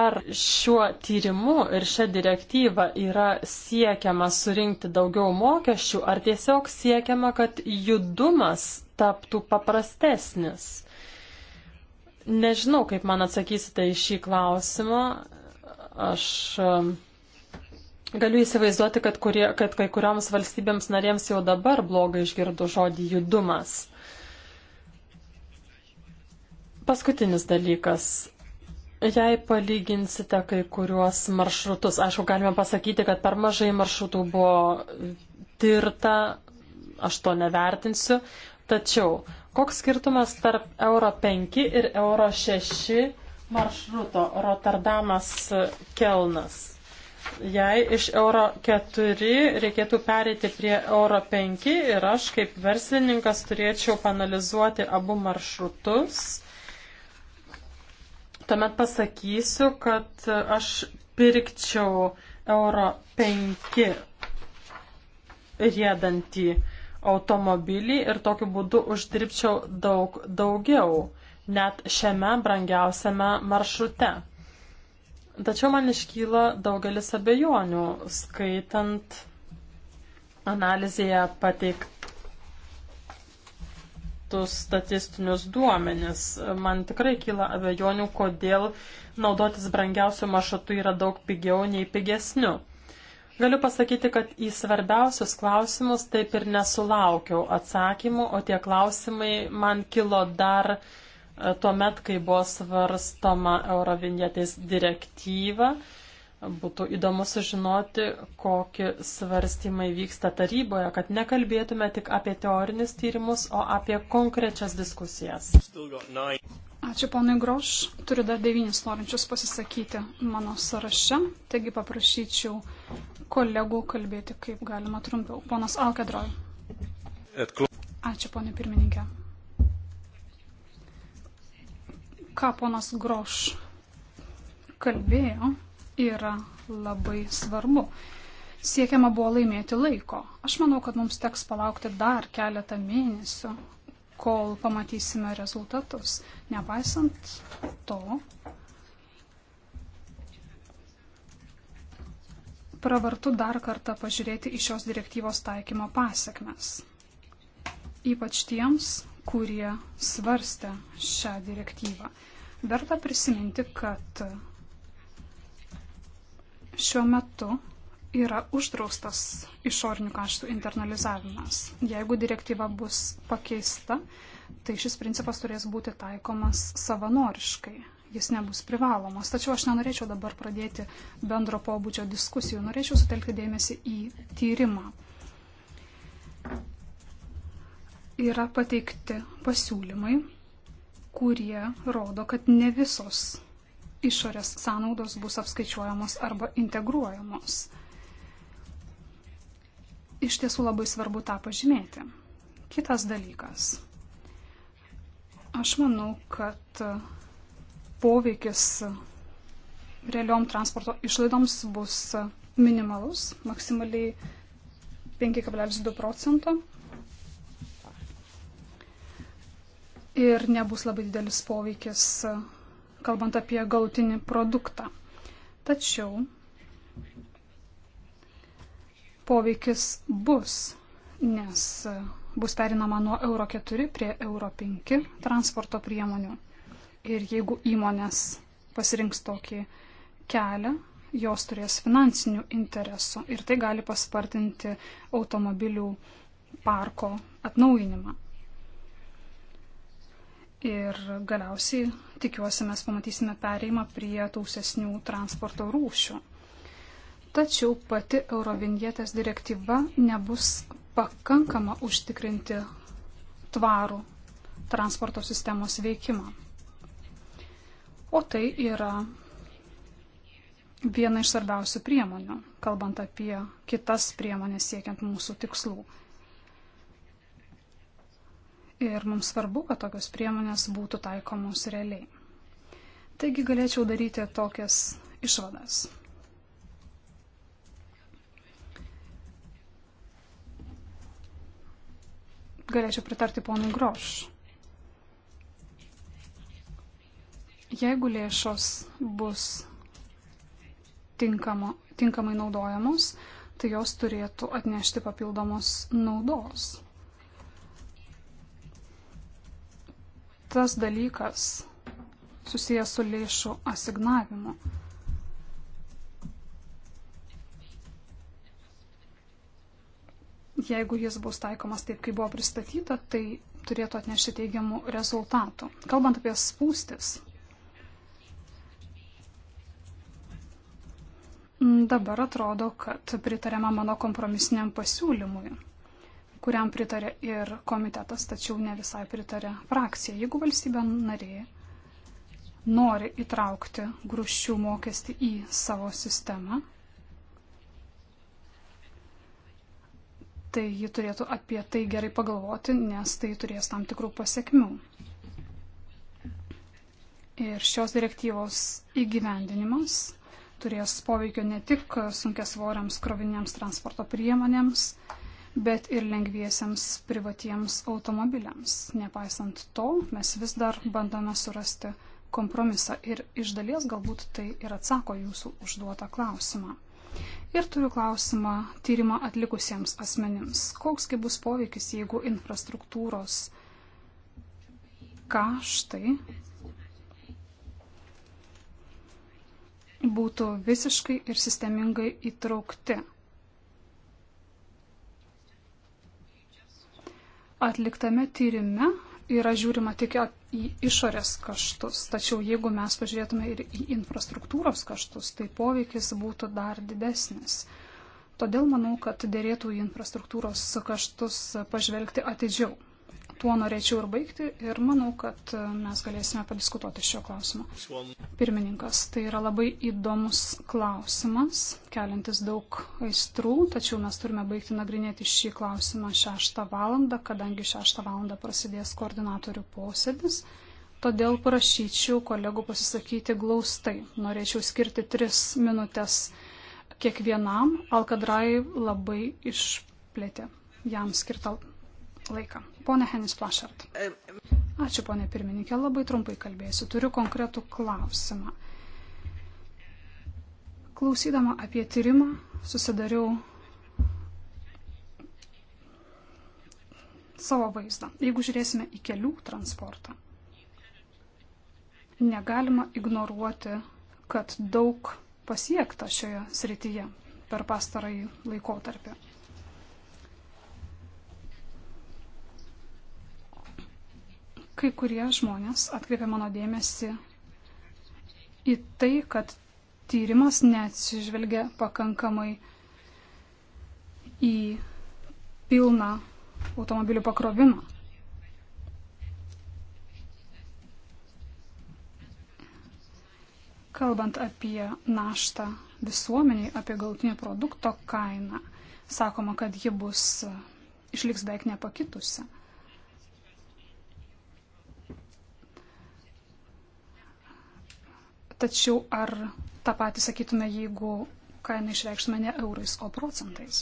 ar šiuo tyrimu ir šią direktyvą yra siekiama surinkti daugiau mokesčių, ar tiesiog siekiama, kad judumas taptų paprastesnis. Nežinau, kaip man atsakysite į šį klausimą. Aš Galiu įsivaizduoti, kad, kurie, kad kai kurioms valstybėms narėms jau dabar blogai išgirdo žodį judumas. Paskutinis dalykas. Jei palyginsite kai kuriuos maršrutus, aišku, galime pasakyti, kad per mažai maršrutų buvo tirta, aš to nevertinsiu, tačiau koks skirtumas tarp Euro 5 ir Euro 6 maršruto Rotterdamas Kelnas? jei iš euro 4 reikėtų pereiti prie euro 5 ir aš kaip verslininkas turėčiau panalizuoti abu maršrutus, tuomet pasakysiu, kad aš pirkčiau euro 5 riedantį automobilį ir tokiu būdu uždirbčiau daug daugiau, net šiame brangiausiame maršrute. Tačiau man iškyla daugelis abejonių, skaitant analizėje pateiktus statistinius duomenis. Man tikrai kyla abejonių, kodėl naudotis brangiausių maršrutų yra daug pigiau nei pigesnių. Galiu pasakyti, kad į svarbiausius klausimus taip ir nesulaukiau atsakymų, o tie klausimai man kilo dar uh, tuomet, kai buvo svarstoma Eurovinietės direktyva. Būtų įdomu sužinoti, kokie svarstymai vyksta taryboje, kad nekalbėtume tik apie teorinius tyrimus, o apie konkrečias diskusijas. Ačiū ponui Groš, turiu dar devynis norinčius pasisakyti mano sąraše, taigi paprašyčiau kolegų kalbėti kaip galima trumpiau. Ponas Alkedroj. Ačiū ponui pirmininkė. ką ponas Groš kalbėjo, yra labai svarbu. Siekiama buvo laimėti laiko. Aš manau, kad mums teks palaukti dar keletą mėnesių, kol pamatysime rezultatus. Nepaisant to, pravartu dar kartą pažiūrėti į šios direktyvos taikymo pasiekmes. Ypač tiems, kurie svarstė šią direktyvą. Verta prisiminti, kad šiuo metu yra uždraustas išorinių kaštų internalizavimas. Jeigu direktyva bus pakeista, tai šis principas turės būti taikomas savanoriškai. Jis nebus privalomas. Tačiau aš nenorėčiau dabar pradėti bendro pobūdžio diskusijų. Norėčiau sutelkti dėmesį į tyrimą yra pateikti pasiūlymai, kurie rodo, kad ne visos išorės sąnaudos bus apskaičiuojamos arba integruojamos. Iš tiesų labai svarbu tą pažymėti. Kitas dalykas. Aš manau, kad poveikis realiom transporto išlaidoms bus minimalus, maksimaliai 5,2 procento ir nebus labai didelis poveikis, kalbant apie galutinį produktą. Tačiau poveikis bus, nes bus perinama nuo Euro 4 prie Euro 5 transporto priemonių. Ir jeigu įmonės pasirinks tokį kelią, jos turės finansinių interesų ir tai gali paspartinti automobilių parko atnaujinimą. Ir galiausiai tikiuosi mes pamatysime pereimą prie tausesnių transporto rūšių. Tačiau pati Eurovinietės direktyva nebus pakankama užtikrinti tvarų transporto sistemos veikimą. O tai yra viena iš svarbiausių priemonių, kalbant apie kitas priemonės siekiant mūsų tikslų ir mums svarbu, kad tokios priemonės būtų taikomos realiai. Taigi galėčiau daryti tokias išvadas. galėčiau pritarti ponui Groš. Jeigu lėšos bus tinkamo, tinkamai naudojamos, tai jos turėtų atnešti papildomos naudos. Kitas dalykas susijęs su lėšų asignavimu. Jeigu jis bus taikomas taip, kaip buvo pristatyta, tai turėtų atnešti teigiamų rezultatų. Kalbant apie spūstis, dabar atrodo, kad pritarėma mano kompromisiniam pasiūlymui kuriam pritarė ir komitetas, tačiau ne visai pritarė frakcija. Jeigu valstybė narė nori įtraukti grūščių mokestį į savo sistemą, tai ji turėtų apie tai gerai pagalvoti, nes tai turės tam tikrų pasiekmių. Ir šios direktyvos įgyvendinimas turės poveikio ne tik sunkiasvoriams kroviniams transporto priemonėms, bet ir lengviesiems privatiems automobiliams. Nepaisant to, mes vis dar bandome surasti kompromisą ir iš dalies galbūt tai ir atsako jūsų užduotą klausimą. Ir turiu klausimą tyrimą atlikusiems asmenims. Koksgi bus poveikis, jeigu infrastruktūros kaštai būtų visiškai ir sistemingai įtraukti atliktame tyrime yra žiūrima tik į išorės kaštus, tačiau jeigu mes pažiūrėtume ir į infrastruktūros kaštus, tai poveikis būtų dar didesnis. Todėl manau, kad dėrėtų į infrastruktūros kaštus pažvelgti atidžiau. Tuo norėčiau ir baigti ir manau, kad e, mes galėsime padiskutuoti šio klausimo. Pirmininkas, tai yra labai įdomus klausimas, kelintis daug aistrų, tačiau mes turime baigti nagrinėti šį klausimą 6 valandą, kadangi 6 valandą prasidės koordinatorių posėdis. Todėl prašyčiau kolegų pasisakyti glaustai. Norėčiau skirti 3 minutės kiekvienam. Alkadrai labai išplėtė jam skirtą laiką. Pone Henis Plašart. Ačiū, ponė pirmininkė, labai trumpai kalbėsiu. Turiu konkretų klausimą. Klausydama apie tyrimą, susidariau savo vaizdą. Jeigu žiūrėsime į kelių transportą, negalima ignoruoti, kad daug pasiekta šioje srityje per pastarąjį laikotarpį. Kai kurie žmonės atkreipė mano dėmesį į tai, kad tyrimas neatsižvelgia pakankamai į pilną automobilių pakrovimą. Kalbant apie naštą visuomeniai, apie gautinį produkto kainą, sakoma, kad ji bus išliks beveik nepakitusi. Tačiau ar tą patį sakytume, jeigu kainą išreikštume ne eurais, o procentais?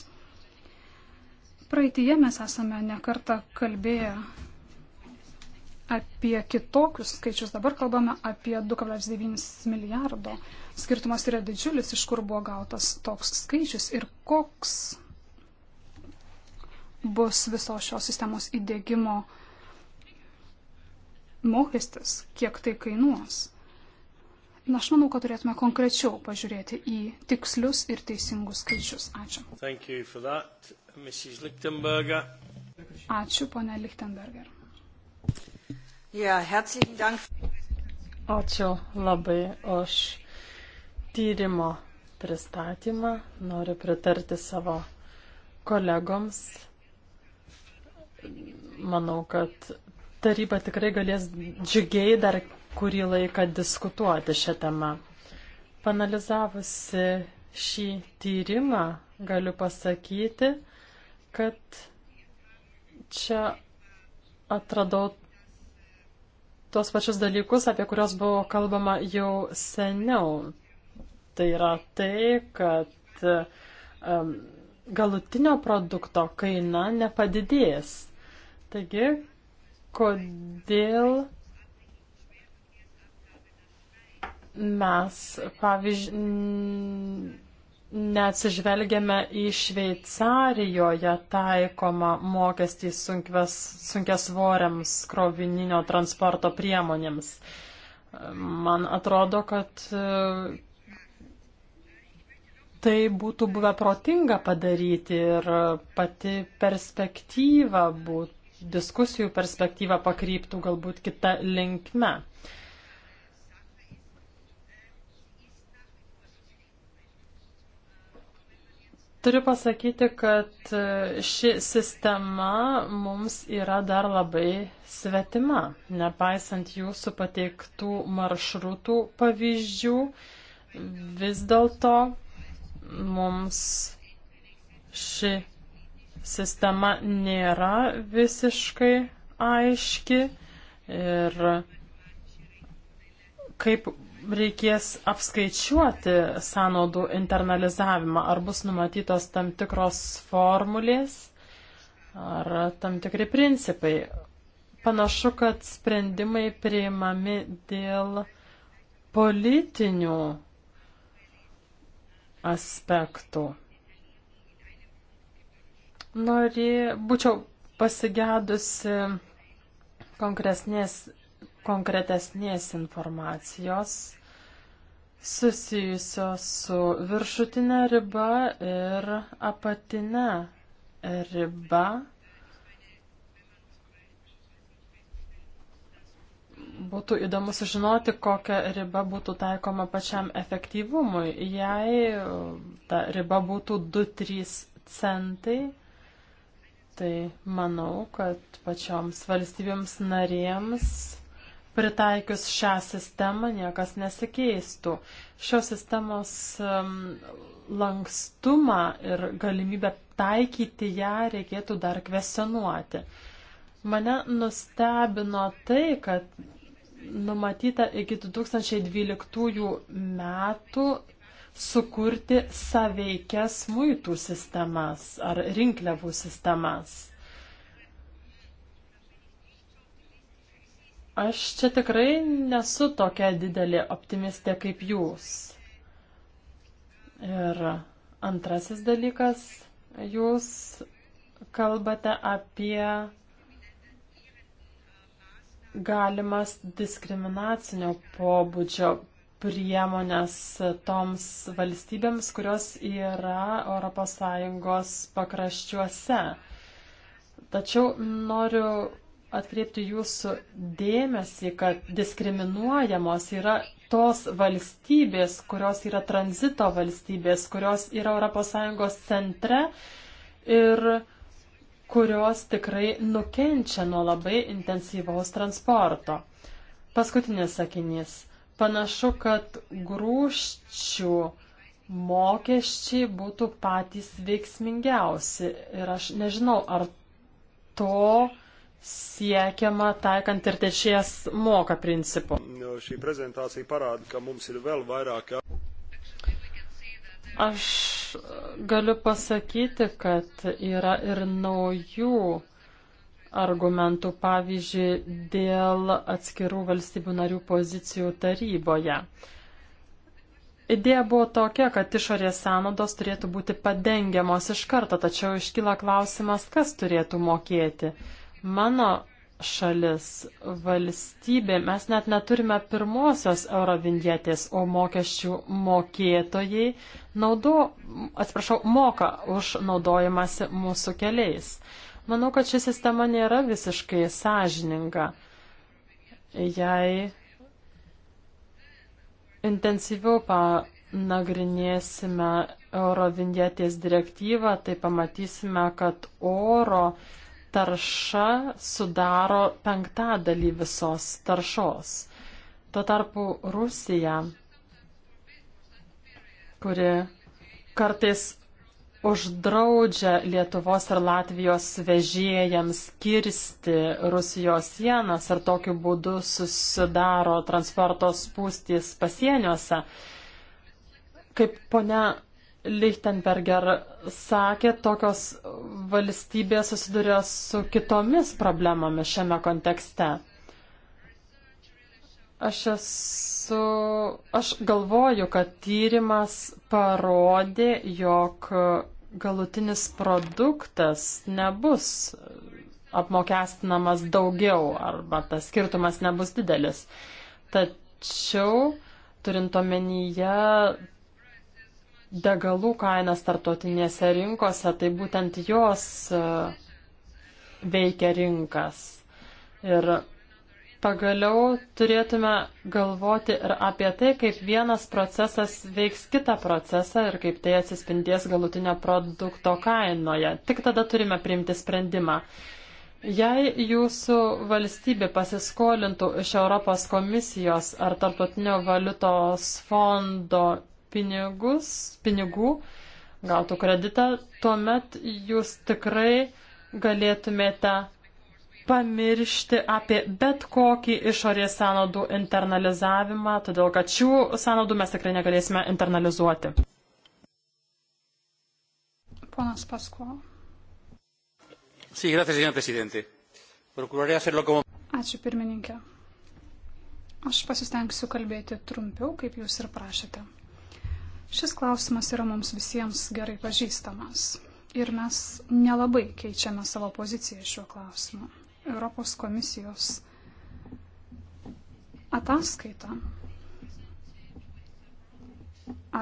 Praeitie mes esame nekarta kalbėję apie kitokius skaičius. Dabar kalbame apie 2,9 milijardo. Skirtumas yra didžiulis, iš kur buvo gautas toks skaičius ir koks bus viso šios sistemos įdėgymo mokestis, kiek tai kainuos. Na, aš manau, kad turėtume konkrečiau pažiūrėti į tikslius ir teisingus skaičius. Ačiū. That, Ačiū, ponė Lichtenberger. Yeah, Ačiū labai už tyrimo pristatymą. Noriu pritarti savo kolegoms. Manau, kad taryba tikrai galės džiugiai dar kurį laiką diskutuoti šią temą. Panalizavusi šį tyrimą, galiu pasakyti, kad čia atradau tuos pačius dalykus, apie kuriuos buvo kalbama jau seniau. Tai yra tai, kad um, galutinio produkto kaina nepadidės. Taigi, kodėl mes, pavyzdžiui, neatsižvelgiame į Šveicarijoje taikomą mokestį sunkesvoriams krovininio transporto priemonėms. Man atrodo, kad e, tai būtų buvę protinga padaryti ir pati perspektyva, būt, diskusijų perspektyva pakryptų galbūt kita linkme. Uh, Turiu pasakyti, kad e, ši sistema mums yra dar labai svetima, nepaisant jūsų pateiktų maršrutų pavyzdžių, vis dėlto mums ši sistema nėra visiškai aiški ir kaip reikės apskaičiuoti sąnaudų internalizavimą, ar bus numatytos tam tikros formulės, ar tam tikri principai. Panašu, kad sprendimai priimami dėl politinių aspektų. Norė, būčiau pasigedusi konkresnės konkretesnės informacijos susijusios su viršutinė riba ir apatinė riba. Būtų įdomu sužinoti, kokia riba būtų taikoma pačiam efektyvumui. Jei uh, ta riba būtų 2-3 centai, tai manau, kad pačioms valstybėms narėms Pritaikius šią sistemą niekas nesikeistų. Šios sistemos um, lankstumą ir galimybę taikyti ją reikėtų dar kvesionuoti. Mane nustebino tai, kad numatyta iki 2012 metų sukurti saveikias muitų sistemas ar rinkliavų sistemas. Aš čia tikrai nesu tokia didelė optimistė kaip jūs. Ir antrasis dalykas, jūs kalbate apie galimas diskriminacinio pobūdžio priemonės toms valstybėms, kurios yra ES pakraščiuose. Tačiau noriu atkreipti jūsų dėmesį, kad diskriminuojamos yra tos valstybės, kurios yra tranzito valstybės, kurios yra ES centre ir kurios tikrai nukenčia nuo labai intensyvaus transporto. Paskutinis sakinys. Panašu, kad grūščių mokesčiai būtų patys veiksmingiausi. Ir aš nežinau, ar to siekiama taikant ir tešies moka principu. Šī prezentācija parāda, ka mums ir vēl vairāk. Aš e, galiu pasakyti, kad yra ir naujų argumentų, pavyzdžiui, dėl atskirų valstybių narių pozicijų taryboje. Idėja buvo tokia, kad išorės sąnaudos turėtų būti padengiamos iš karto, tačiau iškyla klausimas, kas turėtų mokėti. Mano šalis, valstybė, mes net neturime pirmosios eurovindėtės, o mokesčių mokėtojai naudo, atsiprašau, moka už naudojimąsi mūsų keliais. Manau, kad ši sistema nėra visiškai sąžininga. Jei intensyviau panagrinėsime eurovindėtės direktyvą, tai pamatysime, kad oro tarša sudaro penktadalį visos taršos. Tuo tarpu Rusija, kuri kartais uždraudžia Lietuvos ir Latvijos vežėjams kirsti Rusijos sienas ir tokiu būdu susidaro transporto spūstys pasieniuose. Kaip ponia Lichtenberger sakė, tokios valstybės susiduria su kitomis problemomis šiame kontekste. Aš esu, aš galvoju, kad tyrimas parodė, jog galutinis produktas nebus apmokestinamas daugiau arba tas skirtumas nebus didelis. Tačiau turint omenyje degalų kainas tartotinėse rinkose, tai būtent jos e, veikia rinkas. Ir pagaliau turėtume galvoti ir apie tai, kaip vienas procesas veiks kitą procesą ir kaip tai atsispindės galutinio produkto kainoje. Tik tada turime priimti sprendimą. Jei jūsų valstybė pasiskolintų iš Europos komisijos ar tarptautinio valiutos fondo pinigus, pinigų, gautų kreditą, tuomet jūs tikrai galėtumėte pamiršti apie bet kokį išorės sąnaudų internalizavimą, todėl kad šių sąnaudų mes tikrai negalėsime internalizuoti. Ponas Paskuo. Sí, gracias, señor presidente. Procuraré hacerlo como. Ačiū pirmininkė. Aš pasistengsiu kalbėti trumpiau, kaip jūs ir prašėte. Šis klausimas yra mums visiems gerai pažįstamas ir mes nelabai keičiame savo poziciją šiuo klausimu. Europos komisijos ataskaita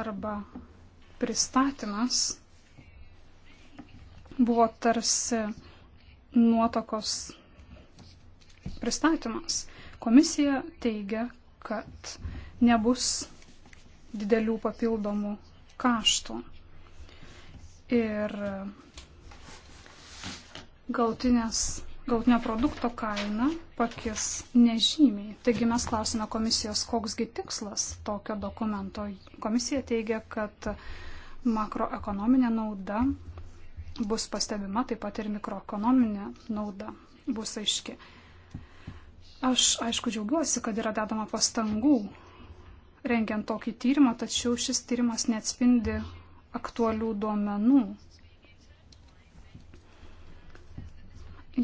arba pristatymas buvo tarsi nuotokos pristatymas. Komisija teigia, kad nebus didelių papildomų kaštų. Ir gautinės, gautinio produkto kaina pakis nežymiai. Taigi mes klausime komisijos, koksgi tikslas tokio dokumento. Komisija teigia, kad makroekonominė nauda bus pastebima, taip pat ir mikroekonominė nauda bus aiški. Aš aišku džiaugiuosi, kad yra dedama pastangų rengiant tokį tyrimą, tačiau šis tyrimas neatspindi aktualių duomenų.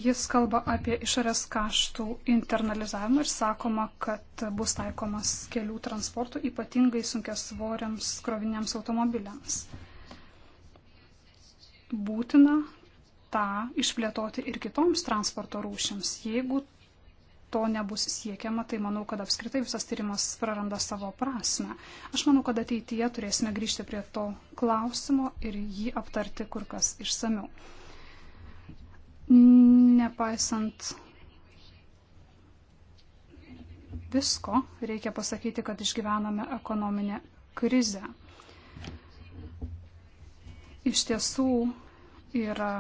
Jis kalba apie išorės kaštų internalizavimą ir sakoma, kad bus taikomas kelių transportų, ypatingai sunkias svoriams kroviniams automobiliams. Būtina tą išplėtoti ir kitoms transporto rūšiams, jeigu to nebus siekiama, tai manau, kad apskritai visas tyrimas praranda savo prasme. Aš manau, kad ateityje turėsime grįžti prie to klausimo ir jį aptarti kur kas išsamiau. Nepaisant visko, reikia pasakyti, kad išgyvename ekonominę krizę. Iš tiesų yra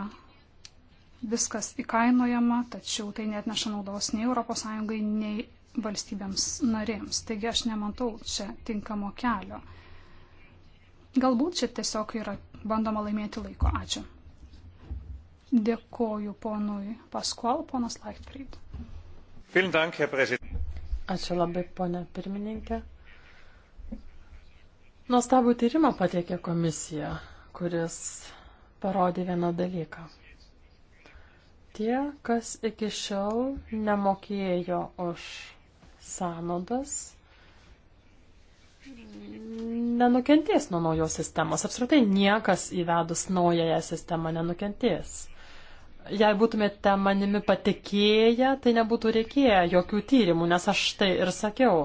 viskas įkainojama, tačiau tai net neša naudos nei ES, nei valstybėms narėms. Taigi aš nematau čia tinkamo kelio. Galbūt čia tiesiog yra bandoma laimėti laiko. Ačiū. Dėkoju ponui Paskual, ponas Leichtfried. Ačiū labai, ponė pirmininkė. Nuostabų tyrimą pateikė komisija, kuris parodė vieną dalyką tie, kas iki šiol nemokėjo už sąnaudas, nenukentės nuo naujos sistemos. Apskritai niekas įvedus naująją sistemą nenukentės. Jei būtumėte manimi patikėję, tai nebūtų reikėję jokių tyrimų, nes aš tai ir sakiau.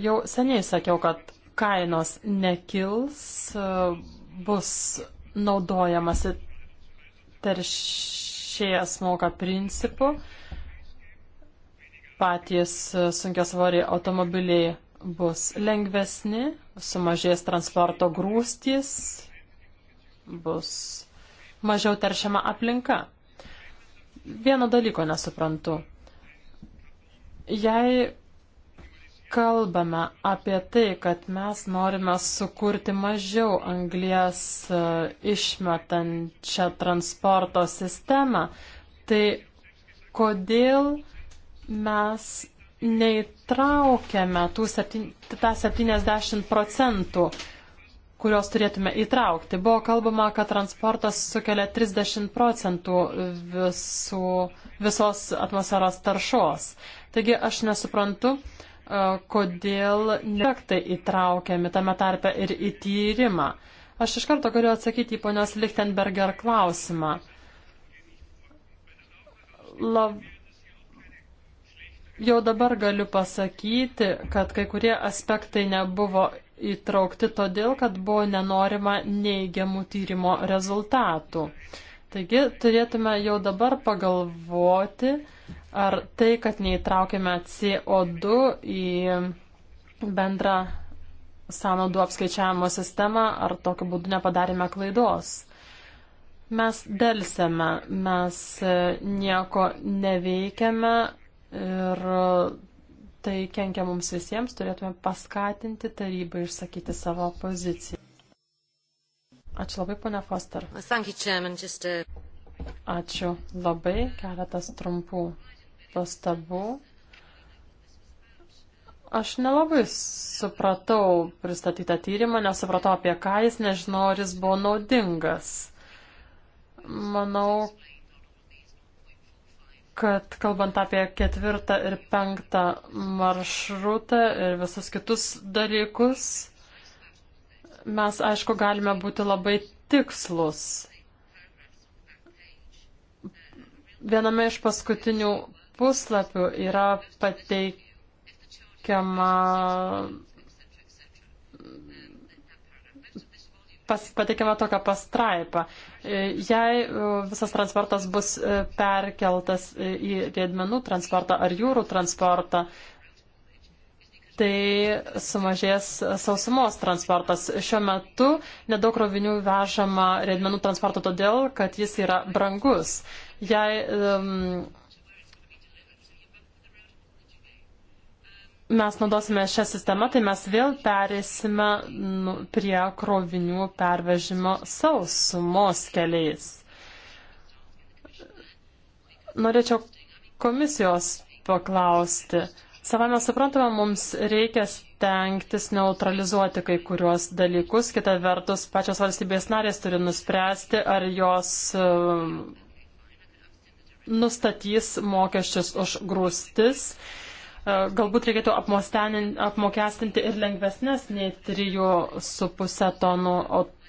Jau seniai sakiau, kad kainos nekils, bus naudojamasi teršėjas moka principu. Patys sunkiasvoriai automobiliai bus lengvesni, sumažės transporto grūstys, bus mažiau teršiama aplinka. Vieno dalyko nesuprantu. Jei kalbame apie tai, kad mes norime sukurti mažiau anglies e, išmetančią transporto sistemą, tai kodėl mes neįtraukiame tų septyn, tą 70 procentų, kuriuos turėtume įtraukti. Buvo kalbama, kad transportas sukelia 30 procentų visų, visos atmosferos taršos. Taigi aš nesuprantu, uh, E, kodėl nektai įtraukiami tame tarpe ir į tyrimą. Aš iš karto galiu atsakyti į ponios Lichtenberger klausimą. Lab... Jau dabar galiu pasakyti, kad kai kurie aspektai nebuvo įtraukti todėl, kad buvo nenorima neigiamų tyrimo rezultatų. Taigi turėtume jau dabar pagalvoti, uh, Ar tai, kad neįtraukėme CO2 į bendrą sąnaudų apskaičiavimo sistemą, ar tokiu būdu nepadarėme klaidos? Mes dėlsėme, mes e, nieko neveikiame ir tai kenkia mums visiems, turėtume paskatinti tarybą išsakyti savo poziciją. Ačiū labai, ponia Foster. Ačiū labai, keletas trumpų pastabų. Aš nelabai supratau pristatytą tyrimą, nesupratau apie ką jis, nežinau, ar jis buvo naudingas. Manau, kad kalbant apie ketvirtą ir penktą maršrutą ir visus kitus dalykus, mes aišku galime būti labai tikslus. Viename iš paskutinių puslapių yra pateikiama pas, pateikiama tokia pastraipa. Jei e, visas transportas bus e, perkeltas e, į riedmenų transportą ar jūrų transportą, tai sumažės sausumos transportas. Šiuo metu nedaug krovinių vežama riedmenų transporto todėl, kad jis yra brangus. Jei um, mes naudosime šią sistemą, tai mes vėl perėsime nu, prie krovinių pervežimo sausumos keliais. Norėčiau komisijos paklausti. Savame suprantama, mums reikia stengtis neutralizuoti kai kuriuos dalykus. Kita vertus, pačios valstybės narės turi nuspręsti, ar jos um, nustatys mokesčius už grūstis E, galbūt reikėtų apmokestinti ir lengvesnės nei 3,5 tonų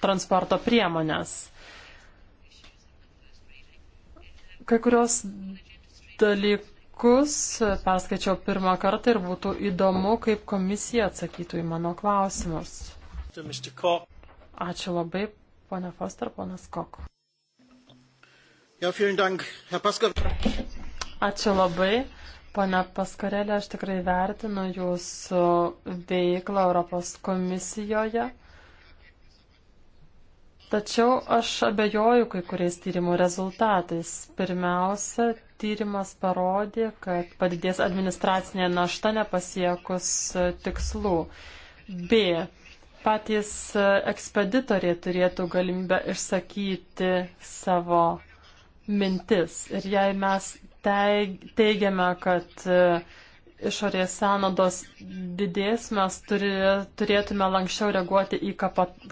transporto priemonės. Kai kurios dalykus perskaičiau pirmą kartą ir būtų įdomu, kaip komisija atsakytų į mano klausimus. Ačiū labai, ponia Foster, ponas Kok. Ačiū labai. Pone Paskarelė, aš tikrai vertinu jūsų veiklą Europos komisijoje. Tačiau aš abejoju kai kuriais tyrimų rezultatais. Pirmiausia, tyrimas parodė, kad padidės administracinė našta nepasiekus tikslų. B. Patys ekspeditoriai turėtų galimybę išsakyti savo mintis. Ir jei mes teigiame, kad e, išorės sąnaudos didės, mes turi, turėtume lankščiau reaguoti į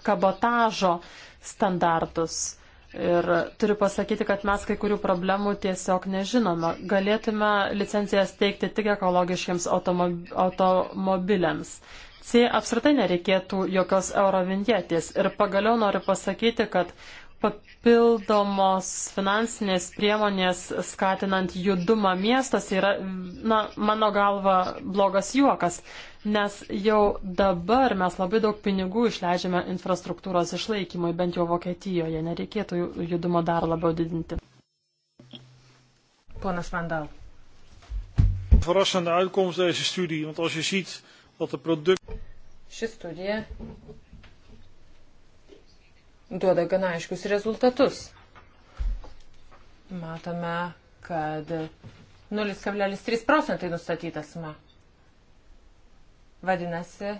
kabotažo standartus. Ir turiu pasakyti, kad mes kai kurių problemų tiesiog nežinome. Galėtume licencijas teikti tik ekologiškiams automobiliams. C apskritai nereikėtų jokios eurovinietės. Ir pagaliau noriu pasakyti, kad papildomos finansinės priemonės skatinant judumą miestas yra, na, mano galva, blogas juokas, nes jau dabar mes labai daug pinigų išleidžiame infrastruktūros išlaikymui, bent jau Vokietijoje, nereikėtų judumo dar labiau didinti. Ponas Vandal. Verrassende uitkomst deze studie, want als je ziet wat de product. Ši studija duoda gana aiškius rezultatus. Matome, kad 0,3 procentai nustatyta suma. Vadinasi,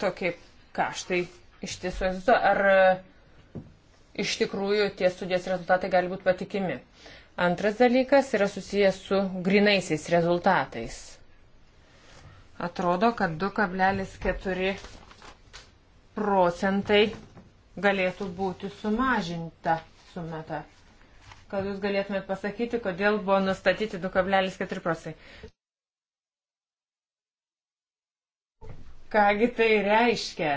tokie kaštai iš tiesų egzistuoja. Ar e, iš tikrųjų tie studijos rezultatai gali būti patikimi? Antras dalykas yra susijęs su grinaisiais rezultatais. Atrodo, kad 2,4 procentai galėtų būti sumažinta sumeta. Kad jūs galėtumėt pasakyti, kodėl buvo nustatyti 2,4 procentai. Kągi tai reiškia?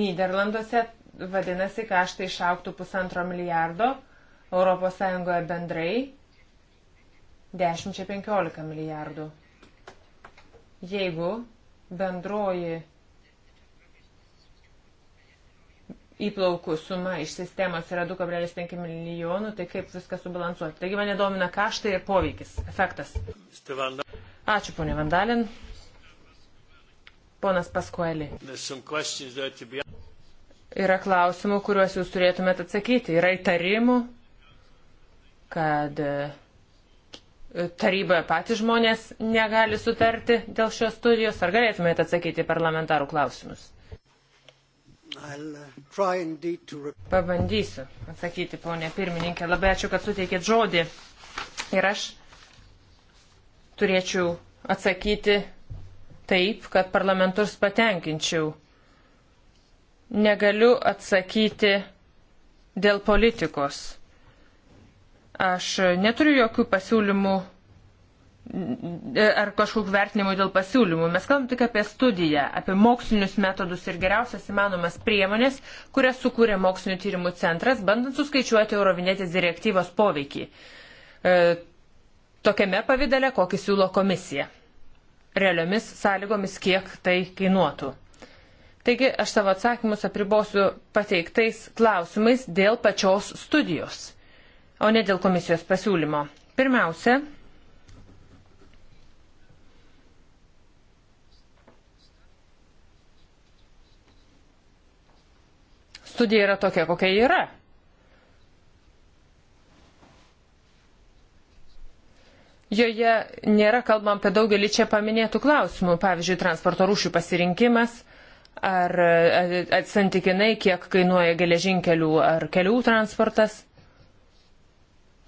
Niderlanduose vadinasi kaštai išauktų pusantro milijardo, ES bendrai 10-15 milijardų. Jeigu bendroji įplaukų suma iš sistemos yra 2,5 milijonų, tai kaip viską subalansuoti. Taigi mane domina kaštai ir poveikis, efektas. Ačiū, ponė Vandalin. Ponas Paskuelį. Yra klausimų, kuriuos jūs turėtumėte atsakyti. Yra įtarimų, kad e, taryboje patys žmonės negali sutarti dėl šios studijos. Ar galėtumėte atsakyti parlamentarų klausimus? Uh, to... Pabandysiu atsakyti, ponė pirmininkė. Labai ačiū, kad suteikėt žodį. Ir aš turėčiau atsakyti taip, kad parlamentus patenkinčiau. Negaliu atsakyti dėl politikos. Aš neturiu jokių pasiūlymų ar kažkokiu vertinimu dėl pasiūlymų. Mes kalbam tik apie studiją, apie mokslinius metodus ir geriausias įmanomas priemonės, kurias sukūrė mokslinio tyrimų centras, bandant suskaičiuoti Eurovinėtės direktyvos poveikį. E, tokiame pavydelė, kokį siūlo komisija. Realiomis sąlygomis, kiek tai kainuotų. Taigi aš savo atsakymus apribosiu pateiktais klausimais dėl pačios studijos, o ne dėl komisijos pasiūlymo. Pirmiausia, studija yra tokia, kokia yra. Joje nėra kalbama apie daugelį čia paminėtų klausimų, pavyzdžiui, transporto rūšių pasirinkimas, ar atsantikinai e, e, kiek kainuoja geležinkelių ar kelių transportas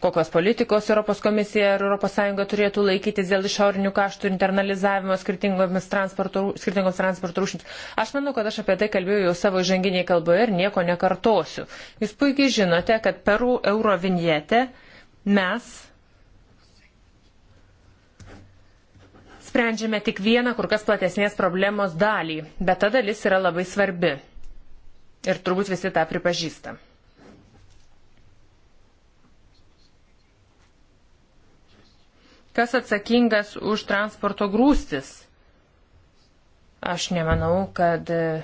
kokios politikos Europos komisija ir ES turėtų laikytis dėl išorinių kaštų internalizavimo skirtingoms transporto, skirtingoms transporto rūšims. Aš manau, kad aš apie tai kalbėjau jau savo žanginiai kalboje ir nieko nekartosiu. Jūs puikiai žinote, kad Peru Eurovinietė mes sprendžiame tik vieną kur kas platesnės problemos dalį, bet ta dalis yra labai svarbi. Ir turbūt visi tą pripažįsta. Kas atsakingas už transporto grūstis? Aš nemanau, kad e,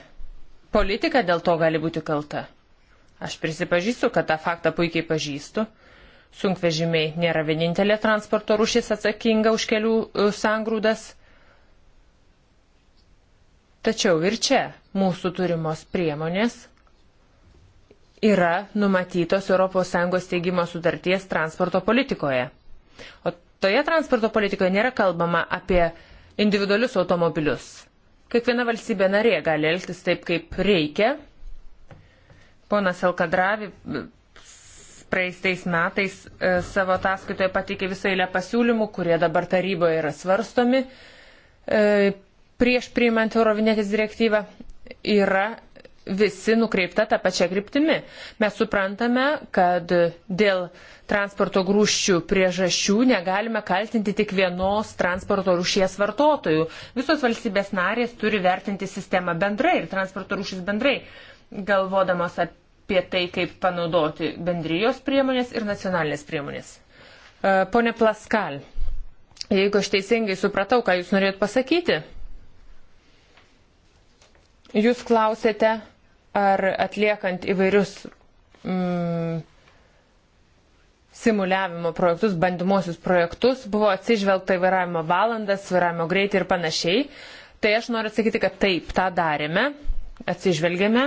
politika dėl to gali būti kalta. Aš prisipažįstu, kad tą faktą puikiai pažįstu. Sunkvežimiai nėra vienintelė transporto rušis atsakinga už kelių e, sangrūdas. Tačiau ir čia mūsų turimos priemonės yra numatytos ES teigimo sutarties transporto politikoje. O toje transporto politikoje nėra kalbama apie individualius automobilius. Kiekviena valstybė narė gali elgtis taip, kaip reikia. Ponas Elkadravi e, praeistais metais e, savo ataskaitoje pateikė visą eilę pasiūlymų, kurie dabar taryboje yra svarstomi e, prieš priimant Eurovinėtis direktyvą. Yra visi nukreipta tą pačią kryptimį. Mes suprantame, kad dėl transporto grūščių priežasčių negalime kaltinti tik vienos transporto rūšies vartotojų. Visos valstybės narės turi vertinti sistemą bendrai ir transporto rūšis bendrai, galvodamos apie tai, kaip panaudoti bendrijos priemonės ir nacionalinės priemonės. E, pone Plaskal, jeigu aš teisingai supratau, ką jūs norėjot pasakyti, jūs klausėte, ar atliekant įvairius mm, simuliavimo projektus, bandymuosius projektus, buvo atsižvelgta į vairavimo valandas, vairavimo greitį ir panašiai. Tai aš noriu atsakyti, kad taip, tą darėme, atsižvelgėme.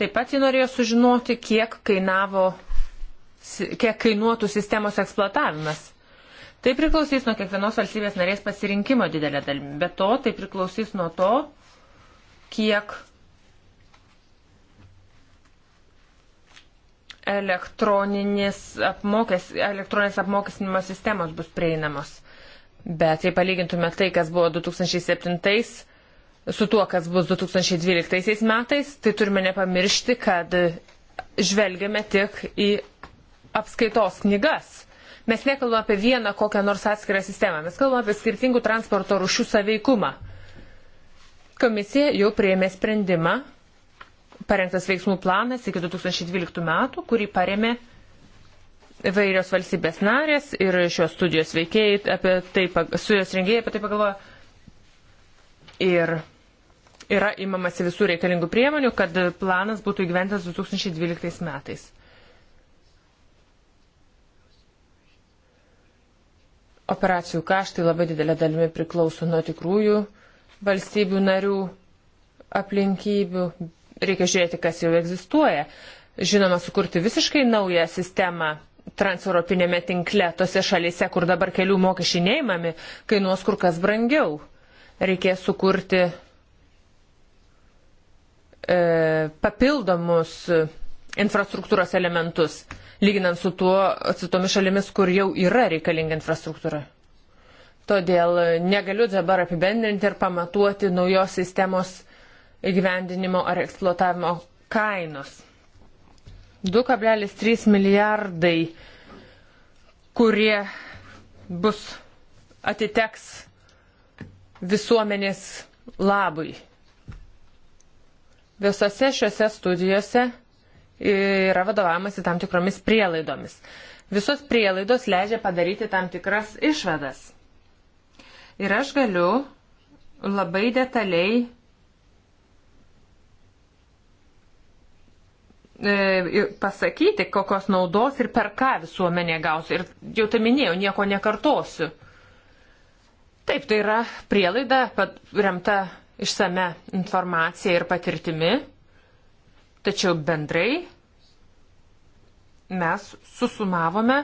Taip pat ji norėjo sužinoti, kiek, kainavo, kiek kainuotų sistemos eksploatavimas. Tai priklausys nuo kiekvienos valstybės narės pasirinkimo didelė dalimi. Be to, tai priklausys nuo to, kiek elektroninės, apmokės, elektroninės apmokestinimo sistemos bus prieinamos. Bet jei palygintume tai, kas buvo 2007 su tuo, kas bus 2012 metais, tai turime nepamiršti, kad žvelgiame tik į apskaitos knygas. Mes nekalbame apie vieną kokią nors atskirą sistemą, mes kalbame apie skirtingų transporto rušių saveikumą. Komisija jau prieėmė sprendimą parengtas veiksmų planas iki 2012 metų, kurį paremė vairios valstybės narės ir šios studijos veikėjai apie tai, studijos rengėjai apie tai pagalvojo. Ir yra imamasi visų reikalingų priemonių, kad planas būtų įgyventas 2012 metais. Operacijų kaštai labai didelė dalimi priklauso nuo tikrųjų valstybių narių aplinkybių, Reikia žiūrėti, kas jau egzistuoja. Žinoma, sukurti visiškai naują sistemą transeuropinėme tinkle tose šalyse, kur dabar kelių mokesčiai neįmami, kainuos kur kas brangiau. Reikės sukurti e, papildomus infrastruktūros elementus, lyginant su, tuo, su tomis šalimis, kur jau yra reikalinga infrastruktūra. Todėl negaliu dabar apibendrinti ir pamatuoti naujos sistemos įgyvendinimo ar eksploatavimo kainos. 2,3 milijardai, kurie bus atiteks visuomenės labui. Visose šiuose studijose yra vadovavimasi tam tikromis prielaidomis. Visos prielaidos leidžia padaryti tam tikras išvadas. Ir aš galiu labai detaliai E, pasakyti, kokios naudos ir per ką visuomenė gaus. Ir jau tai minėjau, nieko nekartosiu. Taip, tai yra prielaida, remta išsame informacija ir patirtimi. Tačiau bendrai mes susumavome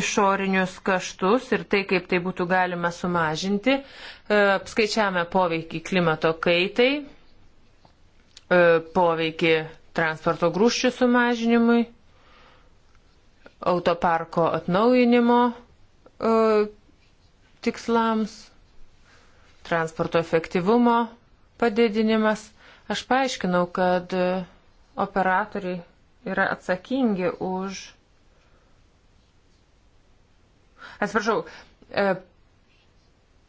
išorinius kaštus ir tai, kaip tai būtų galima sumažinti, e, apskaičiavome poveikį klimato kaitai, E, poveikį transporto grūščių sumažinimui, autoparko atnaujinimo e, tikslams, transporto efektyvumo padidinimas. Aš paaiškinau, kad e, operatoriai yra atsakingi už. Atsiprašau,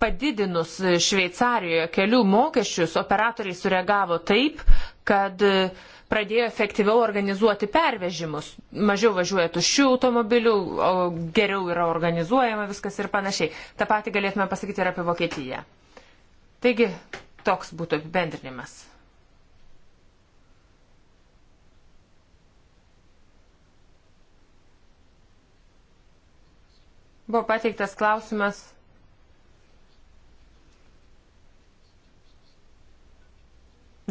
padidinus Šveicarijoje kelių mokesčius, operatoriai sureagavo taip, kad e, pradėjo efektyviau organizuoti pervežimus. Mažiau važiuoja tuščių automobilių, geriau yra organizuojama viskas ir panašiai. Ta pati galėtume pasakyti ir apie Vokietiją. Taigi, toks būtų apibendrinimas. Buvo pateiktas klausimas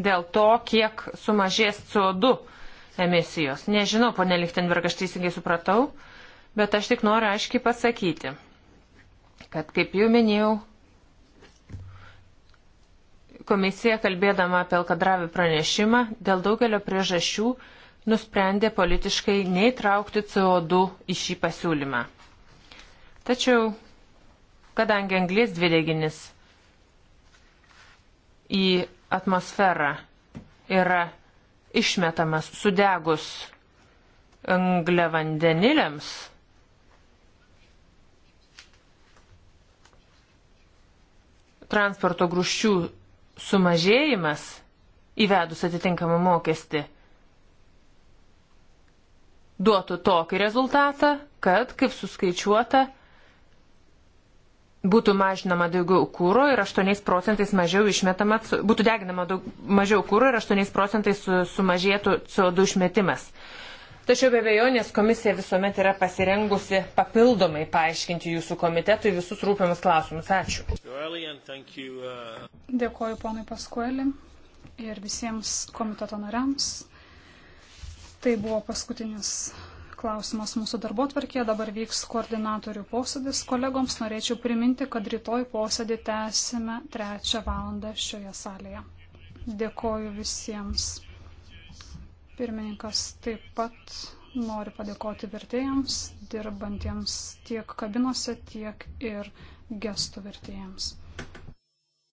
dėl to, kiek sumažės CO2 emisijos. Nežinau, ponė Lichtenberg, aš teisingai supratau, bet aš tik noriu aiškiai pasakyti, kad kaip jau minėjau, komisija kalbėdama apie Alkadravį pranešimą dėl daugelio priežasčių nusprendė politiškai neįtraukti CO2 į šį pasiūlymą. Tačiau, kadangi anglės dvideginis į atmosferą yra išmetamas sudegus angliavandeniliams, transporto grūščių sumažėjimas įvedus atitinkamą mokestį duotų tokį rezultatą, kad, kaip suskaičiuota, būtų mažinama daugiau kūro ir 8 procentais mažiau išmetama, būtų deginama daug, mažiau kūro ir 8 procentais su, sumažėtų CO2 išmetimas. Tačiau be abejonės komisija visuomet yra pasirengusi papildomai paaiškinti jūsų komitetui visus rūpiamus klausimus. Ačiū. Dėkoju ponui Paskuelį ir visiems komiteto nariams. Tai buvo paskutinis klausimas mūsų darbo tvarkėje. Dabar vyks koordinatorių posėdis. Kolegoms norėčiau priminti, kad rytoj posėdį tęsime trečią valandą šioje salėje. Dėkoju visiems. Pirmininkas taip pat noriu padėkoti vertėjams, dirbantiems tiek kabinose, tiek ir gestų vertėjams.